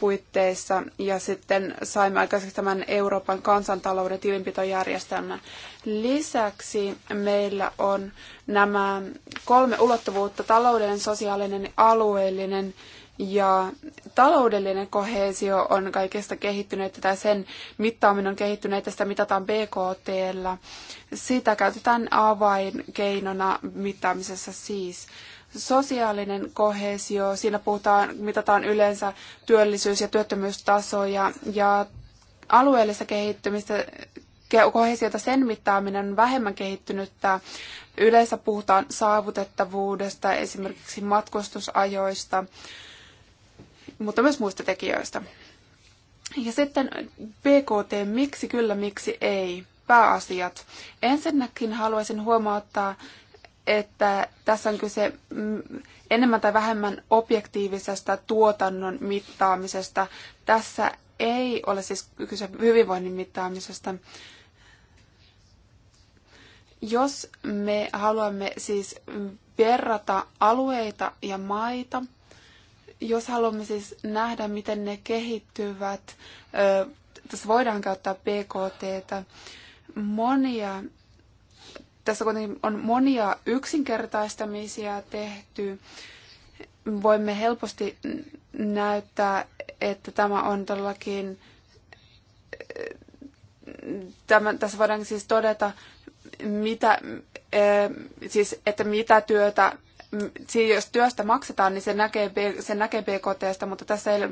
[SPEAKER 4] puitteissa ja sitten saimme aikaiseksi tämän Euroopan kansantalouden tilinpitojärjestelmän. Lisäksi meillä on nämä kolme ulottuvuutta, taloudellinen, sosiaalinen ja alueellinen, ja taloudellinen kohesio on kaikesta kehittynyt, tai sen mittaaminen on kehittynyt, että sitä mitataan BKTllä. Sitä käytetään avainkeinona mittaamisessa siis. Sosiaalinen kohesio, siinä puhutaan, mitataan yleensä työllisyys- ja työttömyystasoja, ja alueellista kehittymistä, kohesiota sen mittaaminen on vähemmän kehittynyttä. Yleensä puhutaan saavutettavuudesta, esimerkiksi matkustusajoista mutta myös muista tekijöistä. Ja sitten BKT, miksi kyllä, miksi ei, pääasiat. Ensinnäkin haluaisin huomauttaa, että tässä on kyse mm, enemmän tai vähemmän objektiivisesta tuotannon mittaamisesta. Tässä ei ole siis kyse hyvinvoinnin mittaamisesta. Jos me haluamme siis verrata alueita ja maita, jos haluamme siis nähdä, miten ne kehittyvät, tässä voidaan käyttää PKT. Monia, tässä on monia yksinkertaistamisia tehty. Voimme helposti näyttää, että tämä on todellakin, tämän, tässä voidaan siis todeta, mitä, siis, että mitä työtä jos työstä maksetaan, niin se näkee, se näkee BKTstä, mutta tässä ei ole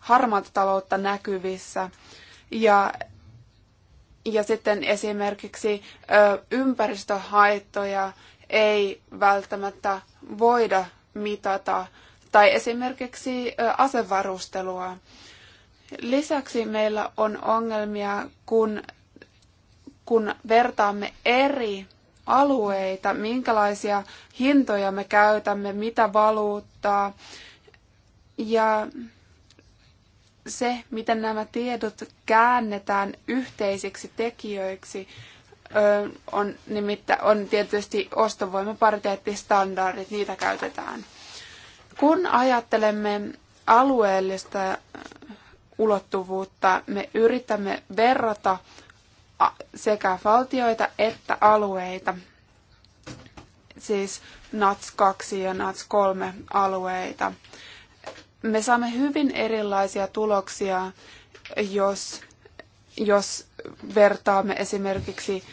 [SPEAKER 4] harmaata taloutta näkyvissä. Ja, ja sitten esimerkiksi ö, ympäristöhaittoja ei välttämättä voida mitata, tai esimerkiksi ö, asevarustelua. Lisäksi meillä on ongelmia, kun, kun vertaamme eri alueita, minkälaisia hintoja me käytämme, mitä valuuttaa ja se, miten nämä tiedot käännetään yhteisiksi tekijöiksi, on, nimittä, on tietysti ostovoimapariteettistandardit, niitä käytetään. Kun ajattelemme alueellista ulottuvuutta, me yritämme verrata sekä valtioita että alueita, siis NATS 2 ja NATS 3 alueita. Me saamme hyvin erilaisia tuloksia, jos, jos vertaamme esimerkiksi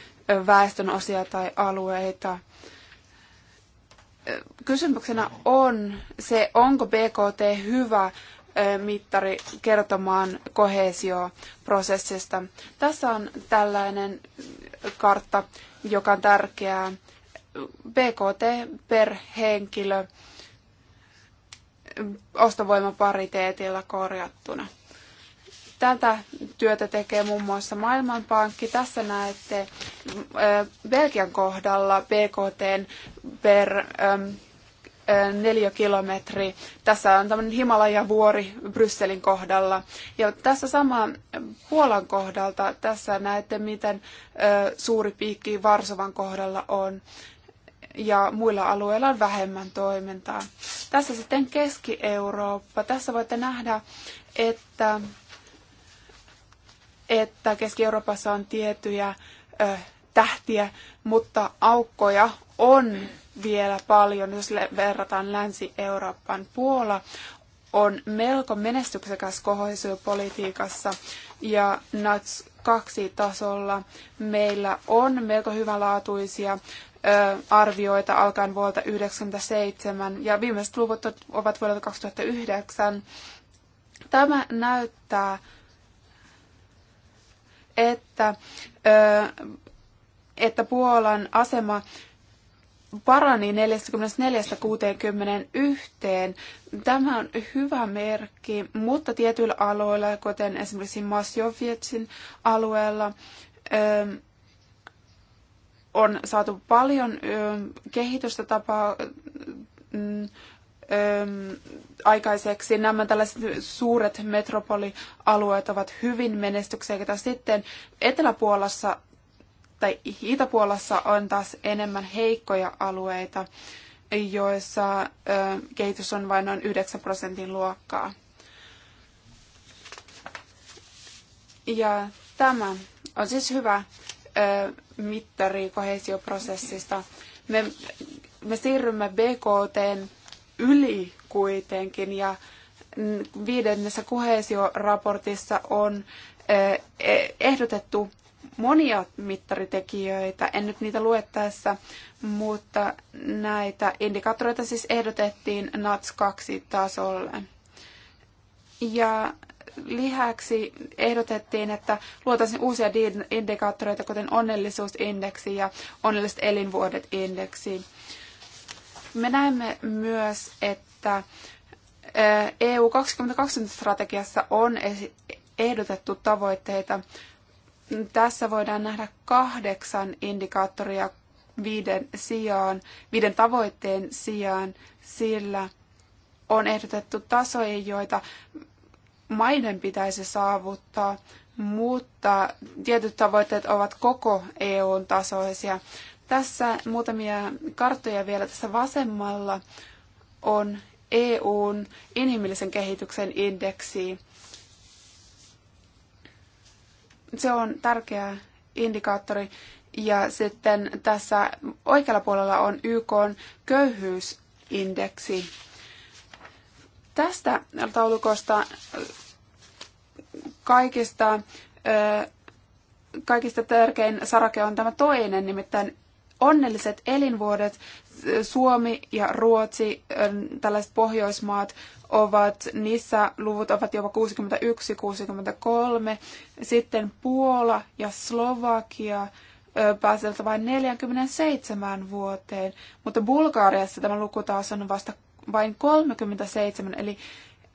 [SPEAKER 4] väestönosia tai alueita. Kysymyksenä on se, onko BKT hyvä mittari kertomaan kohesioprosessista. Tässä on tällainen kartta, joka on tärkeää. BKT per henkilö ostovoimapariteetilla korjattuna. Tätä työtä tekee muun muassa Maailmanpankki. Tässä näette Belgian kohdalla BKT per neliökilometri. Tässä on tämmöinen Himalaja-vuori Brysselin kohdalla. Ja tässä sama Puolan kohdalta, tässä näette, miten suuri piikki Varsovan kohdalla on ja muilla alueilla on vähemmän toimintaa. Tässä sitten Keski-Eurooppa. Tässä voitte nähdä, että, että Keski-Euroopassa on tiettyjä tähtiä, mutta aukkoja on vielä paljon, jos verrataan Länsi-Euroopan. Puola on melko menestyksekäs kohesiopolitiikassa ja NATS 2 tasolla meillä on melko hyvälaatuisia ö, arvioita alkaen vuodelta 1997 ja viimeiset luvut ovat vuodelta 2009. Tämä näyttää, että ö, että Puolan asema parani 44-61. Tämä on hyvä merkki, mutta tietyillä aloilla, kuten esimerkiksi Masjovietsin alueella, on saatu paljon kehitystä tapaa mm, aikaiseksi. Nämä tällaiset suuret metropolialueet ovat hyvin menestyksekkäitä. Sitten Etelä-Puolassa tai Itäpuolassa on taas enemmän heikkoja alueita, joissa kehitys on vain noin 9 prosentin luokkaa. Ja tämä on siis hyvä mittari kohesioprosessista. Me, me siirrymme BKT yli kuitenkin ja viidennessä kohesioraportissa on e-, ehdotettu monia mittaritekijöitä. En nyt niitä lue tässä, mutta näitä indikaattoreita siis ehdotettiin NATS 2 tasolle. Ja lisäksi ehdotettiin, että luotaisiin uusia indikaattoreita, kuten onnellisuusindeksi ja onnelliset elinvuodet indeksi. Me näemme myös, että EU 2020 strategiassa on ehdotettu tavoitteita tässä voidaan nähdä kahdeksan indikaattoria viiden, sijaan, viiden tavoitteen sijaan, sillä on ehdotettu tasoja, joita maiden pitäisi saavuttaa, mutta tietyt tavoitteet ovat koko EUn tasoisia. Tässä muutamia karttoja vielä. Tässä vasemmalla on EUn inhimillisen kehityksen indeksi se on tärkeä indikaattori. Ja sitten tässä oikealla puolella on YK köyhyysindeksi. Tästä taulukosta äh, kaikista, äh, kaikista tärkein sarake on tämä toinen, nimittäin onnelliset elinvuodet Suomi ja Ruotsi, tällaiset Pohjoismaat, ovat, niissä luvut ovat jopa 61-63. Sitten Puola ja Slovakia pääsevät vain 47 vuoteen, mutta Bulgaariassa tämä luku taas on vasta vain 37, eli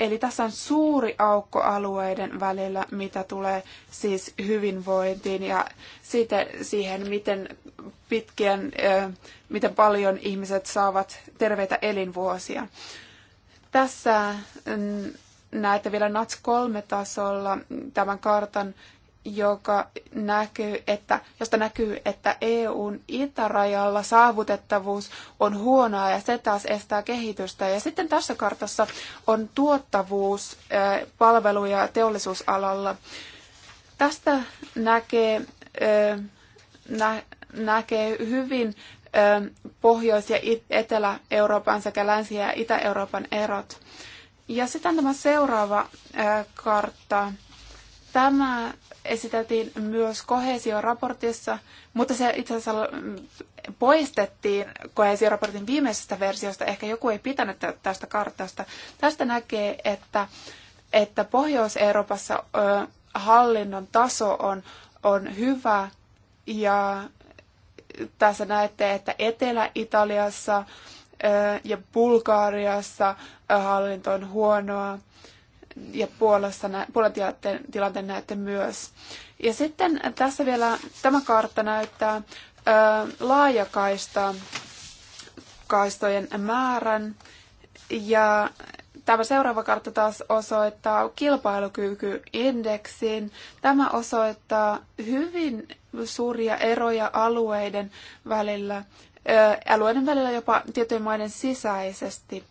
[SPEAKER 4] Eli tässä on suuri aukko alueiden välillä, mitä tulee siis hyvinvointiin ja siitä, siihen, miten pitkien, miten paljon ihmiset saavat terveitä elinvuosia. Tässä näette vielä NATS 3 tasolla tämän kartan joka näkyy, että, josta näkyy, että EUn itärajalla saavutettavuus on huonoa ja se taas estää kehitystä. Ja sitten tässä kartassa on tuottavuus palveluja teollisuusalalla. Tästä näkee, nä, näkee hyvin Pohjois- ja Etelä-Euroopan sekä Länsi- ja Itä-Euroopan erot. Ja sitten tämä seuraava kartta. Tämä esiteltiin myös kohesioraportissa, mutta se itse asiassa poistettiin kohesioraportin viimeisestä versiosta. Ehkä joku ei pitänyt tästä kartasta. Tästä näkee, että, että Pohjois-Euroopassa hallinnon taso on, on hyvä ja tässä näette, että Etelä-Italiassa ja Bulgaariassa hallinto on huonoa ja Puolassa, Puolan tilanteen, tilanteen näette myös. Ja sitten tässä vielä tämä kartta näyttää ö, laajakaista kaistojen määrän. Ja tämä seuraava kartta taas osoittaa kilpailukykyindeksiin. Tämä osoittaa hyvin suuria eroja alueiden välillä, ö, alueiden välillä jopa tietojen maiden sisäisesti.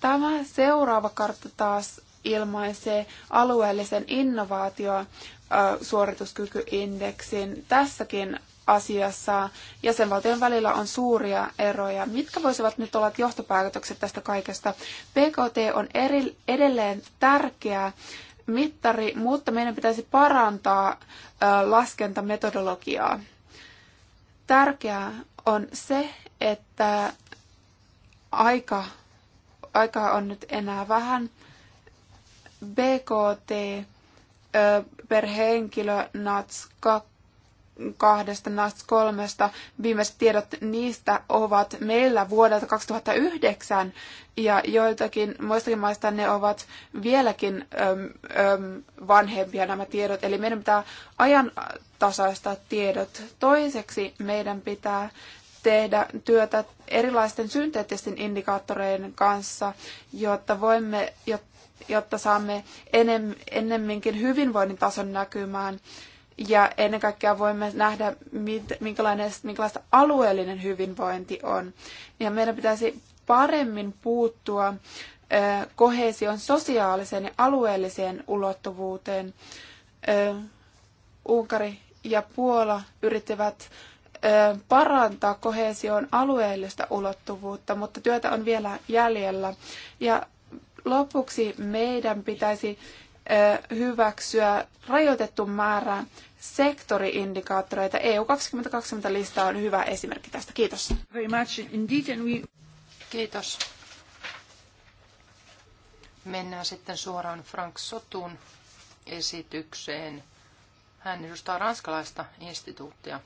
[SPEAKER 4] Tämä seuraava kartta taas ilmaisee alueellisen innovaatio suorituskykyindeksin. Tässäkin asiassa jäsenvaltion välillä on suuria eroja. Mitkä voisivat nyt olla johtopäätökset tästä kaikesta? PKT on eri, edelleen tärkeä mittari, mutta meidän pitäisi parantaa laskentametodologiaa. Tärkeää on se, että aika, aikaa on nyt enää vähän BKT per henkilö NATS 2 kahdesta 3. kolmesta. Viimeiset tiedot niistä ovat meillä vuodelta 2009 ja joiltakin muistakin maista ne ovat vieläkin öm, öm, vanhempia nämä tiedot. Eli meidän pitää ajan tasaista tiedot. Toiseksi meidän pitää tehdä työtä erilaisten synteettisten indikaattoreiden kanssa, jotta voimme, jotta jotta saamme enem, ennemminkin hyvinvoinnin tason näkymään. Ja ennen kaikkea voimme nähdä, minkälainen, minkälaista alueellinen hyvinvointi on. Ja meidän pitäisi paremmin puuttua kohesion sosiaaliseen ja alueelliseen ulottuvuuteen. Unkari ja Puola yrittivät parantaa kohesion alueellista ulottuvuutta, mutta työtä on vielä jäljellä. Ja Lopuksi meidän pitäisi hyväksyä rajoitettu määrä sektoriindikaattoreita. EU 2020-lista on hyvä esimerkki tästä. Kiitos. Kiitos. Mennään sitten suoraan Frank
[SPEAKER 1] Sotun esitykseen. Hän edustaa ranskalaista instituuttia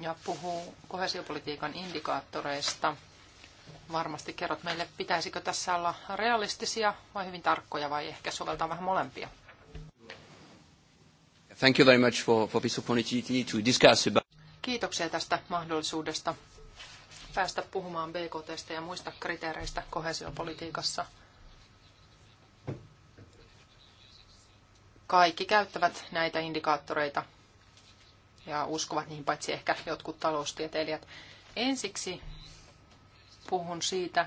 [SPEAKER 1] ja puhuu kohesiopolitiikan indikaattoreista – varmasti kerrot meille, pitäisikö tässä olla realistisia vai hyvin tarkkoja vai ehkä soveltaa vähän molempia.
[SPEAKER 4] Thank you very much for,
[SPEAKER 5] for this opportunity to discuss about...
[SPEAKER 1] Kiitoksia tästä mahdollisuudesta päästä puhumaan BKTstä ja muista kriteereistä kohesiopolitiikassa. Kaikki käyttävät näitä indikaattoreita ja uskovat niihin, paitsi ehkä jotkut taloustieteilijät. Ensiksi puhun siitä,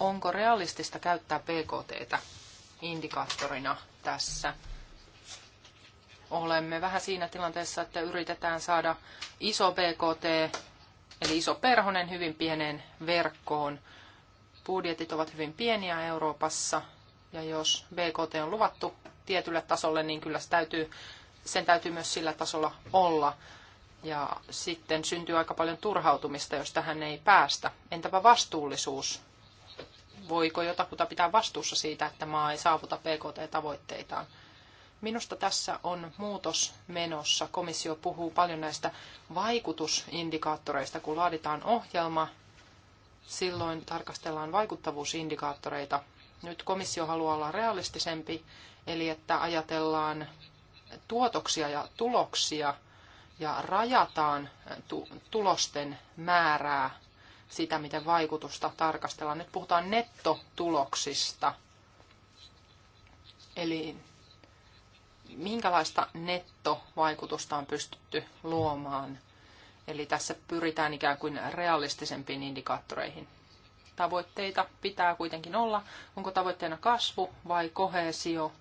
[SPEAKER 1] onko realistista käyttää BKTtä indikaattorina tässä. Olemme vähän siinä tilanteessa, että yritetään saada iso BKT, eli iso perhonen hyvin pieneen verkkoon. Budjetit ovat hyvin pieniä Euroopassa, ja jos BKT on luvattu tietylle tasolle, niin kyllä se täytyy, sen täytyy myös sillä tasolla olla. Ja sitten syntyy aika paljon turhautumista, jos tähän ei päästä. Entäpä vastuullisuus? Voiko jotakuta pitää vastuussa siitä, että maa ei saavuta PKT-tavoitteitaan? Minusta tässä on muutos menossa. Komissio puhuu paljon näistä vaikutusindikaattoreista. Kun laaditaan ohjelma, silloin tarkastellaan vaikuttavuusindikaattoreita. Nyt komissio haluaa olla realistisempi, eli että ajatellaan tuotoksia ja tuloksia – ja rajataan tulosten määrää, sitä miten vaikutusta tarkastellaan. Nyt puhutaan nettotuloksista. Eli minkälaista nettovaikutusta on pystytty luomaan. Eli tässä pyritään ikään kuin realistisempiin indikaattoreihin. Tavoitteita pitää kuitenkin olla. Onko tavoitteena kasvu vai kohesio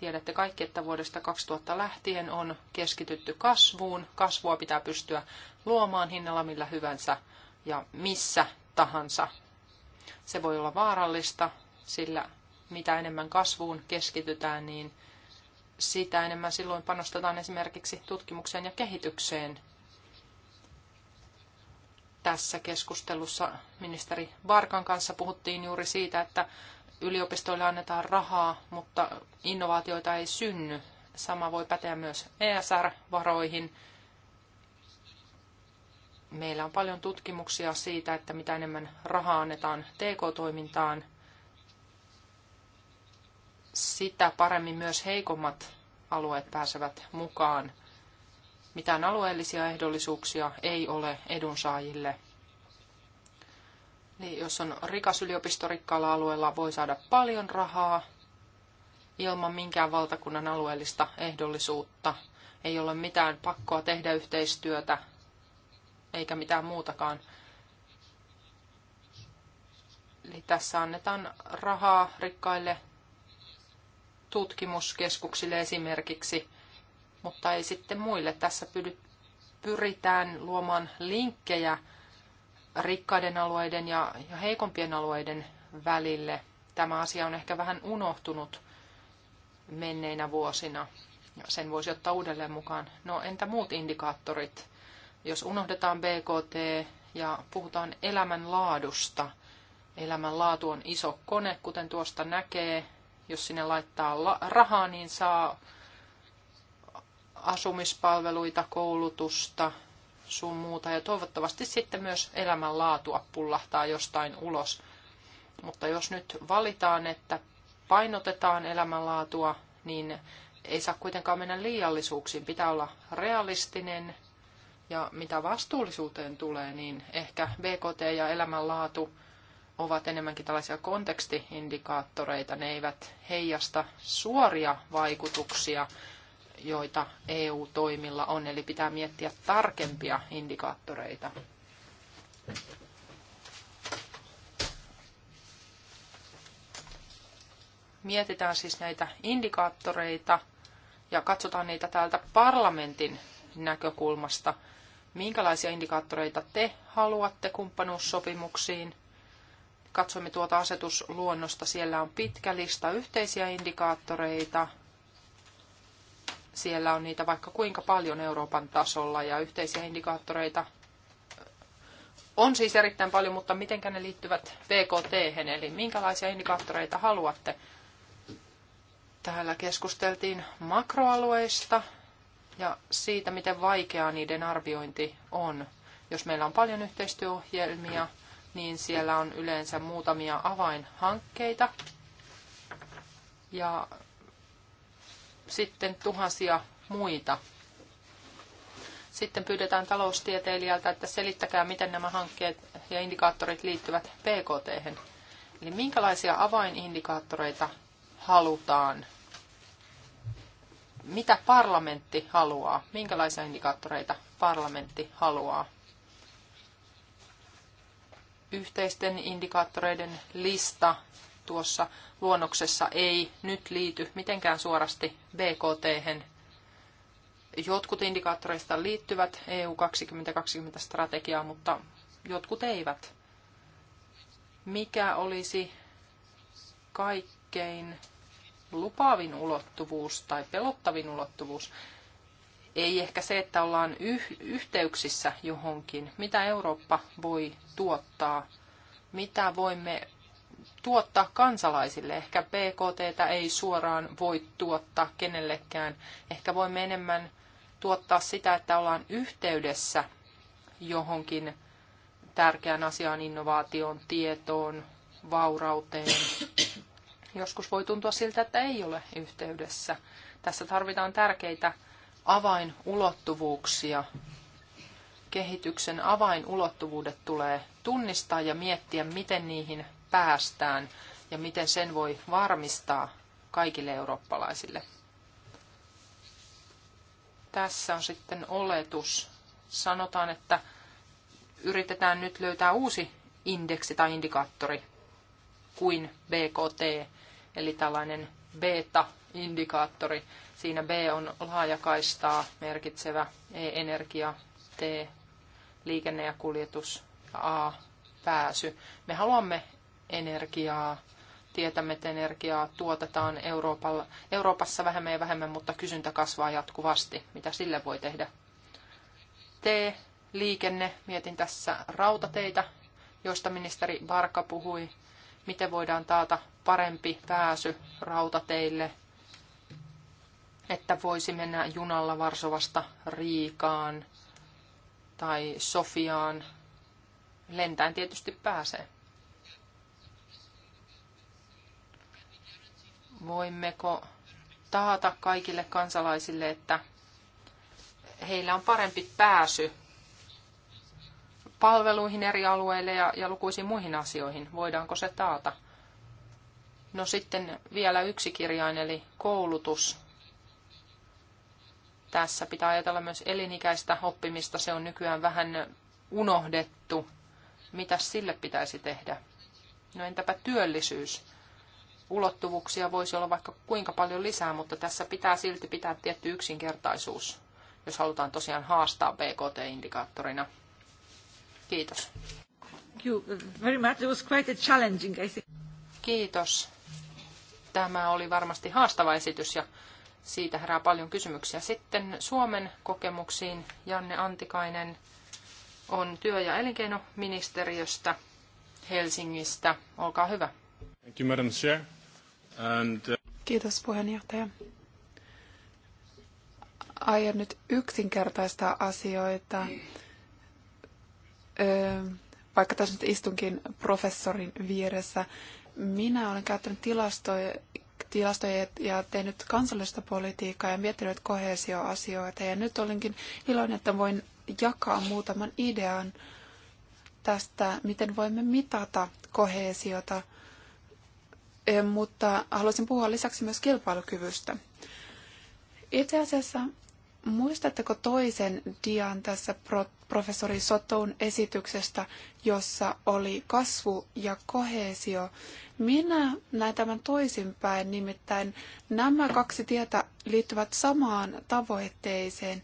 [SPEAKER 1] Tiedätte kaikki, että vuodesta 2000 lähtien on keskitytty kasvuun. Kasvua pitää pystyä luomaan hinnalla millä hyvänsä ja missä tahansa. Se voi olla vaarallista, sillä mitä enemmän kasvuun keskitytään, niin sitä enemmän silloin panostetaan esimerkiksi tutkimukseen ja kehitykseen. Tässä keskustelussa ministeri Varkan kanssa puhuttiin juuri siitä, että yliopistoille annetaan rahaa, mutta innovaatioita ei synny. Sama voi päteä myös ESR-varoihin. Meillä on paljon tutkimuksia siitä, että mitä enemmän rahaa annetaan TK-toimintaan, sitä paremmin myös heikommat alueet pääsevät mukaan. Mitään alueellisia ehdollisuuksia ei ole edunsaajille – Eli niin, jos on rikas yliopisto rikkaalla alueella, voi saada paljon rahaa ilman minkään valtakunnan alueellista ehdollisuutta. Ei ole mitään pakkoa tehdä yhteistyötä eikä mitään muutakaan. Eli tässä annetaan rahaa rikkaille tutkimuskeskuksille esimerkiksi, mutta ei sitten muille. Tässä pyritään luomaan linkkejä rikkaiden alueiden ja, ja heikompien alueiden välille. Tämä asia on ehkä vähän unohtunut menneinä vuosina. Sen voisi ottaa uudelleen mukaan. No entä muut indikaattorit? Jos unohdetaan BKT ja puhutaan elämänlaadusta, elämänlaatu on iso kone, kuten tuosta näkee. Jos sinne laittaa rahaa, niin saa asumispalveluita, koulutusta, sun muuta. Ja toivottavasti sitten myös elämänlaatua pullahtaa jostain ulos. Mutta jos nyt valitaan, että painotetaan elämänlaatua, niin ei saa kuitenkaan mennä liiallisuuksiin. Pitää olla realistinen ja mitä vastuullisuuteen tulee, niin ehkä BKT ja elämänlaatu ovat enemmänkin tällaisia kontekstiindikaattoreita. Ne eivät heijasta suoria vaikutuksia joita EU-toimilla on, eli pitää miettiä tarkempia indikaattoreita. Mietitään siis näitä indikaattoreita ja katsotaan niitä täältä parlamentin näkökulmasta. Minkälaisia indikaattoreita te haluatte kumppanuussopimuksiin? Katsomme tuota asetusluonnosta. Siellä on pitkä lista yhteisiä indikaattoreita, siellä on niitä vaikka kuinka paljon Euroopan tasolla ja yhteisiä indikaattoreita on siis erittäin paljon, mutta miten ne liittyvät VKT, hen eli minkälaisia indikaattoreita haluatte? Täällä keskusteltiin makroalueista ja siitä, miten vaikeaa niiden arviointi on. Jos meillä on paljon yhteistyöohjelmia, niin siellä on yleensä muutamia avainhankkeita. Ja sitten tuhansia muita. Sitten pyydetään taloustieteilijältä, että selittäkää, miten nämä hankkeet ja indikaattorit liittyvät PKT. hen. Eli minkälaisia avainindikaattoreita halutaan? Mitä parlamentti haluaa? Minkälaisia indikaattoreita parlamentti haluaa? Yhteisten indikaattoreiden lista tuossa luonnoksessa ei nyt liity mitenkään suorasti BKT. hen. Jotkut indikaattoreista liittyvät EU 2020-strategiaan, mutta jotkut eivät. Mikä olisi kaikkein lupaavin ulottuvuus tai pelottavin ulottuvuus? Ei ehkä se, että ollaan yh- yhteyksissä johonkin. Mitä Eurooppa voi tuottaa? Mitä voimme tuottaa kansalaisille. Ehkä BKT ei suoraan voi tuottaa kenellekään. Ehkä voimme enemmän tuottaa sitä, että ollaan yhteydessä johonkin tärkeään asiaan, innovaatioon, tietoon, vaurauteen. Joskus voi tuntua siltä, että ei ole yhteydessä. Tässä tarvitaan tärkeitä avainulottuvuuksia. Kehityksen avainulottuvuudet tulee tunnistaa ja miettiä, miten niihin päästään ja miten sen voi varmistaa kaikille eurooppalaisille. Tässä on sitten oletus. Sanotaan, että yritetään nyt löytää uusi indeksi tai indikaattori kuin BKT, eli tällainen beta-indikaattori. Siinä B on laajakaistaa merkitsevä E-energia, T liikenne ja kuljetus ja A pääsy. Me haluamme energiaa. Tietämme, että energiaa tuotetaan Euroopalla, Euroopassa vähemmän ja vähemmän, mutta kysyntä kasvaa jatkuvasti. Mitä sille voi tehdä? T liikenne, mietin tässä rautateitä, josta ministeri Barka puhui, miten voidaan taata parempi pääsy rautateille, että voisi mennä junalla Varsovasta Riikaan tai Sofiaan. Lentäen tietysti pääsee. Voimmeko taata kaikille kansalaisille, että heillä on parempi pääsy palveluihin eri alueille ja, ja lukuisiin muihin asioihin? Voidaanko se taata? No sitten vielä yksi kirjain, eli koulutus. Tässä pitää ajatella myös elinikäistä oppimista. Se on nykyään vähän unohdettu. Mitä sille pitäisi tehdä? No entäpä työllisyys? ulottuvuuksia voisi olla vaikka kuinka paljon lisää, mutta tässä pitää silti pitää tietty yksinkertaisuus, jos halutaan tosiaan haastaa BKT-indikaattorina. Kiitos. Kiitos. Tämä oli varmasti haastava esitys ja siitä herää paljon kysymyksiä. Sitten Suomen kokemuksiin Janne Antikainen on työ- ja elinkeinoministeriöstä Helsingistä. Olkaa hyvä.
[SPEAKER 4] Thank you, Madam Chair. And, uh... Kiitos puheenjohtaja. Aion nyt yksinkertaistaa asioita. Öö, vaikka tässä nyt istunkin professorin vieressä, minä olen käyttänyt tilastoja, tilastoja ja tehnyt kansallista politiikkaa ja miettinyt kohesioasioita. Ja nyt olenkin iloinen, että voin jakaa muutaman idean tästä, miten voimme mitata kohesiota – Eh, mutta haluaisin puhua lisäksi myös kilpailukyvystä. Itse asiassa muistatteko toisen dian tässä professori Sotoun esityksestä, jossa oli kasvu ja kohesio? Minä näen tämän toisinpäin, nimittäin nämä kaksi tietä liittyvät samaan tavoitteeseen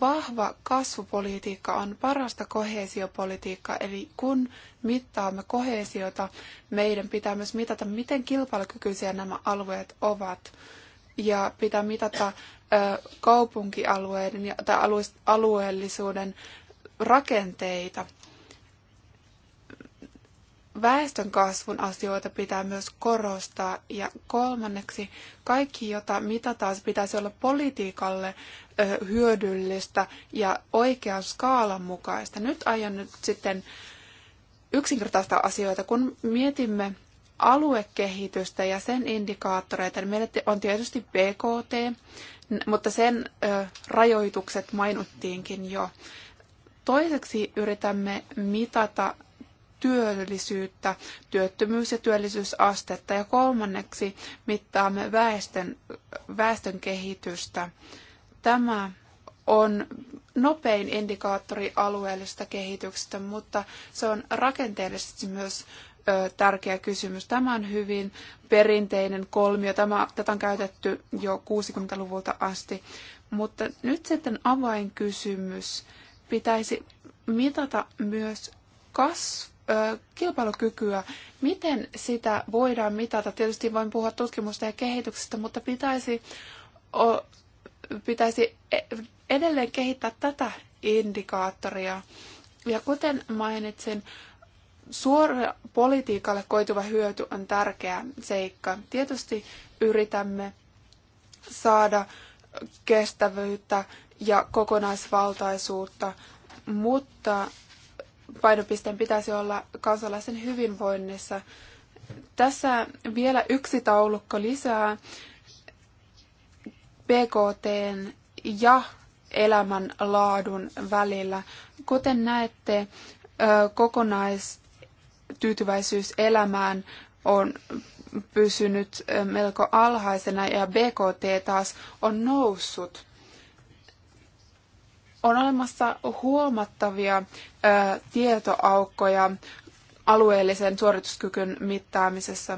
[SPEAKER 4] vahva kasvupolitiikka on parasta koheesiopolitiikkaa, eli kun mittaamme koheesiota, meidän pitää myös mitata, miten kilpailukykyisiä nämä alueet ovat. Ja pitää mitata kaupunkialueiden ja, tai alueellisuuden rakenteita väestön kasvun asioita pitää myös korostaa. Ja kolmanneksi, kaikki, jota mitataan, pitäisi olla politiikalle ö, hyödyllistä ja oikean skaalan mukaista. Nyt aion nyt sitten yksinkertaistaa asioita. Kun mietimme aluekehitystä ja sen indikaattoreita, niin meillä on tietysti BKT, mutta sen ö, rajoitukset mainittiinkin jo. Toiseksi yritämme mitata työllisyyttä, työttömyys- ja työllisyysastetta ja kolmanneksi mittaamme väestön, väestön kehitystä. Tämä on nopein indikaattori alueellisesta kehityksestä, mutta se on rakenteellisesti myös tärkeä kysymys. Tämä on hyvin perinteinen kolmio. Tämä, tätä on käytetty jo 60-luvulta asti. Mutta nyt sitten avainkysymys. Pitäisi mitata myös kasvu kilpailukykyä. Miten sitä voidaan mitata? Tietysti voin puhua tutkimusta ja kehityksestä, mutta pitäisi, pitäisi e, edelleen kehittää tätä indikaattoria. Ja kuten mainitsin, suora politiikalle koituva hyöty on tärkeä seikka. Tietysti yritämme saada kestävyyttä ja kokonaisvaltaisuutta, mutta painopisteen pitäisi olla kansalaisen hyvinvoinnissa. Tässä vielä yksi taulukko lisää BKTn ja elämänlaadun välillä. Kuten näette, kokonaistyytyväisyys elämään on pysynyt melko alhaisena ja BKT taas on noussut on olemassa huomattavia ö, tietoaukkoja alueellisen suorituskykyn mittaamisessa.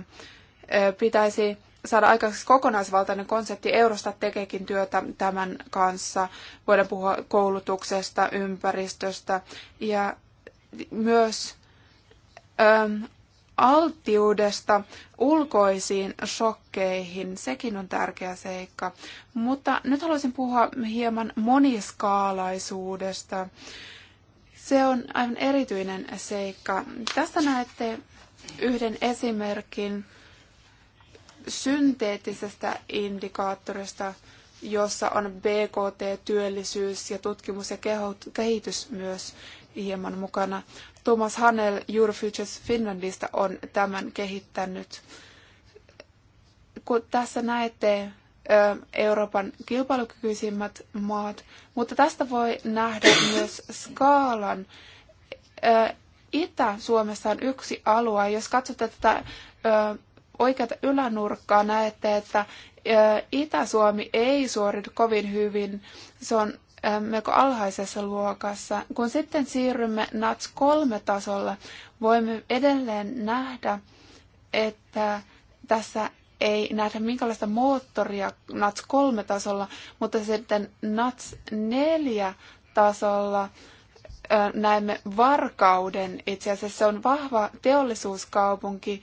[SPEAKER 4] Ö, pitäisi saada aikaiseksi kokonaisvaltainen konsepti. Eurosta tekeekin työtä tämän kanssa. Voidaan puhua koulutuksesta, ympäristöstä ja myös ö, alttiudesta ulkoisiin shokkeihin, sekin on tärkeä seikka. Mutta nyt haluaisin puhua hieman moniskaalaisuudesta. Se on aivan erityinen seikka. Tässä näette yhden esimerkin synteettisestä indikaattorista, jossa on BKT, työllisyys ja tutkimus ja kehitys myös hieman mukana. Thomas Hanel Eurofutures Finlandista on tämän kehittänyt. Kun tässä näette Euroopan kilpailukykyisimmät maat, mutta tästä voi nähdä myös skaalan. Itä-Suomessa on yksi alue. Jos katsotte tätä oikeata ylänurkkaa, näette, että Itä-Suomi ei suoritu kovin hyvin. Se on Ähm, melko alhaisessa luokassa. Kun sitten siirrymme NATS 3 tasolle, voimme edelleen nähdä, että tässä ei nähdä minkälaista moottoria NATS 3 tasolla, mutta sitten NATS 4 tasolla näemme varkauden. Itse asiassa se on vahva teollisuuskaupunki,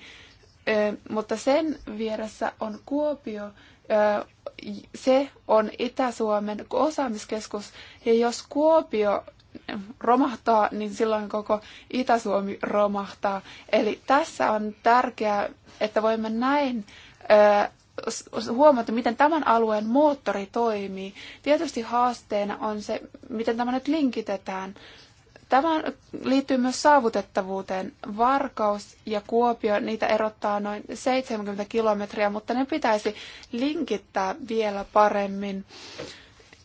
[SPEAKER 4] mutta sen vieressä on Kuopio, se on Itä-Suomen osaamiskeskus, ja jos Kuopio romahtaa, niin silloin koko Itä-Suomi romahtaa. Eli tässä on tärkeää, että voimme näin huomata, miten tämän alueen moottori toimii. Tietysti haasteena on se, miten tämä nyt linkitetään Tämä liittyy myös saavutettavuuteen. Varkaus ja Kuopio, niitä erottaa noin 70 kilometriä, mutta ne pitäisi linkittää vielä paremmin.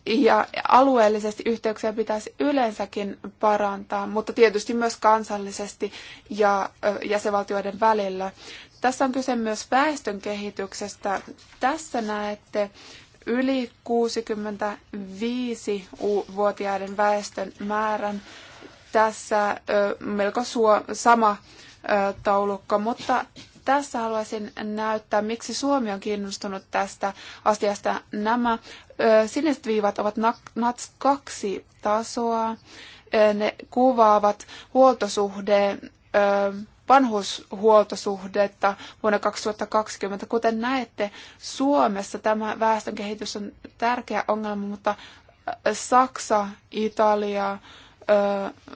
[SPEAKER 4] Ja alueellisesti yhteyksiä pitäisi yleensäkin parantaa, mutta tietysti myös kansallisesti ja jäsenvaltioiden välillä. Tässä on kyse myös väestön kehityksestä. Tässä näette yli 65-vuotiaiden väestön määrän tässä melko suo, sama taulukko, mutta tässä haluaisin näyttää, miksi Suomi on kiinnostunut tästä asiasta. Nämä siniset viivat ovat NATS 2 tasoa. Ne kuvaavat huoltosuhde, vanhushuoltosuhdetta vuonna 2020. Kuten näette, Suomessa tämä väestönkehitys on tärkeä ongelma, mutta Saksa, Italia,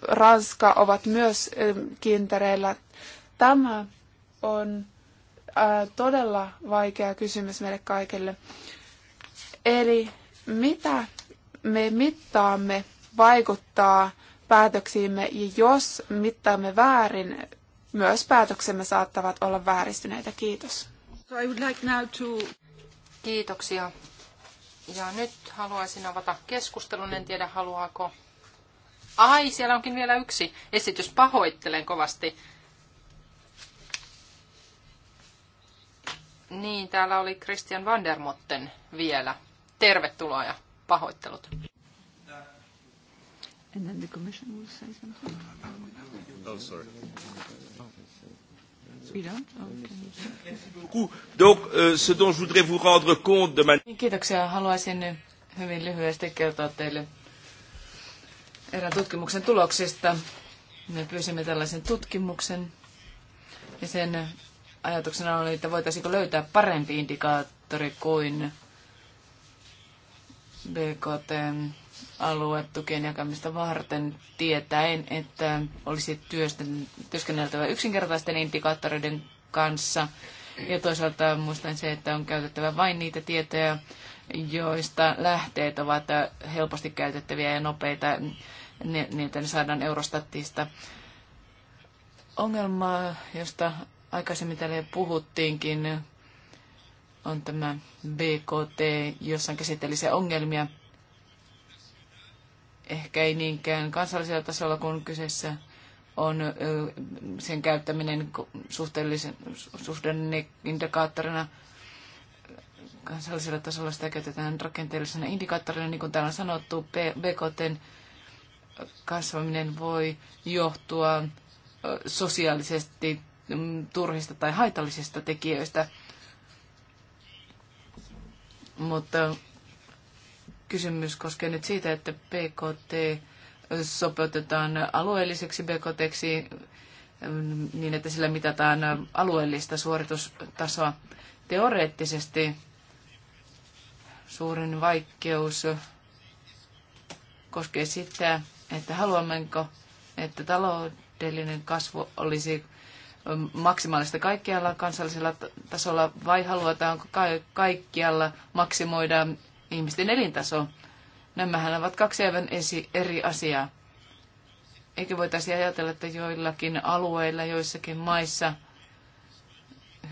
[SPEAKER 4] Ranska ovat myös kintereillä. Tämä on todella vaikea kysymys meille kaikille. Eli mitä me mittaamme vaikuttaa päätöksiimme, ja jos mittaamme väärin, myös päätöksemme saattavat olla vääristyneitä. Kiitos.
[SPEAKER 5] So I would like now to...
[SPEAKER 1] Kiitoksia. Ja nyt haluaisin avata keskustelun. En tiedä, haluaako Ai, siellä onkin vielä yksi esitys. Pahoittelen kovasti. Niin, täällä oli Christian Vandermotten vielä. Tervetuloa ja pahoittelut.
[SPEAKER 4] And then the commission will say something.
[SPEAKER 2] Oh, sorry.
[SPEAKER 1] Euh,
[SPEAKER 2] niin, kiitoksia. Haluaisin hyvin lyhyesti kertoa teille erään tutkimuksen tuloksista. Me pyysimme tällaisen tutkimuksen ja sen ajatuksena oli, että voitaisiinko löytää parempi indikaattori kuin BKT-aluetukien jakamista varten tietäen, että olisi työskenneltävä yksinkertaisten indikaattoreiden kanssa. Ja toisaalta muistan se, että on käytettävä vain niitä tietoja, joista lähteet ovat helposti käytettäviä ja nopeita niitä ne saadaan Eurostatista. Ongelma, josta aikaisemmin täällä puhuttiinkin, on tämä BKT, jossa on käsitellisiä ongelmia. Ehkä ei niinkään kansallisella tasolla, kun kyseessä on sen käyttäminen suhteellisen suhdanneindikaattorina. Kansallisella tasolla sitä käytetään rakenteellisena indikaattorina, niin kuin täällä on sanottu, BKTn kasvaminen voi johtua sosiaalisesti mm, turhista tai haitallisista tekijöistä. Mutta kysymys koskee nyt siitä, että PKT sopeutetaan alueelliseksi bkt niin, että sillä mitataan alueellista suoritustasoa. Teoreettisesti suurin vaikeus koskee sitä, että haluammeko, että taloudellinen kasvu olisi maksimaalista kaikkialla kansallisella tasolla vai haluataanko kaikkialla maksimoida ihmisten elintaso? Nämähän ovat kaksi aivan eri asiaa. Eikö voitaisi ajatella, että joillakin alueilla, joissakin maissa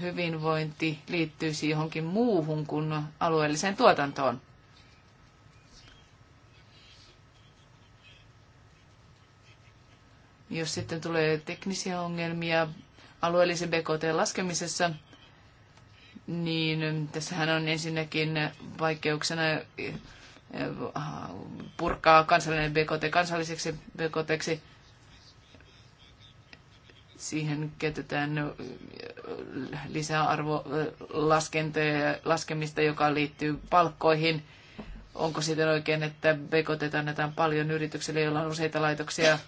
[SPEAKER 2] hyvinvointi liittyisi johonkin muuhun kuin alueelliseen tuotantoon? Jos sitten tulee teknisiä ongelmia alueellisen BKT-laskemisessa, niin tässähän on ensinnäkin vaikeuksena äh, purkaa kansallinen BKT kansalliseksi BKTksi. Siihen käytetään äh, lisäarvolaskemista, äh, joka liittyy palkkoihin. Onko sitten oikein, että BKT annetaan paljon yrityksille, joilla on useita laitoksia –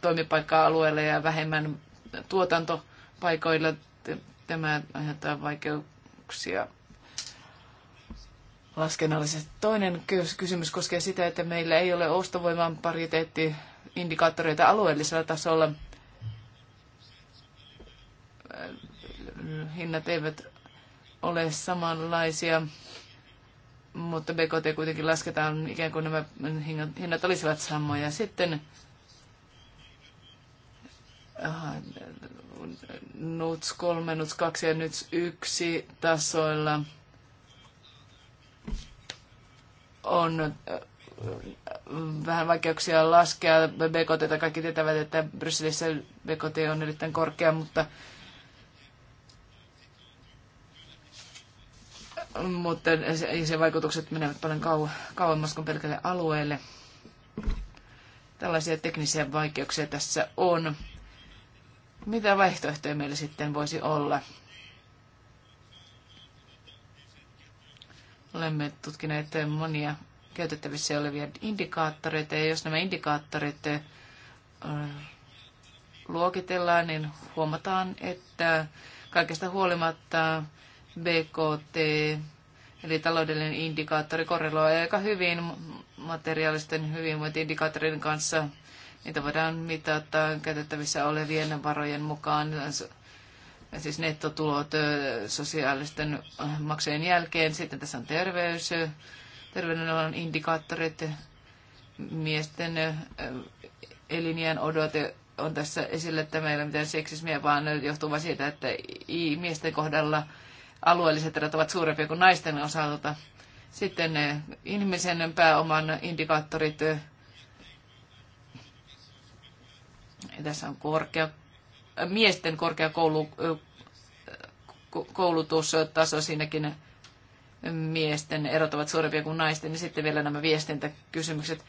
[SPEAKER 2] toimipaikka-alueilla ja vähemmän tuotantopaikoilla. Tämä aiheuttaa vaikeuksia laskennallisesti. Toinen kysymys koskee sitä, että meillä ei ole ostovoiman pariteettiindikaattoreita alueellisella tasolla. Hinnat eivät ole samanlaisia mutta BKT kuitenkin lasketaan ikään kuin nämä hinnat olisivat samoja. Sitten aha, NUTS 3, NUTS 2 ja NUTS 1 tasoilla on äh, vähän vaikeuksia laskea BKT, kaikki tietävät, että Brysselissä BKT on erittäin korkea, mutta mutta se vaikutukset menevät paljon kau- kauemmas kuin pelkälle alueelle. Tällaisia teknisiä vaikeuksia tässä on. Mitä vaihtoehtoja meillä sitten voisi olla? Olemme tutkineet monia käytettävissä olevia indikaattoreita, ja jos nämä indikaattorit luokitellaan, niin huomataan, että kaikesta huolimatta BKT, eli taloudellinen indikaattori, korreloi aika hyvin materiaalisten hyvinvointiindikaattorin kanssa. Niitä voidaan mitata käytettävissä olevien varojen mukaan, siis nettotulot sosiaalisten maksujen jälkeen. Sitten tässä on terveys, terveydenhuollon indikaattorit, miesten elinjään odote on tässä esille että meillä ei ole mitään seksismiä, vaan johtuu siitä, että miesten kohdalla – alueelliset erot ovat suurempia kuin naisten osalta. Sitten ne ihmisen pääoman indikaattorit. Tässä on korkea, äh, miesten korkeakoulutustaso äh, siinäkin miesten erot ovat suurempia kuin naisten, Ja sitten vielä nämä viestintäkysymykset.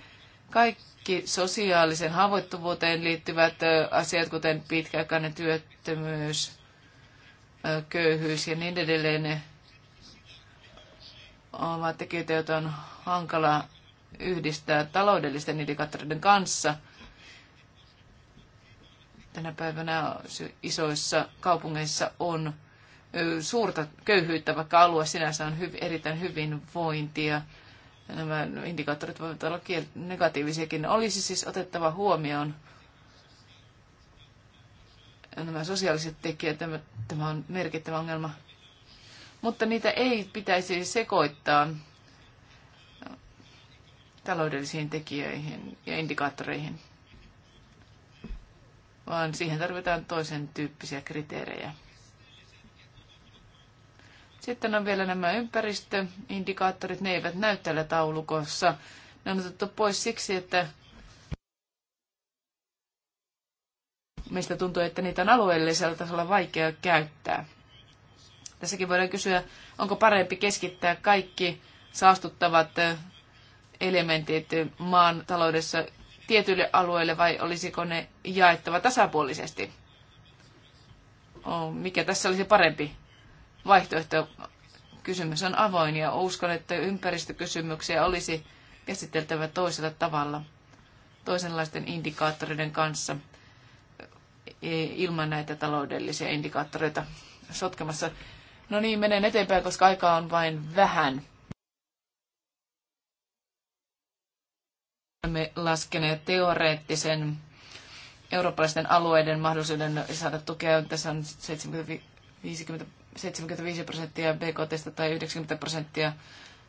[SPEAKER 2] Kaikki sosiaalisen haavoittuvuuteen liittyvät äh, asiat, kuten pitkäaikainen työttömyys, köyhyys ja niin edelleen ovat tekijöitä, joita on hankala yhdistää taloudellisten indikaattoreiden kanssa. Tänä päivänä isoissa kaupungeissa on suurta köyhyyttä, vaikka alue sinänsä on hyv- erittäin hyvinvointia. Nämä indikaattorit voivat olla negatiivisiakin. Olisi siis otettava huomioon nämä sosiaaliset tekijät, tämä on merkittävä ongelma. Mutta niitä ei pitäisi sekoittaa taloudellisiin tekijöihin ja indikaattoreihin, vaan siihen tarvitaan toisen tyyppisiä kriteerejä. Sitten on vielä nämä ympäristöindikaattorit, ne eivät näy täällä taulukossa. Ne on otettu pois siksi, että mistä tuntuu, että niitä on alueellisella tasolla vaikea käyttää. Tässäkin voidaan kysyä, onko parempi keskittää kaikki saastuttavat elementit maan taloudessa tietyille alueille vai olisiko ne jaettava tasapuolisesti? Mikä tässä olisi parempi vaihtoehto? Kysymys on avoin ja uskon, että ympäristökysymyksiä olisi käsiteltävä toisella tavalla, toisenlaisten indikaattoreiden kanssa ilman näitä taloudellisia indikaattoreita sotkemassa. No niin, menen eteenpäin, koska aikaa on vain vähän. Olemme laskeneet teoreettisen eurooppalaisten alueiden mahdollisuuden saada tukea. Tässä on 70, 75 prosenttia BKTstä tai 90 prosenttia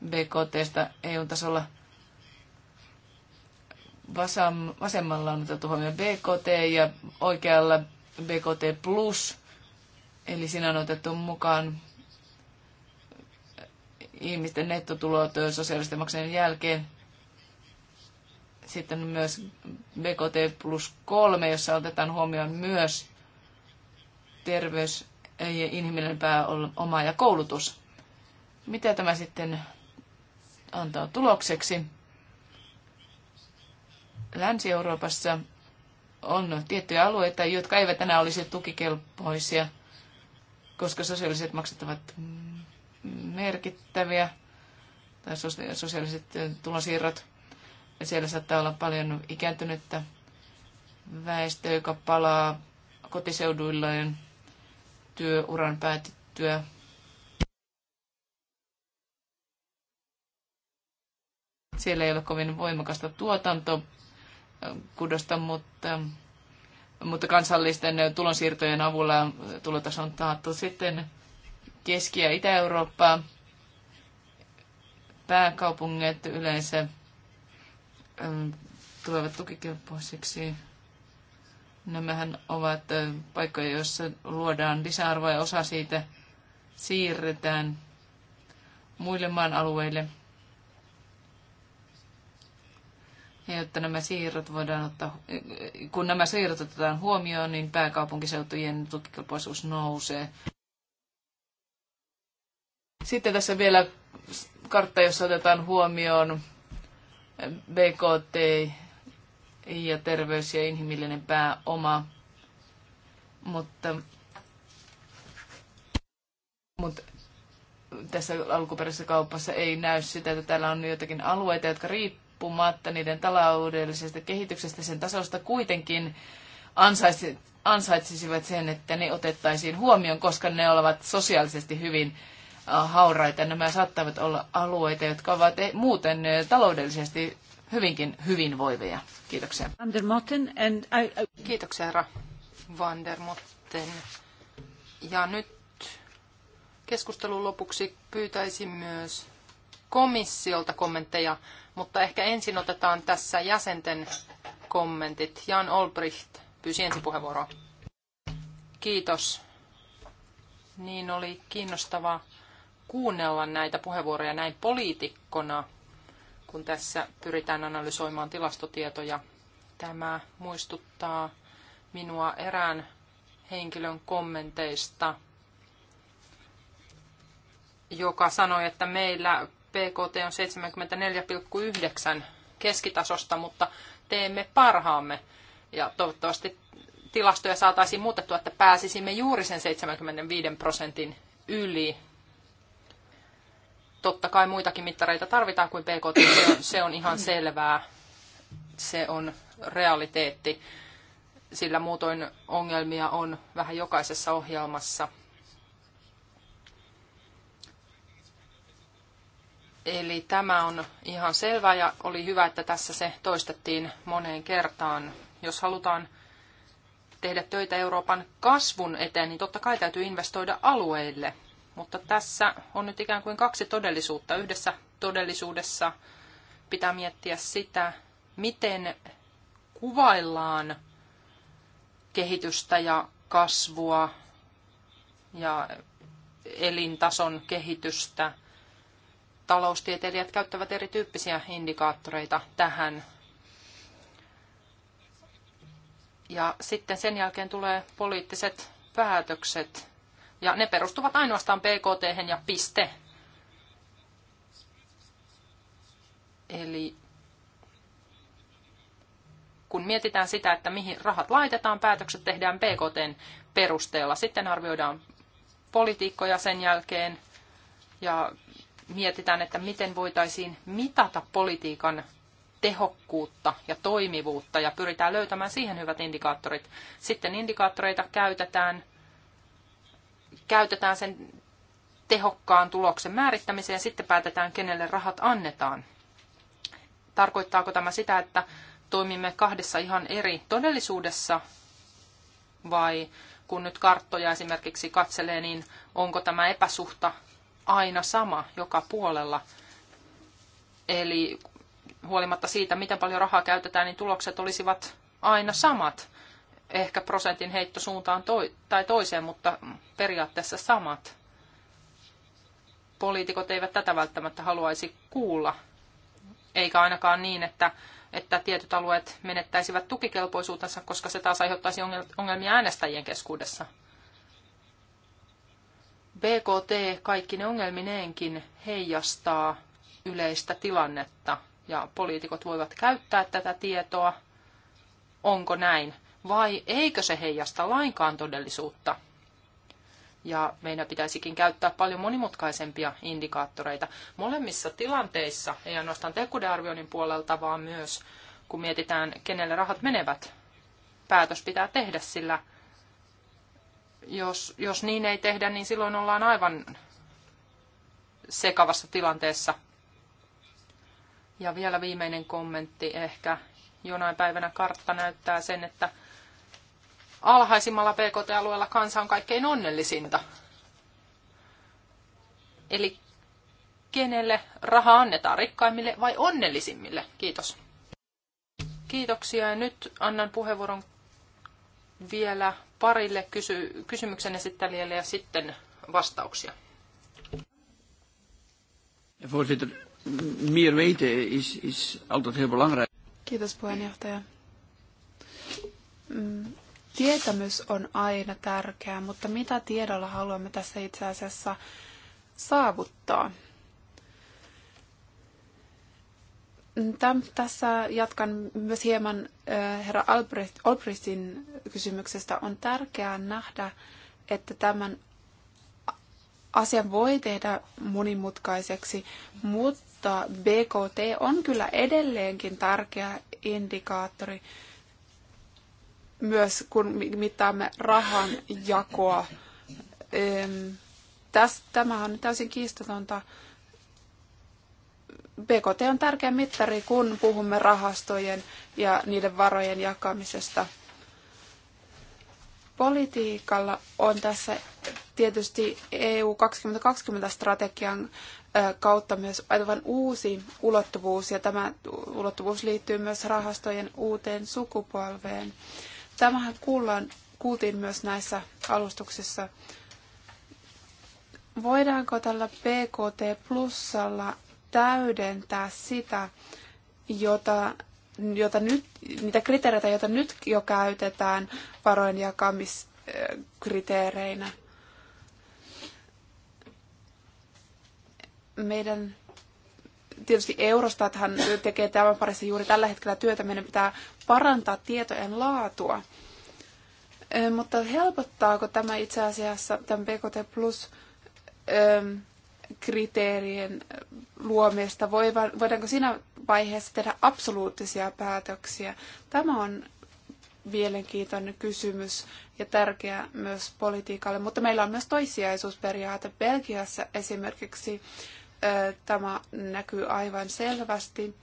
[SPEAKER 2] BKTstä EU-tasolla – vasemmalla on otettu huomioon BKT ja oikealla BKT plus, eli siinä on otettu mukaan ihmisten nettotulot sosiaalisten maksujen jälkeen. Sitten myös BKT plus kolme, jossa otetaan huomioon myös terveys ja inhimillinen pääoma ja koulutus. Mitä tämä sitten antaa tulokseksi? Länsi-Euroopassa on tiettyjä alueita, jotka eivät enää olisi tukikelpoisia, koska sosiaaliset maksut ovat merkittäviä, tai sosiaaliset tulonsiirrot. Ja siellä saattaa olla paljon ikääntynyttä väestöä, joka palaa kotiseuduillaan työuran päätettyä. Siellä ei ole kovin voimakasta tuotanto kudosta, mutta, mutta kansallisten tulonsiirtojen avulla tulotaso on taattu sitten Keski- ja Itä-Eurooppaa. Pääkaupungit yleensä ähm, tulevat tukikelpoisiksi. Nämähän ovat äh, paikkoja, joissa luodaan lisäarvoa ja osa siitä siirretään muille maan alueille – Ja jotta nämä siirrot voidaan ottaa, kun nämä siirrot otetaan huomioon, niin pääkaupunkiseutujen tukikelpoisuus nousee. Sitten tässä vielä kartta, jossa otetaan huomioon BKT ja terveys ja inhimillinen pääoma. Mutta, mutta tässä alkuperäisessä kaupassa ei näy sitä, että täällä on joitakin alueita, jotka riippuu riippumatta niiden taloudellisesta kehityksestä, sen tasosta kuitenkin ansaitsisivat sen, että ne otettaisiin huomioon, koska ne ovat sosiaalisesti hyvin hauraita. Nämä saattavat olla alueita, jotka ovat e- muuten taloudellisesti hyvinkin hyvinvoivia. Kiitoksia.
[SPEAKER 1] Vandermotten and I, I... Kiitoksia, herra Vandermotten. Ja nyt keskustelun lopuksi pyytäisin myös komissiolta kommentteja mutta ehkä ensin otetaan tässä jäsenten kommentit. Jan Olbricht pyysi ensi puheenvuoroa. Kiitos. Niin oli kiinnostavaa kuunnella näitä puheenvuoroja näin poliitikkona, kun tässä pyritään analysoimaan tilastotietoja. Tämä muistuttaa minua erään henkilön kommenteista, joka sanoi, että meillä PKT on 74,9 keskitasosta, mutta teemme parhaamme. Ja toivottavasti tilastoja saataisiin muutettua, että pääsisimme juuri sen 75 prosentin yli. Totta kai muitakin mittareita tarvitaan kuin PKT, se on, se on ihan selvää. Se on realiteetti, sillä muutoin ongelmia on vähän jokaisessa ohjelmassa. Eli tämä on ihan selvä ja oli hyvä, että tässä se toistettiin moneen kertaan. Jos halutaan tehdä töitä Euroopan kasvun eteen, niin totta kai täytyy investoida alueille. Mutta tässä on nyt ikään kuin kaksi todellisuutta. Yhdessä todellisuudessa pitää miettiä sitä, miten kuvaillaan kehitystä ja kasvua ja elintason kehitystä – taloustieteilijät käyttävät erityyppisiä indikaattoreita tähän. Ja sitten sen jälkeen tulee poliittiset päätökset. Ja ne perustuvat ainoastaan PKT ja piste. Eli kun mietitään sitä, että mihin rahat laitetaan, päätökset tehdään PKT perusteella. Sitten arvioidaan politiikkoja sen jälkeen ja mietitään, että miten voitaisiin mitata politiikan tehokkuutta ja toimivuutta ja pyritään löytämään siihen hyvät indikaattorit. Sitten indikaattoreita käytetään, käytetään sen tehokkaan tuloksen määrittämiseen ja sitten päätetään, kenelle rahat annetaan. Tarkoittaako tämä sitä, että toimimme kahdessa ihan eri todellisuudessa vai kun nyt karttoja esimerkiksi katselee, niin onko tämä epäsuhta aina sama joka puolella. Eli huolimatta siitä, miten paljon rahaa käytetään, niin tulokset olisivat aina samat. Ehkä prosentin heitto suuntaan toi, tai toiseen, mutta periaatteessa samat. Poliitikot eivät tätä välttämättä haluaisi kuulla, eikä ainakaan niin, että, että tietyt alueet menettäisivät tukikelpoisuutensa, koska se taas aiheuttaisi ongelmia äänestäjien keskuudessa. BKT kaikki ne ongelmineenkin heijastaa yleistä tilannetta ja poliitikot voivat käyttää tätä tietoa, onko näin, vai eikö se heijasta lainkaan todellisuutta. Ja meidän pitäisikin käyttää paljon monimutkaisempia indikaattoreita. Molemmissa tilanteissa, ei ainoastaan tekudearvioinnin puolelta, vaan myös kun mietitään, kenelle rahat menevät, päätös pitää tehdä, sillä jos, jos niin ei tehdä, niin silloin ollaan aivan sekavassa tilanteessa. Ja vielä viimeinen kommentti ehkä. Jonain päivänä kartta näyttää sen, että alhaisimmalla PKT-alueella kansa on kaikkein onnellisinta. Eli kenelle raha annetaan, rikkaimmille vai onnellisimmille? Kiitos. Kiitoksia ja nyt annan puheenvuoron vielä parille kysy- kysymyksen esittäjälle ja sitten vastauksia.
[SPEAKER 4] Kiitos puheenjohtaja. Mm, tietämys on aina tärkeää, mutta mitä tiedolla haluamme tässä itse asiassa saavuttaa? Täm, tässä jatkan myös hieman herra Albrecht, Albrechtin kysymyksestä. On tärkeää nähdä, että tämän asian voi tehdä monimutkaiseksi, mutta BKT on kyllä edelleenkin tärkeä indikaattori myös kun mittaamme rahan jakoa. tämä on täysin kiistatonta BKT on tärkeä mittari, kun puhumme rahastojen ja niiden varojen jakamisesta. Politiikalla on tässä tietysti EU 2020-strategian kautta myös aivan uusi ulottuvuus, ja tämä ulottuvuus liittyy myös rahastojen uuteen sukupolveen. Tämähän kuullaan, kuultiin myös näissä alustuksissa. Voidaanko tällä BKT plussalla täydentää sitä, jota, jota nyt, niitä kriteereitä, joita nyt jo käytetään varojen jakamiskriteereinä. Äh, Meidän tietysti Eurostathan tekee tämän parissa juuri tällä hetkellä työtä. Meidän pitää parantaa tietojen laatua. Äh, mutta helpottaako tämä itse asiassa tämän BKT Plus ähm, kriteerien luomista? Voidaanko siinä vaiheessa tehdä absoluuttisia päätöksiä? Tämä on mielenkiintoinen kysymys ja tärkeä myös politiikalle, mutta meillä on myös toissijaisuusperiaate. Belgiassa esimerkiksi tämä näkyy aivan selvästi.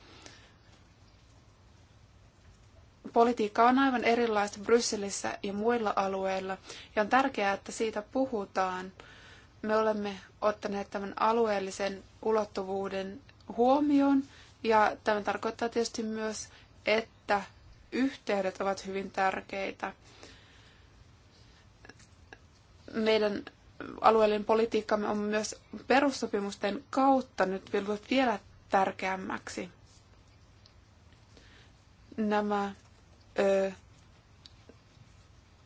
[SPEAKER 4] Politiikka on aivan erilaista Brysselissä ja muilla alueilla, ja on tärkeää, että siitä puhutaan – me olemme ottaneet tämän alueellisen ulottuvuuden huomioon ja tämä tarkoittaa tietysti myös, että yhteydet ovat hyvin tärkeitä. Meidän alueellinen politiikkamme on myös perussopimusten kautta nyt vielä tärkeämmäksi. Nämä ö,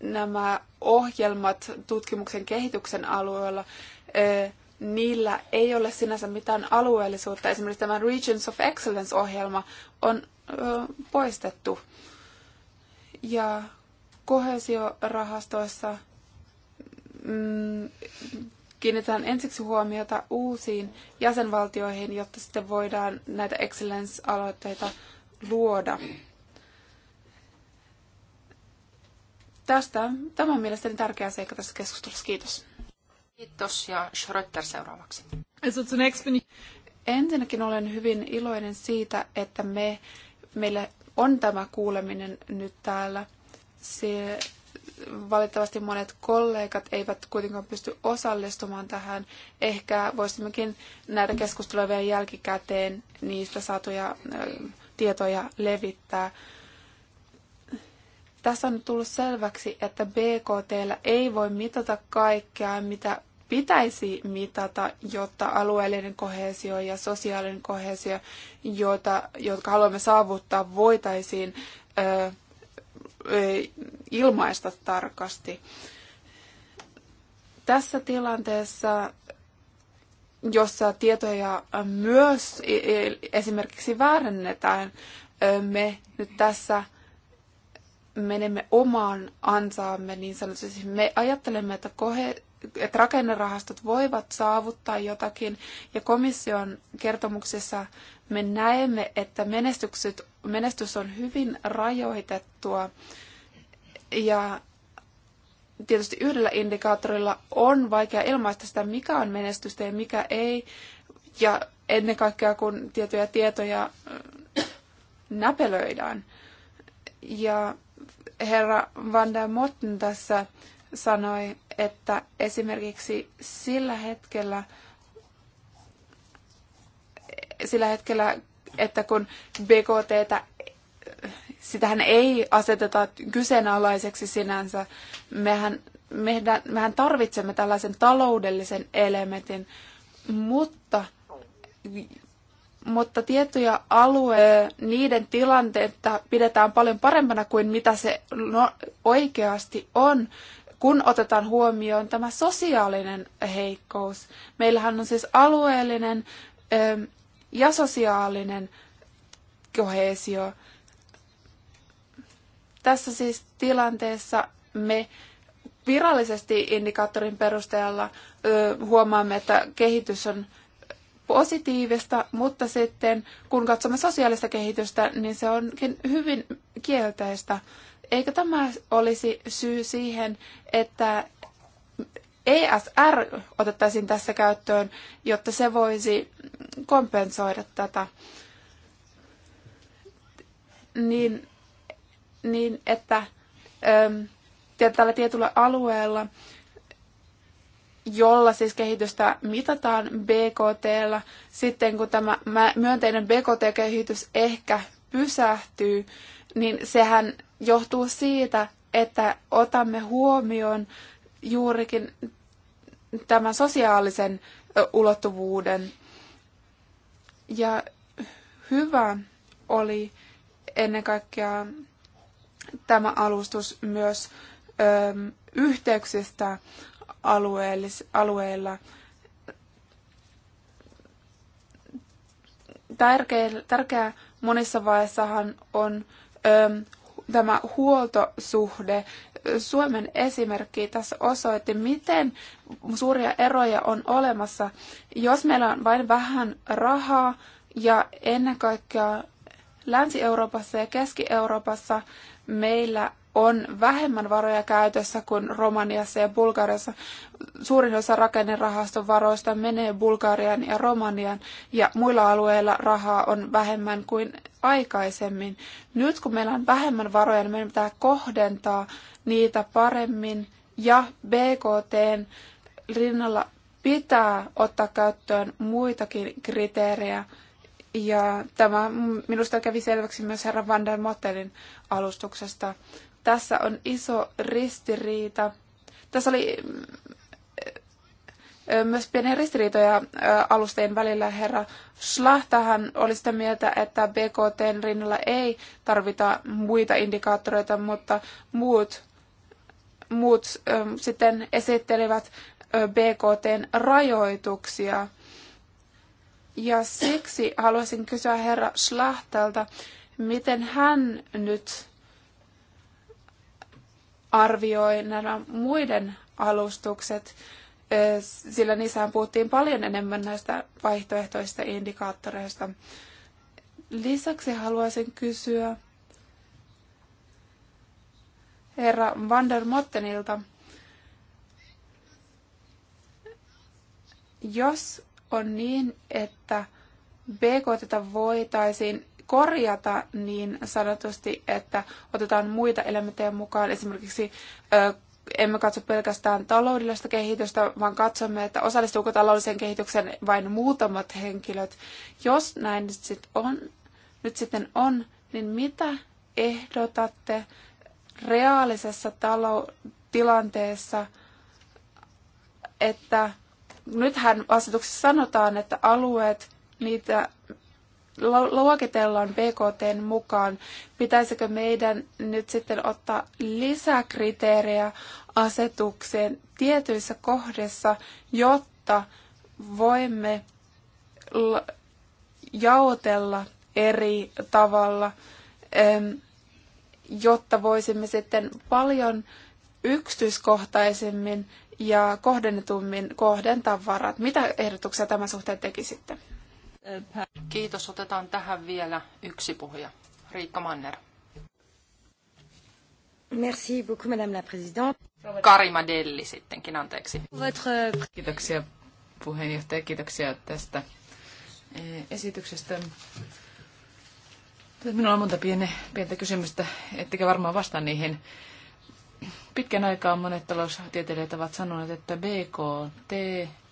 [SPEAKER 4] nämä ohjelmat tutkimuksen kehityksen alueella, niillä ei ole sinänsä mitään alueellisuutta. Esimerkiksi tämä Regions of Excellence-ohjelma on poistettu. Ja kohesiorahastoissa mm, kiinnitetään ensiksi huomiota uusiin jäsenvaltioihin, jotta sitten voidaan näitä excellence-aloitteita luoda. tästä, tämä on mielestäni tärkeä seikka tässä keskustelussa. Kiitos.
[SPEAKER 1] Kiitos ja Schröter seuraavaksi.
[SPEAKER 4] Ensinnäkin olen hyvin iloinen siitä, että me, meillä on tämä kuuleminen nyt täällä. Se, valitettavasti monet kollegat eivät kuitenkaan pysty osallistumaan tähän. Ehkä voisimmekin näitä keskusteluja vielä jälkikäteen niistä saatuja tietoja levittää. Tässä on tullut selväksi, että BKT ei voi mitata kaikkea, mitä pitäisi mitata, jotta alueellinen kohesio ja sosiaalinen kohesio, jota, jotka haluamme saavuttaa, voitaisiin ö, ö, ilmaista tarkasti. Tässä tilanteessa, jossa tietoja myös e, e, esimerkiksi väärennetään, me nyt tässä – menemme omaan ansaamme niin sanotusti. Me ajattelemme, että, kohe, että rakennerahastot voivat saavuttaa jotakin ja komission kertomuksessa me näemme, että menestykset, menestys on hyvin rajoitettua ja tietysti yhdellä indikaattorilla on vaikea ilmaista sitä, mikä on menestystä ja mikä ei. Ja ennen kaikkea, kun tietoja tietoja näpelöidään. Ja herra Van der Motten tässä sanoi, että esimerkiksi sillä hetkellä, sillä hetkellä, että kun BKT, sitähän ei aseteta kyseenalaiseksi sinänsä, mehän, mehän, mehän tarvitsemme tällaisen taloudellisen elementin, mutta mutta tiettyjä alueita, niiden tilanteita pidetään paljon parempana kuin mitä se no, oikeasti on, kun otetaan huomioon tämä sosiaalinen heikkous. Meillähän on siis alueellinen ö, ja sosiaalinen kohesio. Tässä siis tilanteessa me virallisesti indikaattorin perusteella ö, huomaamme, että kehitys on positiivista, mutta sitten kun katsomme sosiaalista kehitystä, niin se onkin hyvin kielteistä. Eikö tämä olisi syy siihen, että ESR otettaisiin tässä käyttöön, jotta se voisi kompensoida tätä, niin, niin että äm, tällä tietyllä alueella jolla siis kehitystä mitataan llä, Sitten kun tämä myönteinen BKT-kehitys ehkä pysähtyy, niin sehän johtuu siitä, että otamme huomioon juurikin tämän sosiaalisen ulottuvuuden. Ja hyvä oli ennen kaikkea tämä alustus myös ö, yhteyksistä alueilla. Tärkeä, monissa vaiheissahan on ö, tämä huoltosuhde. Suomen esimerkki tässä osoitti, miten suuria eroja on olemassa. Jos meillä on vain vähän rahaa ja ennen kaikkea Länsi-Euroopassa ja Keski-Euroopassa meillä on vähemmän varoja käytössä kuin Romaniassa ja Bulgariassa. Suurin osa rakennerahaston varoista menee Bulgarian ja Romanian ja muilla alueilla rahaa on vähemmän kuin aikaisemmin. Nyt kun meillä on vähemmän varoja, niin meidän pitää kohdentaa niitä paremmin ja BKTn rinnalla pitää ottaa käyttöön muitakin kriteerejä. Ja tämä minusta kävi selväksi myös herra Van der Mottelin alustuksesta. Tässä on iso ristiriita. Tässä oli mm, myös pieniä ristiriitoja alusteen välillä. Herra Schlachtahan oli sitä mieltä, että BKTn rinnalla ei tarvita muita indikaattoreita, mutta muut, muut sitten esittelivät BKTn rajoituksia. Ja siksi haluaisin kysyä herra Schlachtelta, miten hän nyt arvioi nämä muiden alustukset, sillä niissähän puhuttiin paljon enemmän näistä vaihtoehtoisista indikaattoreista. Lisäksi haluaisin kysyä herra Van der Mottenilta, jos on niin, että BKT voitaisiin korjata niin sanotusti, että otetaan muita elementtejä mukaan. Esimerkiksi emme katso pelkästään taloudellista kehitystä, vaan katsomme, että osallistuuko taloudelliseen kehitykseen vain muutamat henkilöt. Jos näin nyt, sit on, nyt sitten on, niin mitä ehdotatte reaalisessa talou- tilanteessa, että nythän asetuksessa sanotaan, että alueet, niitä luokitellaan BKT mukaan, pitäisikö meidän nyt sitten ottaa lisäkriteerejä asetukseen tietyissä kohdissa, jotta voimme jaotella eri tavalla, jotta voisimme sitten paljon yksityiskohtaisemmin ja kohdennetummin kohdentaa varat. Mitä ehdotuksia tämän suhteen tekisitte?
[SPEAKER 1] Kiitos. Otetaan tähän vielä yksi puhuja. Riikka Manner.
[SPEAKER 5] Merci beaucoup, Madame la Présidente. Karima
[SPEAKER 2] Delli sittenkin, anteeksi. Votre... Kiitoksia puheenjohtaja, kiitoksia tästä e, esityksestä. Minulla on monta piene, pientä kysymystä, ettekä varmaan vastaa niihin pitkän aikaa monet taloustieteilijät ovat sanoneet, että BKT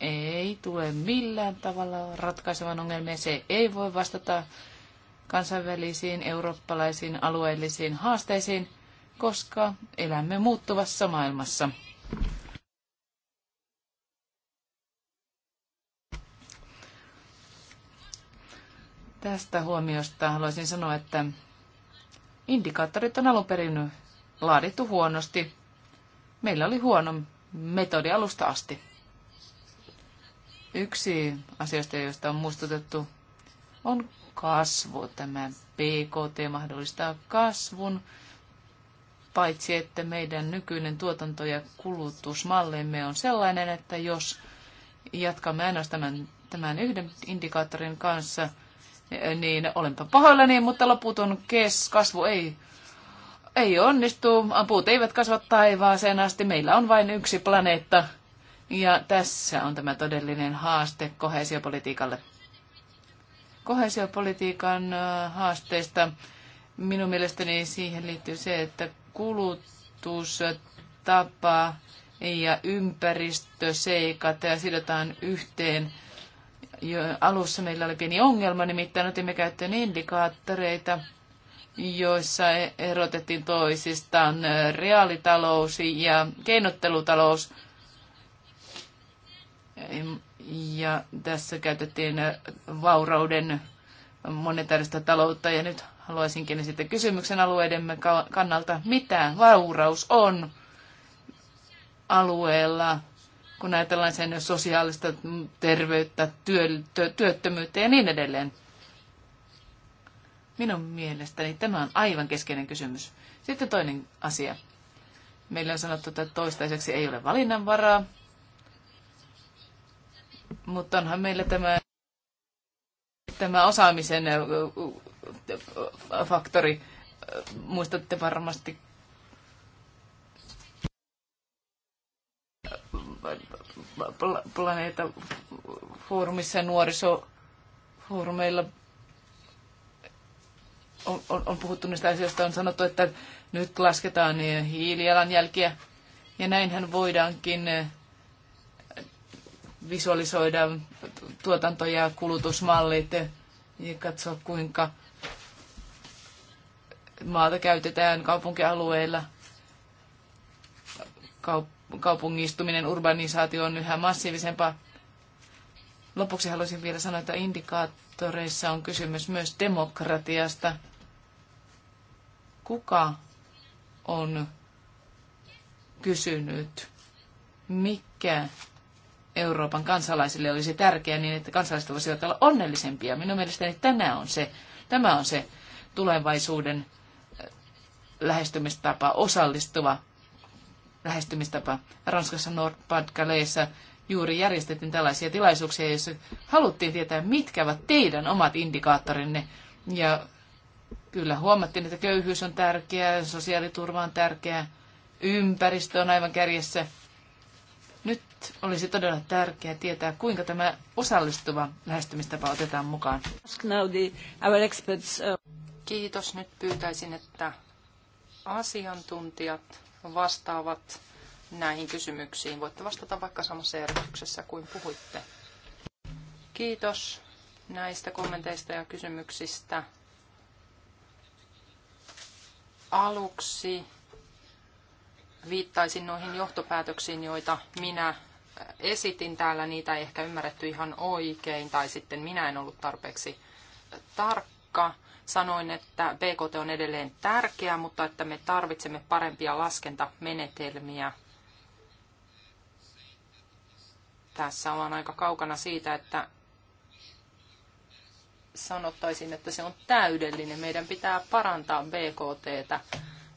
[SPEAKER 2] ei tule millään tavalla ratkaisevan ongelmia. Se ei voi vastata kansainvälisiin, eurooppalaisiin, alueellisiin haasteisiin, koska elämme muuttuvassa maailmassa. Tästä huomiosta haluaisin sanoa, että indikaattorit on alun perin laadittu huonosti. Meillä oli huono metodi alusta asti. Yksi asioista, joista on muistutettu, on kasvu. Tämä PKT mahdollistaa kasvun, paitsi että meidän nykyinen tuotanto- ja kulutusmallimme on sellainen, että jos jatkamme ainoastaan tämän, tämän yhden indikaattorin kanssa, niin olenpa pahoillani, mutta loputon kes, kasvu ei ei onnistu, apuut eivät kasva taivaaseen asti, meillä on vain yksi planeetta. Ja tässä on tämä todellinen haaste kohesiopolitiikalle. Kohesiopolitiikan haasteista minun mielestäni siihen liittyy se, että kulutustapa ja ympäristöseikat ja sidotaan yhteen. Jo alussa meillä oli pieni ongelma, nimittäin otimme käyttöön indikaattoreita – joissa erotettiin toisistaan reaalitalous ja keinottelutalous. Ja tässä käytettiin vaurauden monetaarista taloutta ja nyt haluaisinkin sitten kysymyksen alueidemme kannalta, mitä vauraus on alueella, kun ajatellaan sen sosiaalista terveyttä, työ, työttömyyttä ja niin edelleen. Minun mielestäni tämä on aivan keskeinen kysymys. Sitten toinen asia. Meillä on sanottu, että toistaiseksi ei ole valinnanvaraa, mutta onhan meillä tämä, tämä osaamisen faktori. Muistatte varmasti planeetafoorumissa ja nuorisofoorumeilla on, on, on puhuttu niistä asioista, on sanottu, että nyt lasketaan eh, hiilijalanjälkiä. Ja näinhän voidaankin eh, visualisoida tuotanto- ja kulutusmallit eh, ja katsoa, kuinka maata käytetään kaupunkialueilla. Kaupungistuminen, urbanisaatio on yhä massiivisempaa. Lopuksi haluaisin vielä sanoa, että indikaattori sektoreissa on kysymys myös demokratiasta. Kuka on kysynyt, mikä Euroopan kansalaisille olisi tärkeää niin, että kansalaiset voisivat olla onnellisempia. Minun mielestäni tänään on se, tämä on se tulevaisuuden äh, lähestymistapa, osallistuva lähestymistapa. Ranskassa Nordpadkaleissa juuri järjestettiin tällaisia tilaisuuksia, joissa haluttiin tietää, mitkä ovat teidän omat indikaattorinne. Ja kyllä huomattiin, että köyhyys on tärkeää, sosiaaliturva on tärkeää, ympäristö on aivan kärjessä. Nyt olisi todella tärkeää tietää, kuinka tämä osallistuva lähestymistapa otetaan mukaan. Uh, Kiitos. Nyt pyytäisin,
[SPEAKER 1] että asiantuntijat vastaavat näihin kysymyksiin. Voitte vastata vaikka samassa järjestyksessä kuin puhuitte. Kiitos näistä kommenteista ja kysymyksistä. Aluksi viittaisin noihin johtopäätöksiin, joita minä esitin täällä. Niitä ei ehkä ymmärretty ihan oikein, tai sitten minä en ollut tarpeeksi tarkka. Sanoin, että BKT on edelleen tärkeä, mutta että me tarvitsemme parempia laskentamenetelmiä tässä ollaan aika kaukana siitä, että sanottaisin, että se on täydellinen. Meidän pitää parantaa BKTtä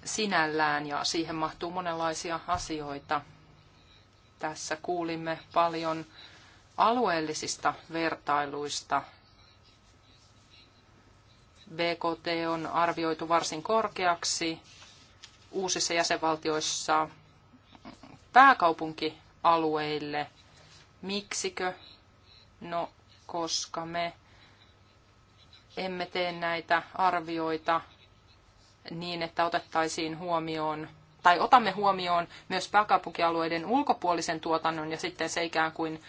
[SPEAKER 1] sinällään ja siihen mahtuu monenlaisia asioita. Tässä kuulimme paljon alueellisista vertailuista. BKT on arvioitu varsin korkeaksi uusissa jäsenvaltioissa pääkaupunkialueille – Miksikö? No, koska me emme tee näitä arvioita niin, että otettaisiin huomioon tai otamme huomioon myös pääkaupunkialueiden ulkopuolisen tuotannon ja sitten se ikään kuin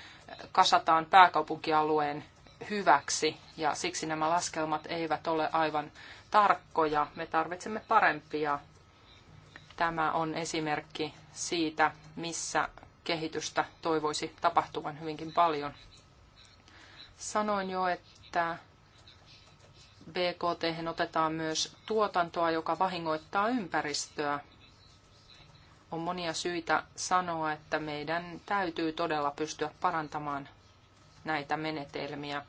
[SPEAKER 1] kasataan pääkaupunkialueen hyväksi ja siksi nämä laskelmat eivät ole aivan tarkkoja. Me tarvitsemme parempia. Tämä on esimerkki siitä, missä kehitystä toivoisi tapahtuvan hyvinkin paljon. Sanoin jo, että BKT otetaan myös tuotantoa, joka vahingoittaa ympäristöä. On monia syitä sanoa, että meidän täytyy todella pystyä parantamaan näitä menetelmiä.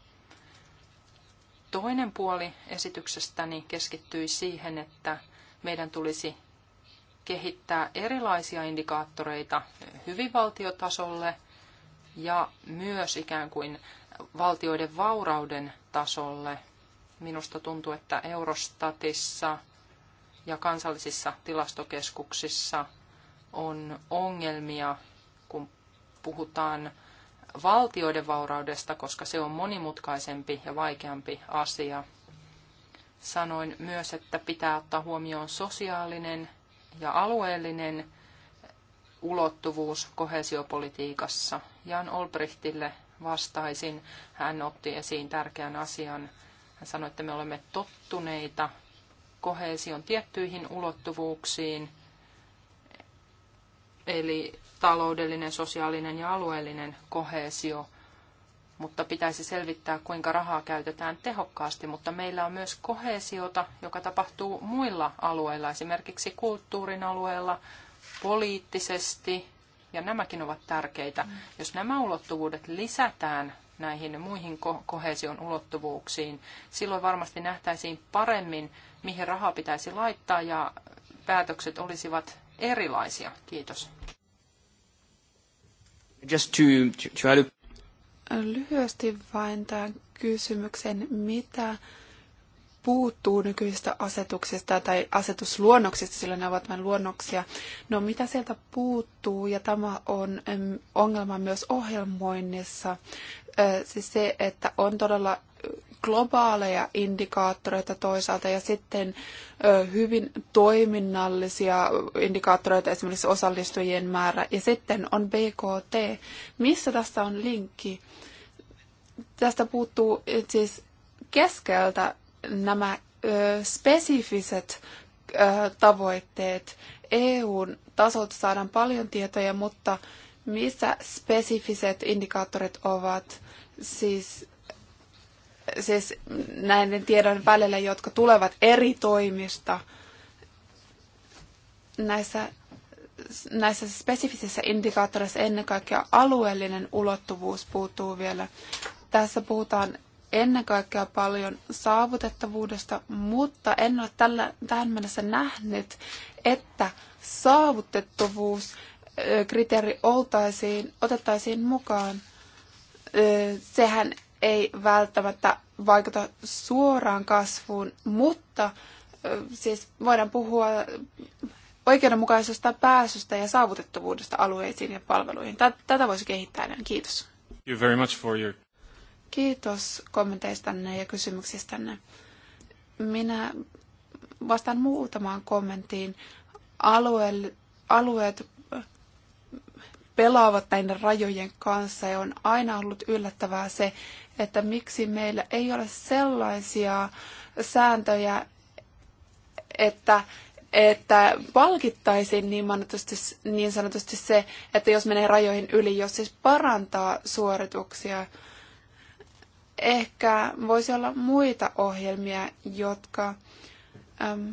[SPEAKER 1] Toinen puoli esityksestäni keskittyi siihen, että meidän tulisi kehittää erilaisia indikaattoreita hyvinvaltiotasolle ja myös ikään kuin valtioiden vaurauden tasolle. Minusta tuntuu, että Eurostatissa ja kansallisissa tilastokeskuksissa on ongelmia, kun puhutaan valtioiden vauraudesta, koska se on monimutkaisempi ja vaikeampi asia. Sanoin myös, että pitää ottaa huomioon sosiaalinen ja alueellinen ulottuvuus kohesiopolitiikassa. Jan Olbrichtille vastaisin. Hän otti esiin tärkeän asian. Hän sanoi, että me olemme tottuneita kohesion tiettyihin ulottuvuuksiin, eli taloudellinen, sosiaalinen ja alueellinen kohesio – mutta pitäisi selvittää, kuinka rahaa käytetään tehokkaasti. Mutta meillä on myös kohesiota, joka tapahtuu muilla alueilla, esimerkiksi kulttuurin alueella, poliittisesti, ja nämäkin ovat tärkeitä. Mm. Jos nämä ulottuvuudet lisätään näihin muihin kohesion ulottuvuuksiin, silloin varmasti nähtäisiin paremmin, mihin rahaa pitäisi laittaa, ja päätökset olisivat erilaisia. Kiitos. Just to, to, to...
[SPEAKER 4] Lyhyesti vain tämän kysymyksen, mitä puuttuu nykyisistä asetuksista tai asetusluonnoksista, sillä ne ovat vain luonnoksia. No mitä sieltä puuttuu, ja tämä on ongelma myös ohjelmoinnissa, siis se, että on todella globaaleja indikaattoreita toisaalta ja sitten hyvin toiminnallisia indikaattoreita, esimerkiksi osallistujien määrä, ja sitten on BKT. Missä tässä on linkki? Tästä puuttuu siis keskeltä nämä spesifiset tavoitteet. EUn tasolta saadaan paljon tietoja, mutta missä spesifiset indikaattorit ovat? Siis siis näiden tiedon välillä, jotka tulevat eri toimista näissä, näissä spesifisissä indikaattoreissa ennen kaikkea alueellinen ulottuvuus puuttuu vielä. Tässä puhutaan ennen kaikkea paljon saavutettavuudesta, mutta en ole tällä, tähän mennessä nähnyt, että saavutettavuus kriteeri oltaisiin, otettaisiin mukaan. Sehän ei välttämättä vaikuta suoraan kasvuun, mutta siis voidaan puhua oikeudenmukaisesta pääsystä ja saavutettavuudesta alueisiin ja palveluihin. Tätä voisi kehittää enää. Kiitos.
[SPEAKER 3] You very much for your...
[SPEAKER 4] Kiitos kommenteistanne ja kysymyksistänne. Minä vastaan muutamaan kommenttiin. Alueet, alueet pelaavat näiden rajojen kanssa ja on aina ollut yllättävää se, että miksi meillä ei ole sellaisia sääntöjä, että, että palkittaisiin niin sanotusti, niin sanotusti se, että jos menee rajoihin yli, jos siis parantaa suorituksia. Ehkä voisi olla muita ohjelmia, jotka Ähm,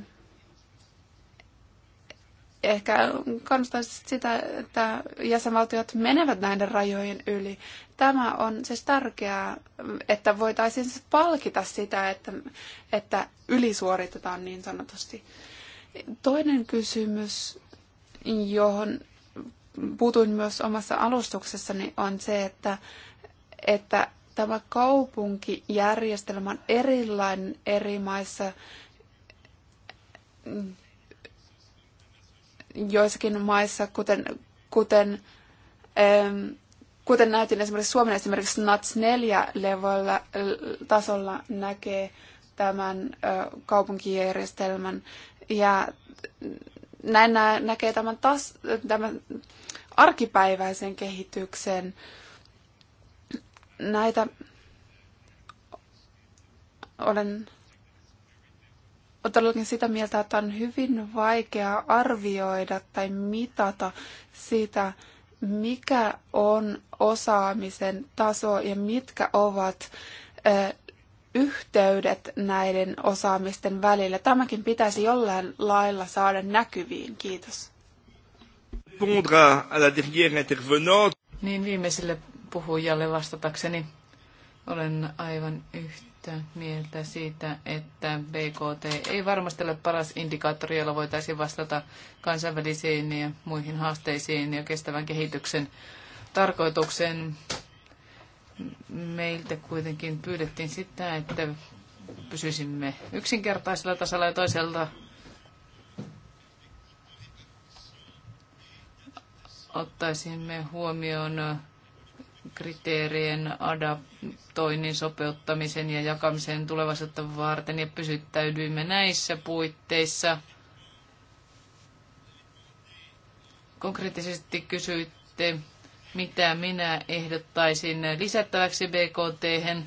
[SPEAKER 4] ehkä kannustaisi sitä, että jäsenvaltiot menevät näiden rajojen yli. Tämä on siis tärkeää, että voitaisiin siis palkita sitä, että, että ylisuoritetaan niin sanotusti. Toinen kysymys, johon puutuin myös omassa alustuksessani, on se, että, että tämä kaupunkijärjestelmä on erilainen eri maissa joissakin maissa, kuten, kuten, äm, kuten näytin esimerkiksi Suomen esimerkiksi NATS 4 levolla, tasolla näkee tämän ö, kaupunkijärjestelmän ja näin nä- näkee tämän, tas- tämän arkipäiväisen kehityksen. Näitä olen olen todellakin sitä mieltä, että on hyvin vaikea arvioida tai mitata sitä, mikä on osaamisen taso ja mitkä ovat yhteydet näiden osaamisten välillä. Tämäkin pitäisi jollain lailla saada näkyviin. Kiitos.
[SPEAKER 2] Niin viimeiselle puhujalle vastatakseni olen aivan yhtä yhtä mieltä siitä, että BKT ei varmasti ole paras indikaattori, jolla voitaisiin vastata kansainvälisiin ja muihin haasteisiin ja kestävän kehityksen tarkoituksen Meiltä kuitenkin pyydettiin sitä, että pysyisimme yksinkertaisella tasolla ja toiselta ottaisimme huomioon kriteerien adaptoinnin, sopeuttamisen ja jakamisen tulevaisuutta varten ja pysyttäydyimme näissä puitteissa. Konkreettisesti kysyitte, mitä minä ehdottaisin lisättäväksi BKT. -hän.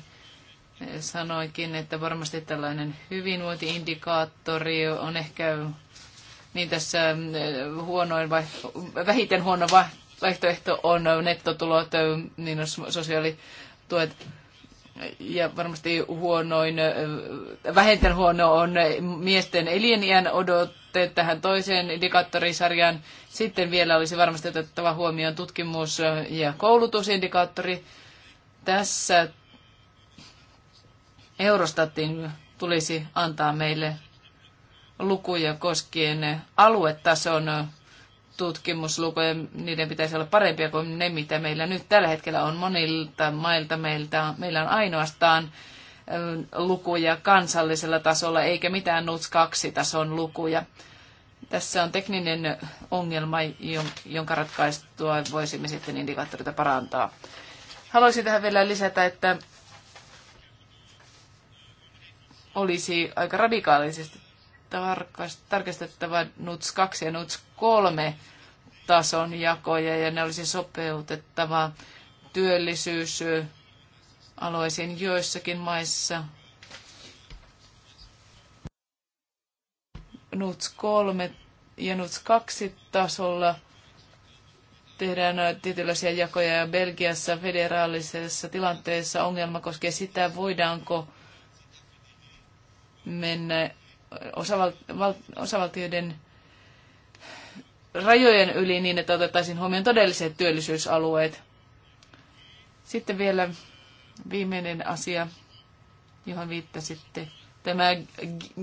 [SPEAKER 2] Sanoinkin, että varmasti tällainen hyvinvointiindikaattori on ehkä niin tässä eh, huonoin vai, vähiten huono vaihtoehto on nettotulot, niin on sosiaalituet. Ja varmasti huonoin, vähiten huono on miesten elinjään odotte tähän toiseen indikaattorisarjaan. Sitten vielä olisi varmasti otettava huomioon tutkimus- ja koulutusindikaattori. Tässä Eurostatin tulisi antaa meille lukuja koskien aluetason Tutkimuslukujen niiden pitäisi olla parempia kuin ne, mitä meillä nyt tällä hetkellä on monilta mailta. Meiltä, meillä on ainoastaan lukuja kansallisella tasolla, eikä mitään NUTS 2-tason lukuja. Tässä on tekninen ongelma, jonka ratkaistua voisimme sitten indikaattorita parantaa. Haluaisin tähän vielä lisätä, että olisi aika radikaalisesti tarkistettava NUTS 2 ja NUTS 3 tason jakoja ja ne olisi sopeutettava työllisyysalueisiin joissakin maissa. NUTS 3 ja NUTS 2 tasolla tehdään tietynlaisia jakoja ja Belgiassa federaalisessa tilanteessa ongelma koskee sitä, voidaanko mennä osaval- osavaltioiden rajojen yli niin, että otettaisiin huomioon todelliset työllisyysalueet. Sitten vielä viimeinen asia, johon viittasitte, tämä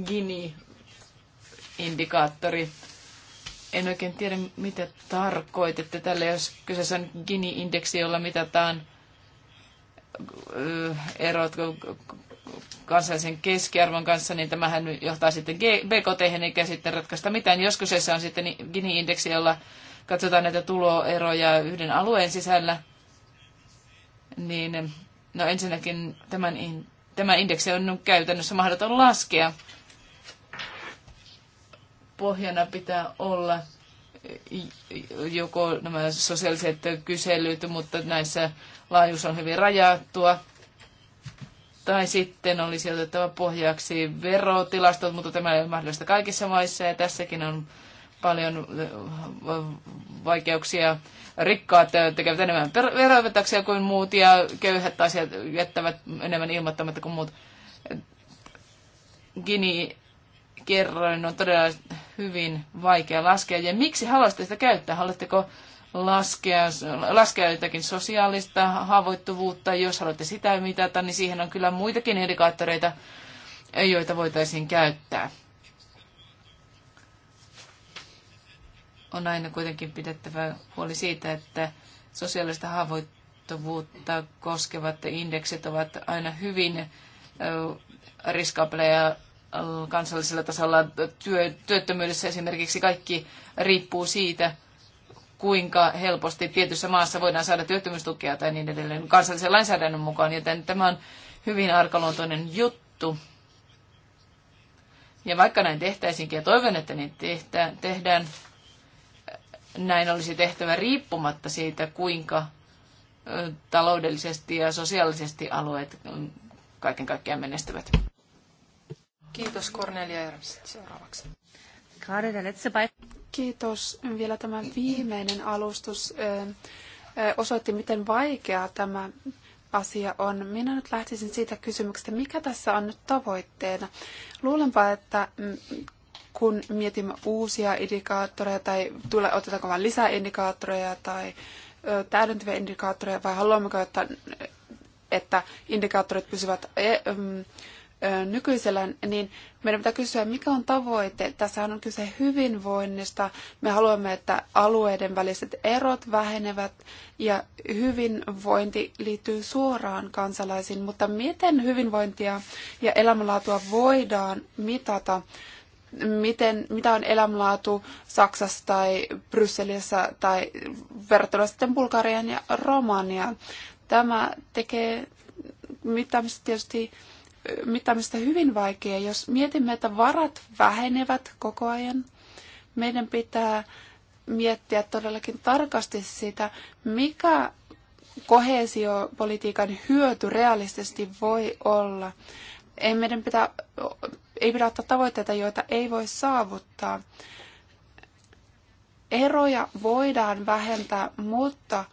[SPEAKER 2] Gini-indikaattori. En oikein tiedä, mitä tarkoititte tälle, jos kyseessä on Gini-indeksi, jolla mitataan erot kansallisen keskiarvon kanssa, niin tämähän johtaa sitten BKT, eikä sitten ratkaista mitään. Jos kyseessä on sitten Gini-indeksi, jolla katsotaan näitä tuloeroja yhden alueen sisällä, niin no ensinnäkin tämän, tämä indeksi on käytännössä mahdoton laskea. Pohjana pitää olla joko nämä sosiaaliset kyselyt, mutta näissä laajuus on hyvin rajattua. Tai sitten olisi otettava pohjaksi verotilastot, mutta tämä ei ole mahdollista kaikissa maissa ja tässäkin on paljon äh, vaikeuksia. Rikkaat äh, tekevät enemmän verovetaksia kuin muut ja köyhät asiat jättävät enemmän ilmoittamatta kuin muut. Gini kerroin on todella hyvin vaikea laskea. Ja miksi haluaisitte sitä käyttää? Haluatteko laskea, laskea jotakin sosiaalista haavoittuvuutta. Jos haluatte sitä mitata, niin siihen on kyllä muitakin indikaattoreita, joita voitaisiin käyttää. On aina kuitenkin pidettävä huoli siitä, että sosiaalista haavoittuvuutta koskevat indeksit ovat aina hyvin riskaapeleja kansallisella tasolla. Työ, työttömyydessä esimerkiksi kaikki riippuu siitä, kuinka helposti tietyssä maassa voidaan saada työttömyystukea tai niin edelleen kansallisen lainsäädännön mukaan, joten tämä on hyvin arkaluontoinen juttu. Ja vaikka näin tehtäisinkin, ja toivon, että niin tehtä, tehdään, näin olisi tehtävä riippumatta siitä, kuinka taloudellisesti ja sosiaalisesti alueet kaiken kaikkiaan
[SPEAKER 4] menestyvät. Kiitos Cornelia
[SPEAKER 1] Ernst. Seuraavaksi.
[SPEAKER 4] Kiitos. Vielä tämä viimeinen alustus osoitti, miten vaikea tämä asia on. Minä nyt lähtisin siitä kysymyksestä, mikä tässä on nyt tavoitteena. Luulenpa, että mm, kun mietimme uusia indikaattoreja tai tulee otetaanko vain lisää indikaattoreja tai täydentäviä indikaattoreja vai haluammeko, että, että indikaattorit pysyvät e, mm, nykyisellään, niin meidän pitää kysyä, mikä on tavoite. Tässä on kyse hyvinvoinnista. Me haluamme, että alueiden väliset erot vähenevät ja hyvinvointi liittyy suoraan kansalaisiin. Mutta miten hyvinvointia ja elämänlaatua voidaan mitata? Miten, mitä on elämänlaatu Saksassa tai Brysselissä tai verrattuna sitten Bulgarian ja Romaniaan? Tämä tekee mittaamista tietysti mittaamista hyvin vaikea. Jos mietimme, että varat vähenevät koko ajan, meidän pitää miettiä todellakin tarkasti sitä, mikä kohesiopolitiikan hyöty realistisesti voi olla. Ei meidän pitää, ei pidä ottaa tavoitteita, joita ei voi saavuttaa. Eroja voidaan vähentää, mutta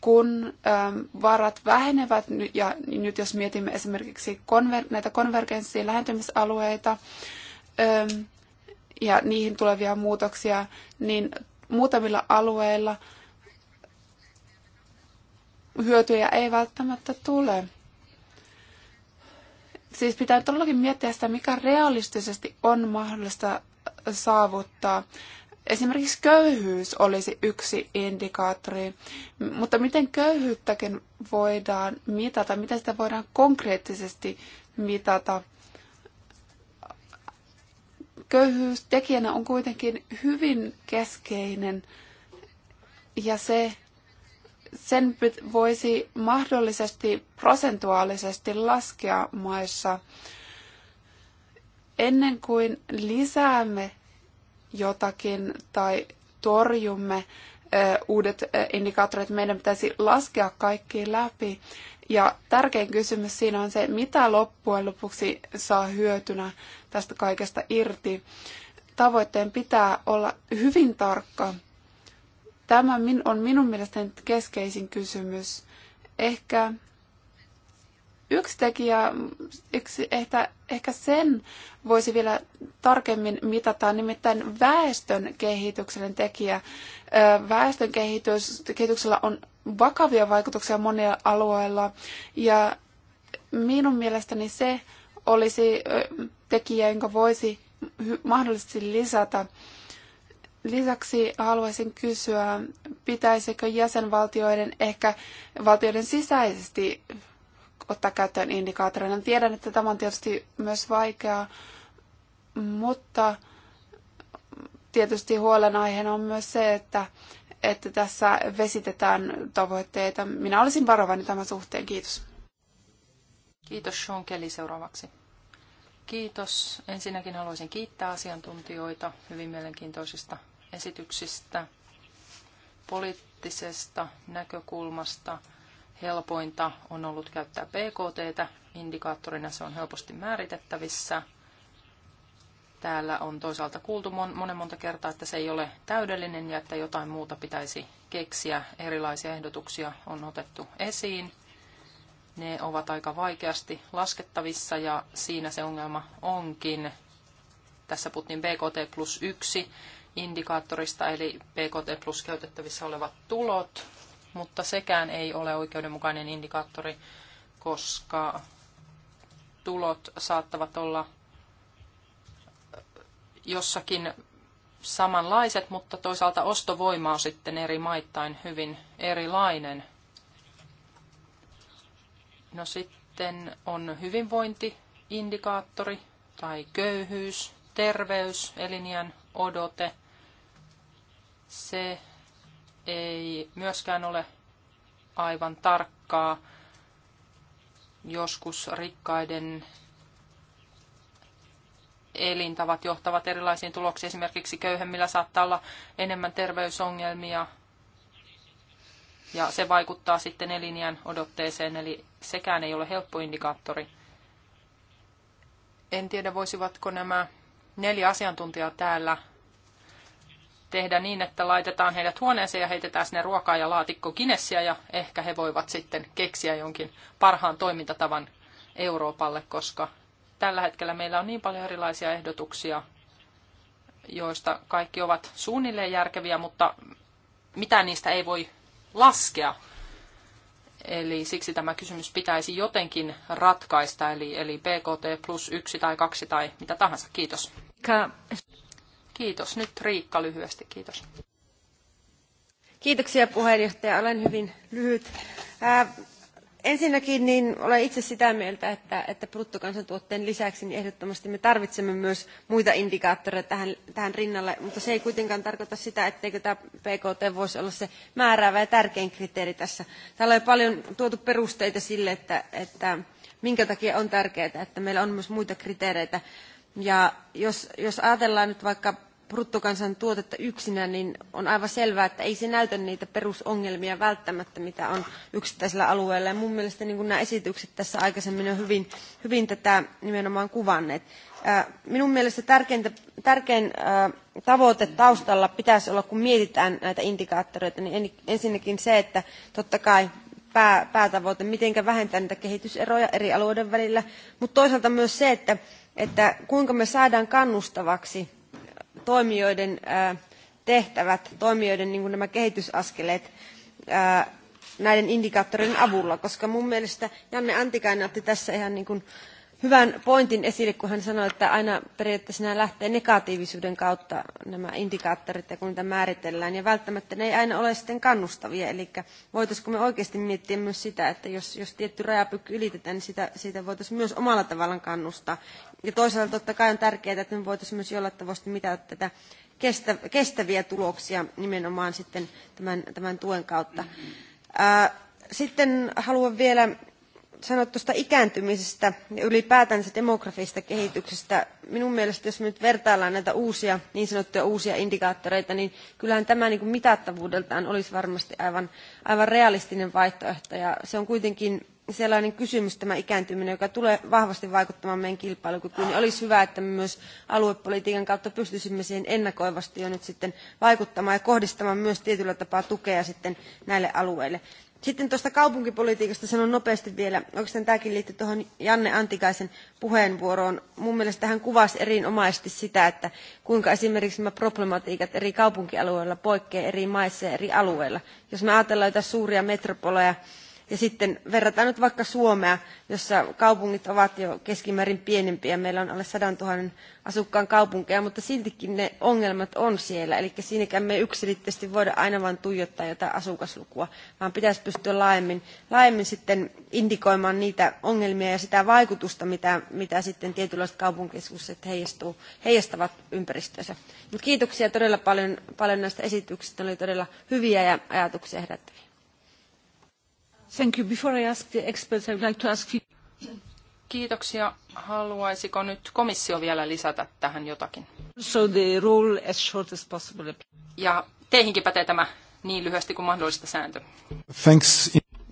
[SPEAKER 4] kun ähm, varat vähenevät, ja nyt jos mietimme esimerkiksi konver- näitä konvergenssiin lähentymisalueita ähm, ja niihin tulevia muutoksia, niin muutamilla alueilla hyötyjä ei välttämättä tule. Siis pitää todellakin miettiä sitä, mikä realistisesti on mahdollista saavuttaa. Esimerkiksi köyhyys olisi yksi indikaattori, mutta miten köyhyyttäkin voidaan mitata, miten sitä voidaan konkreettisesti mitata? Köyhyystekijänä on kuitenkin hyvin keskeinen ja se, sen voisi mahdollisesti prosentuaalisesti laskea maissa. Ennen kuin lisäämme jotakin tai torjumme uudet indikaattorit, meidän pitäisi laskea kaikki läpi. Ja tärkein kysymys siinä on se, mitä loppujen lopuksi saa hyötynä tästä kaikesta irti. Tavoitteen pitää olla hyvin tarkka. Tämä on minun mielestäni keskeisin kysymys. Ehkä yksi tekijä, yksi, ehkä, ehkä sen voisi vielä tarkemmin mitataan, nimittäin väestön kehityksen tekijä. Väestön kehityksellä on vakavia vaikutuksia monilla alueilla ja minun mielestäni se olisi tekijä, jonka voisi mahdollisesti lisätä. Lisäksi haluaisin kysyä, pitäisikö jäsenvaltioiden ehkä valtioiden sisäisesti ottaa käyttöön indikaattoreina. Tiedän, että tämä on tietysti myös vaikeaa, mutta tietysti huolenaiheena on myös se, että, että tässä vesitetään tavoitteita. Minä olisin varovainen tämän suhteen. Kiitos.
[SPEAKER 1] Kiitos Sean Kelly seuraavaksi. Kiitos. Ensinnäkin haluaisin kiittää asiantuntijoita hyvin mielenkiintoisista esityksistä. Poliittisesta näkökulmasta helpointa on ollut käyttää BKT indikaattorina. Se on helposti määritettävissä – Täällä on toisaalta kuultu mon, monen monta kertaa, että se ei ole täydellinen ja että jotain muuta pitäisi keksiä. Erilaisia ehdotuksia on otettu esiin. Ne ovat aika vaikeasti laskettavissa ja siinä se ongelma onkin. Tässä puhuttiin BKT plus 1 indikaattorista, eli BKT plus käytettävissä olevat tulot, mutta sekään ei ole oikeudenmukainen indikaattori, koska tulot saattavat olla jossakin samanlaiset, mutta toisaalta ostovoima on sitten eri maittain hyvin erilainen. No sitten on hyvinvointiindikaattori tai köyhyys, terveys, eliniän odote. Se ei myöskään ole aivan tarkkaa. Joskus rikkaiden elintavat johtavat erilaisiin tuloksiin. Esimerkiksi köyhemmillä saattaa olla enemmän terveysongelmia ja se vaikuttaa sitten elinjään odotteeseen, eli sekään ei ole helppo indikaattori. En tiedä, voisivatko nämä neljä asiantuntijaa täällä tehdä niin, että laitetaan heidät huoneeseen ja heitetään sinne ruokaa ja laatikko kinessiä ja ehkä he voivat sitten keksiä jonkin parhaan toimintatavan Euroopalle, koska tällä hetkellä meillä on niin paljon erilaisia ehdotuksia, joista kaikki ovat suunnilleen järkeviä, mutta mitä niistä ei voi laskea. Eli siksi tämä kysymys pitäisi jotenkin ratkaista, eli, eli BKT plus yksi tai kaksi tai mitä tahansa. Kiitos. Kiitos. Nyt Riikka lyhyesti, kiitos.
[SPEAKER 5] Kiitoksia puheenjohtaja. Olen hyvin lyhyt. Ää, ensinnäkin niin olen itse sitä mieltä että, että bruttokansantuotteen lisäksi niin ehdottomasti me tarvitsemme myös muita indikaattoreita tähän, tähän rinnalle mutta se ei kuitenkaan tarkoita sitä etteikö tämä bkt voisi olla se määräävä ja tärkein kriteeri tässä. täällä on jo paljon tuotu perusteita sille että, että minkä takia on tärkeää että meillä on myös muita kriteereitä ja jos, jos ajatellaan nyt vaikka bruttokansantuotetta yksinä, niin on aivan selvää, että ei se näytä niitä perusongelmia välttämättä, mitä on yksittäisellä alueella. Ja mun mielestä niin kuin nämä esitykset tässä aikaisemmin on hyvin, hyvin tätä nimenomaan kuvanneet. Minun mielestä tärkein, tärkein tavoite taustalla pitäisi olla, kun mietitään näitä indikaattoreita, niin ensinnäkin se, että totta kai pää, päätavoite, miten vähentää niitä kehityseroja eri alueiden välillä, mutta toisaalta myös se, että, että kuinka me saadaan kannustavaksi toimijoiden tehtävät, toimijoiden niin nämä kehitysaskeleet näiden indikaattoreiden avulla, koska mun mielestä Janne Antikainen otti tässä ihan niin kuin hyvän pointin esille, kun hän sanoi, että aina periaatteessa nämä lähtee negatiivisuuden kautta nämä indikaattorit ja kun niitä määritellään, ja välttämättä ne ei aina ole sitten kannustavia, eli voitaisiko me oikeasti miettiä myös sitä, että jos, jos tietty rajapykki ylitetään, niin sitä, siitä voitaisiin myös omalla tavallaan kannustaa, ja toisaalta totta kai on tärkeää, että me voitaisiin myös jollain tavalla mitata tätä kestäviä tuloksia nimenomaan sitten tämän, tämän tuen kautta. sitten haluan vielä sanoa tuosta ikääntymisestä ja ylipäätänsä demografisesta kehityksestä. Minun mielestä, jos me nyt vertaillaan näitä uusia, niin sanottuja uusia indikaattoreita, niin kyllähän tämä niin kuin mitattavuudeltaan olisi varmasti aivan, aivan realistinen vaihtoehto. Ja se on kuitenkin sellainen kysymys, tämä ikääntyminen, joka tulee vahvasti vaikuttamaan meidän kilpailukykyyn, niin olisi hyvä, että me myös aluepolitiikan kautta pystyisimme siihen ennakoivasti jo nyt sitten vaikuttamaan ja kohdistamaan myös tietyllä tapaa tukea sitten näille alueille. Sitten tuosta kaupunkipolitiikasta sanon nopeasti vielä. Oikeastaan tämäkin liittyy tuohon Janne Antikaisen puheenvuoroon. Mun mielestä hän kuvasi erinomaisesti sitä, että kuinka esimerkiksi nämä problematiikat eri kaupunkialueilla poikkeavat eri maissa ja eri alueilla. Jos me ajatellaan jotain suuria metropoleja, ja sitten verrataan nyt vaikka Suomea, jossa kaupungit ovat jo keskimäärin pienempiä. Meillä on alle 100 000 asukkaan kaupunkeja, mutta siltikin ne ongelmat on siellä. Eli siinäkään me yksilitteisesti voida aina vain tuijottaa jotain asukaslukua, vaan pitäisi pystyä laajemmin, laajemmin sitten indikoimaan niitä ongelmia ja sitä vaikutusta, mitä, mitä sitten tietynlaiset kaupunkikeskukset heijastuu, heijastavat ympäristöönsä. Mutta kiitoksia todella paljon, paljon näistä esityksistä. Ne oli todella hyviä ja ajatuksia herättäviä. Kiitoksia.
[SPEAKER 1] Haluaisiko nyt komissio vielä lisätä tähän jotakin? Ja teihinkin pätee tämä niin lyhyesti kuin mahdollista sääntö.
[SPEAKER 3] Thanks.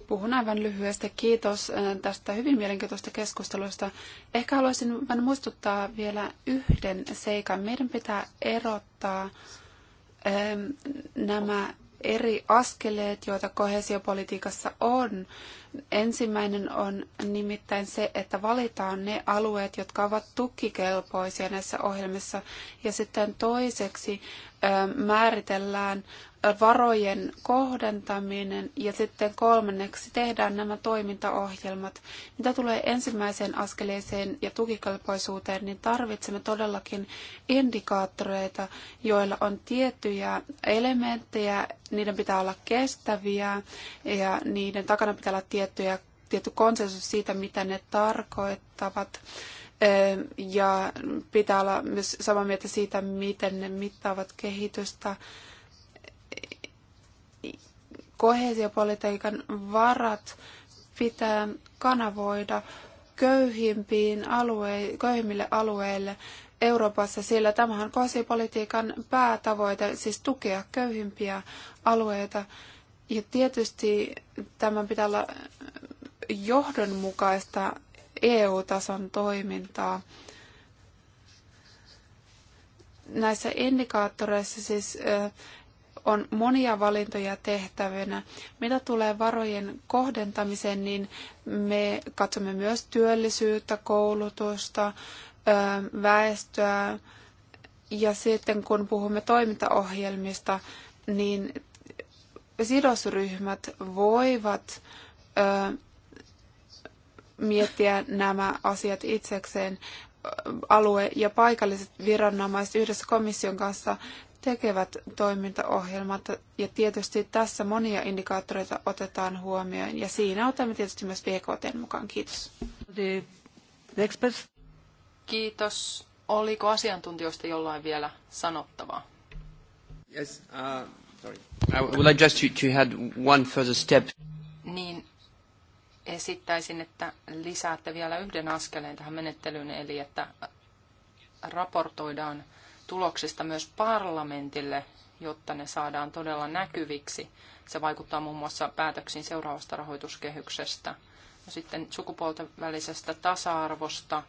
[SPEAKER 4] Puhun aivan lyhyesti. Kiitos tästä hyvin mielenkiintoista keskustelusta. Ehkä haluaisin vain muistuttaa vielä yhden seikan. Meidän pitää erottaa nämä eri askeleet, joita kohesiopolitiikassa on. Ensimmäinen on nimittäin se, että valitaan ne alueet, jotka ovat tukikelpoisia näissä ohjelmissa. Ja sitten toiseksi määritellään varojen kohdentaminen ja sitten kolmanneksi tehdään nämä toimintaohjelmat. Mitä tulee ensimmäiseen askeleeseen ja tukikelpoisuuteen, niin tarvitsemme todellakin indikaattoreita, joilla on tiettyjä elementtejä, niiden pitää olla kestäviä ja niiden takana pitää olla tiettyjä, tietty konsensus siitä, mitä ne tarkoittavat ja pitää olla myös samaa mieltä siitä, miten ne mittaavat kehitystä. Kohesiopolitiikan varat pitää kanavoida köyhimpiin alue- köyhimmille alueille Euroopassa, sillä tämähän kohesiopolitiikan päätavoite, siis tukea köyhimpiä alueita. Ja tietysti tämän pitää olla johdonmukaista EU-tason toimintaa. Näissä indikaattoreissa siis on monia valintoja tehtävänä. Mitä tulee varojen kohdentamiseen, niin me katsomme myös työllisyyttä, koulutusta, väestöä ja sitten kun puhumme toimintaohjelmista, niin sidosryhmät voivat miettiä nämä asiat itsekseen. Alue- ja paikalliset viranomaiset yhdessä komission kanssa tekevät toimintaohjelmat ja tietysti tässä monia indikaattoreita otetaan huomioon ja siinä otamme tietysti myös VKT mukaan. Kiitos.
[SPEAKER 1] Kiitos. Oliko asiantuntijoista jollain vielä sanottavaa?
[SPEAKER 3] Yes, uh, sorry. I would like just to,
[SPEAKER 4] to add one further step.
[SPEAKER 1] Niin, esittäisin, että lisäätte vielä yhden askeleen tähän menettelyyn, eli että raportoidaan tuloksista myös parlamentille, jotta ne saadaan todella näkyviksi. Se vaikuttaa muun muassa päätöksiin seuraavasta rahoituskehyksestä. No sitten sukupuolten välisestä tasa-arvosta,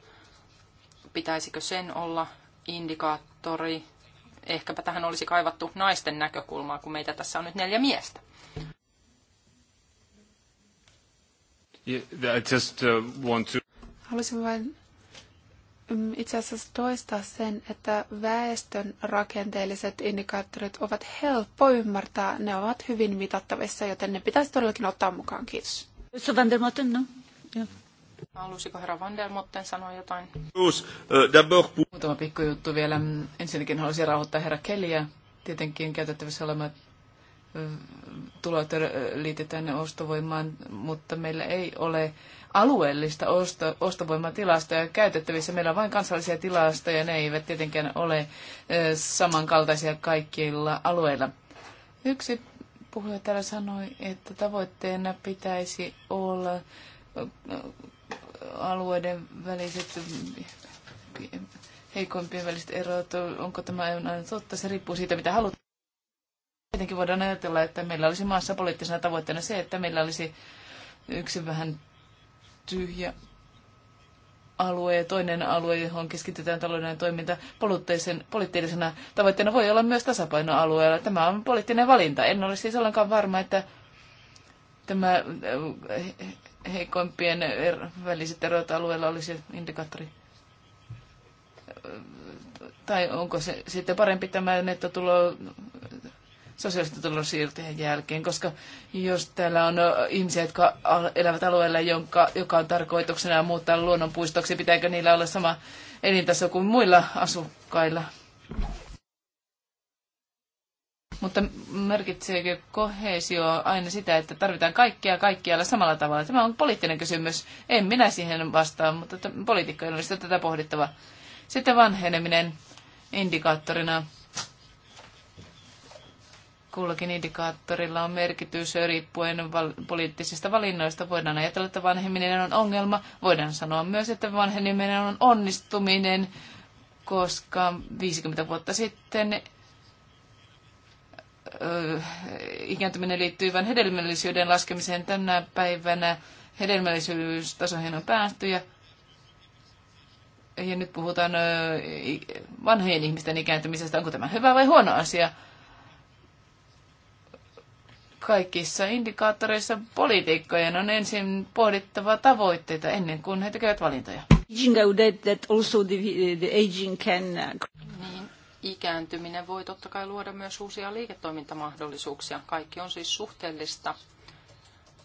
[SPEAKER 1] pitäisikö sen olla indikaattori? Ehkäpä tähän olisi kaivattu naisten näkökulmaa, kun meitä tässä on nyt neljä miestä.
[SPEAKER 3] Yeah, I just uh, want to...
[SPEAKER 4] Haluaisin vain mm, itse asiassa toistaa sen, että väestön rakenteelliset indikaattorit ovat helppo ymmärtää. Ne ovat hyvin mitattavissa, joten ne pitäisi todellakin ottaa mukaan. Kiitos. Van der Motten, no? Joo.
[SPEAKER 1] Halusiko herra Van der Motten sanoa jotain?
[SPEAKER 2] Uh, Muutama pikkujuttu vielä. Ensinnäkin haluaisin rauhoittaa herra Kellyä. Tietenkin käytettävissä olevat tulot liitetään ostovoimaan, mutta meillä ei ole alueellista osto, ostovoimatilastoja käytettävissä. Meillä on vain kansallisia tilastoja, ne eivät tietenkään ole samankaltaisia kaikilla alueilla. Yksi puhuja täällä sanoi, että tavoitteena pitäisi olla alueiden väliset heikoimpien väliset erot. Onko tämä aina totta? Se riippuu siitä, mitä halutaan Tietenkin voidaan ajatella, että meillä olisi maassa poliittisena tavoitteena se, että meillä olisi yksi vähän tyhjä alue ja toinen alue, johon keskitytään taloudellinen toiminta poliittisena tavoitteena voi olla myös tasapainoalueella. Tämä on poliittinen valinta. En ole siis ollenkaan varma, että tämä äh, heikoimpien er, väliset erot alueella olisi indikaattori. Äh, tai onko se sitten parempi tämä nettotulo sosiaalisten tulonsiirtojen jälkeen, koska jos täällä on ihmisiä, jotka elävät alueella, jonka, joka on tarkoituksena muuttaa luonnonpuistoksi, pitääkö niillä olla sama elintaso kuin muilla asukkailla? Mutta merkitseekö kohesio aina sitä, että tarvitaan kaikkia kaikkialla samalla tavalla? Tämä on poliittinen kysymys. En minä siihen vastaa, mutta poliitikkojen olisi tätä pohdittava. Sitten vanheneminen indikaattorina kullakin indikaattorilla on merkitys riippuen val- poliittisista valinnoista. Voidaan ajatella, että vanheminen on ongelma. Voidaan sanoa myös, että vanheminen on onnistuminen, koska 50 vuotta sitten ö, ikääntyminen liittyy vain hedelmällisyyden laskemiseen tänä päivänä. Hedelmällisyystasoihin on päästy ja ja nyt puhutaan vanhojen ihmisten ikääntymisestä, onko tämä hyvä vai huono asia kaikissa indikaattoreissa poliitikkojen on ensin pohdittava tavoitteita ennen kuin he tekevät valintoja. Uh,
[SPEAKER 5] niin,
[SPEAKER 1] ikääntyminen voi totta kai luoda myös uusia liiketoimintamahdollisuuksia. Kaikki on siis suhteellista.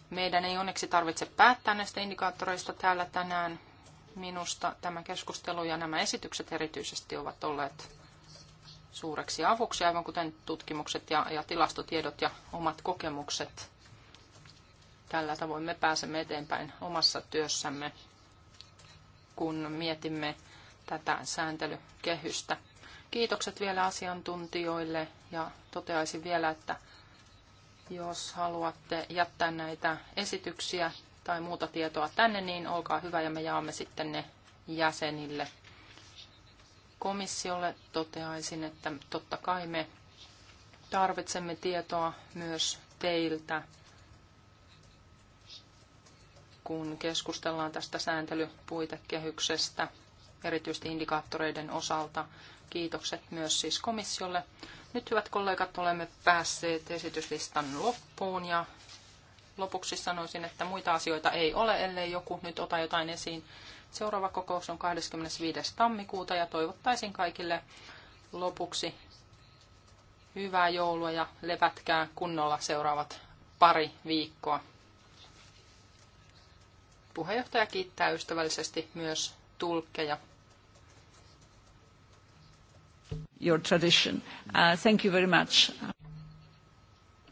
[SPEAKER 1] Meidän ei onneksi tarvitse päättää näistä indikaattoreista täällä tänään. Minusta tämä keskustelu ja nämä esitykset erityisesti ovat olleet suureksi avuksi, aivan kuten tutkimukset ja, ja tilastotiedot ja omat kokemukset. Tällä tavoin me pääsemme eteenpäin omassa työssämme, kun mietimme tätä sääntelykehystä. Kiitokset vielä asiantuntijoille ja toteaisin vielä, että jos haluatte jättää näitä esityksiä tai muuta tietoa tänne, niin olkaa hyvä ja me jaamme sitten ne jäsenille komissiolle toteaisin, että totta kai me tarvitsemme tietoa myös teiltä, kun keskustellaan tästä sääntelypuitekehyksestä, erityisesti indikaattoreiden osalta. Kiitokset myös siis komissiolle. Nyt hyvät kollegat, olemme päässeet esityslistan loppuun ja lopuksi sanoisin, että muita asioita ei ole, ellei joku nyt ota jotain esiin Seuraava kokous on 25. tammikuuta ja toivottaisin kaikille lopuksi hyvää joulua ja levätkää kunnolla seuraavat pari viikkoa. Puheenjohtaja kiittää ystävällisesti myös tulkkeja.
[SPEAKER 5] Your tradition. Uh, thank you very much.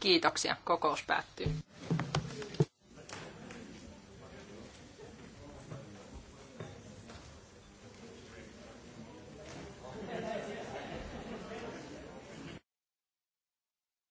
[SPEAKER 1] Kiitoksia. Kokous päättyy.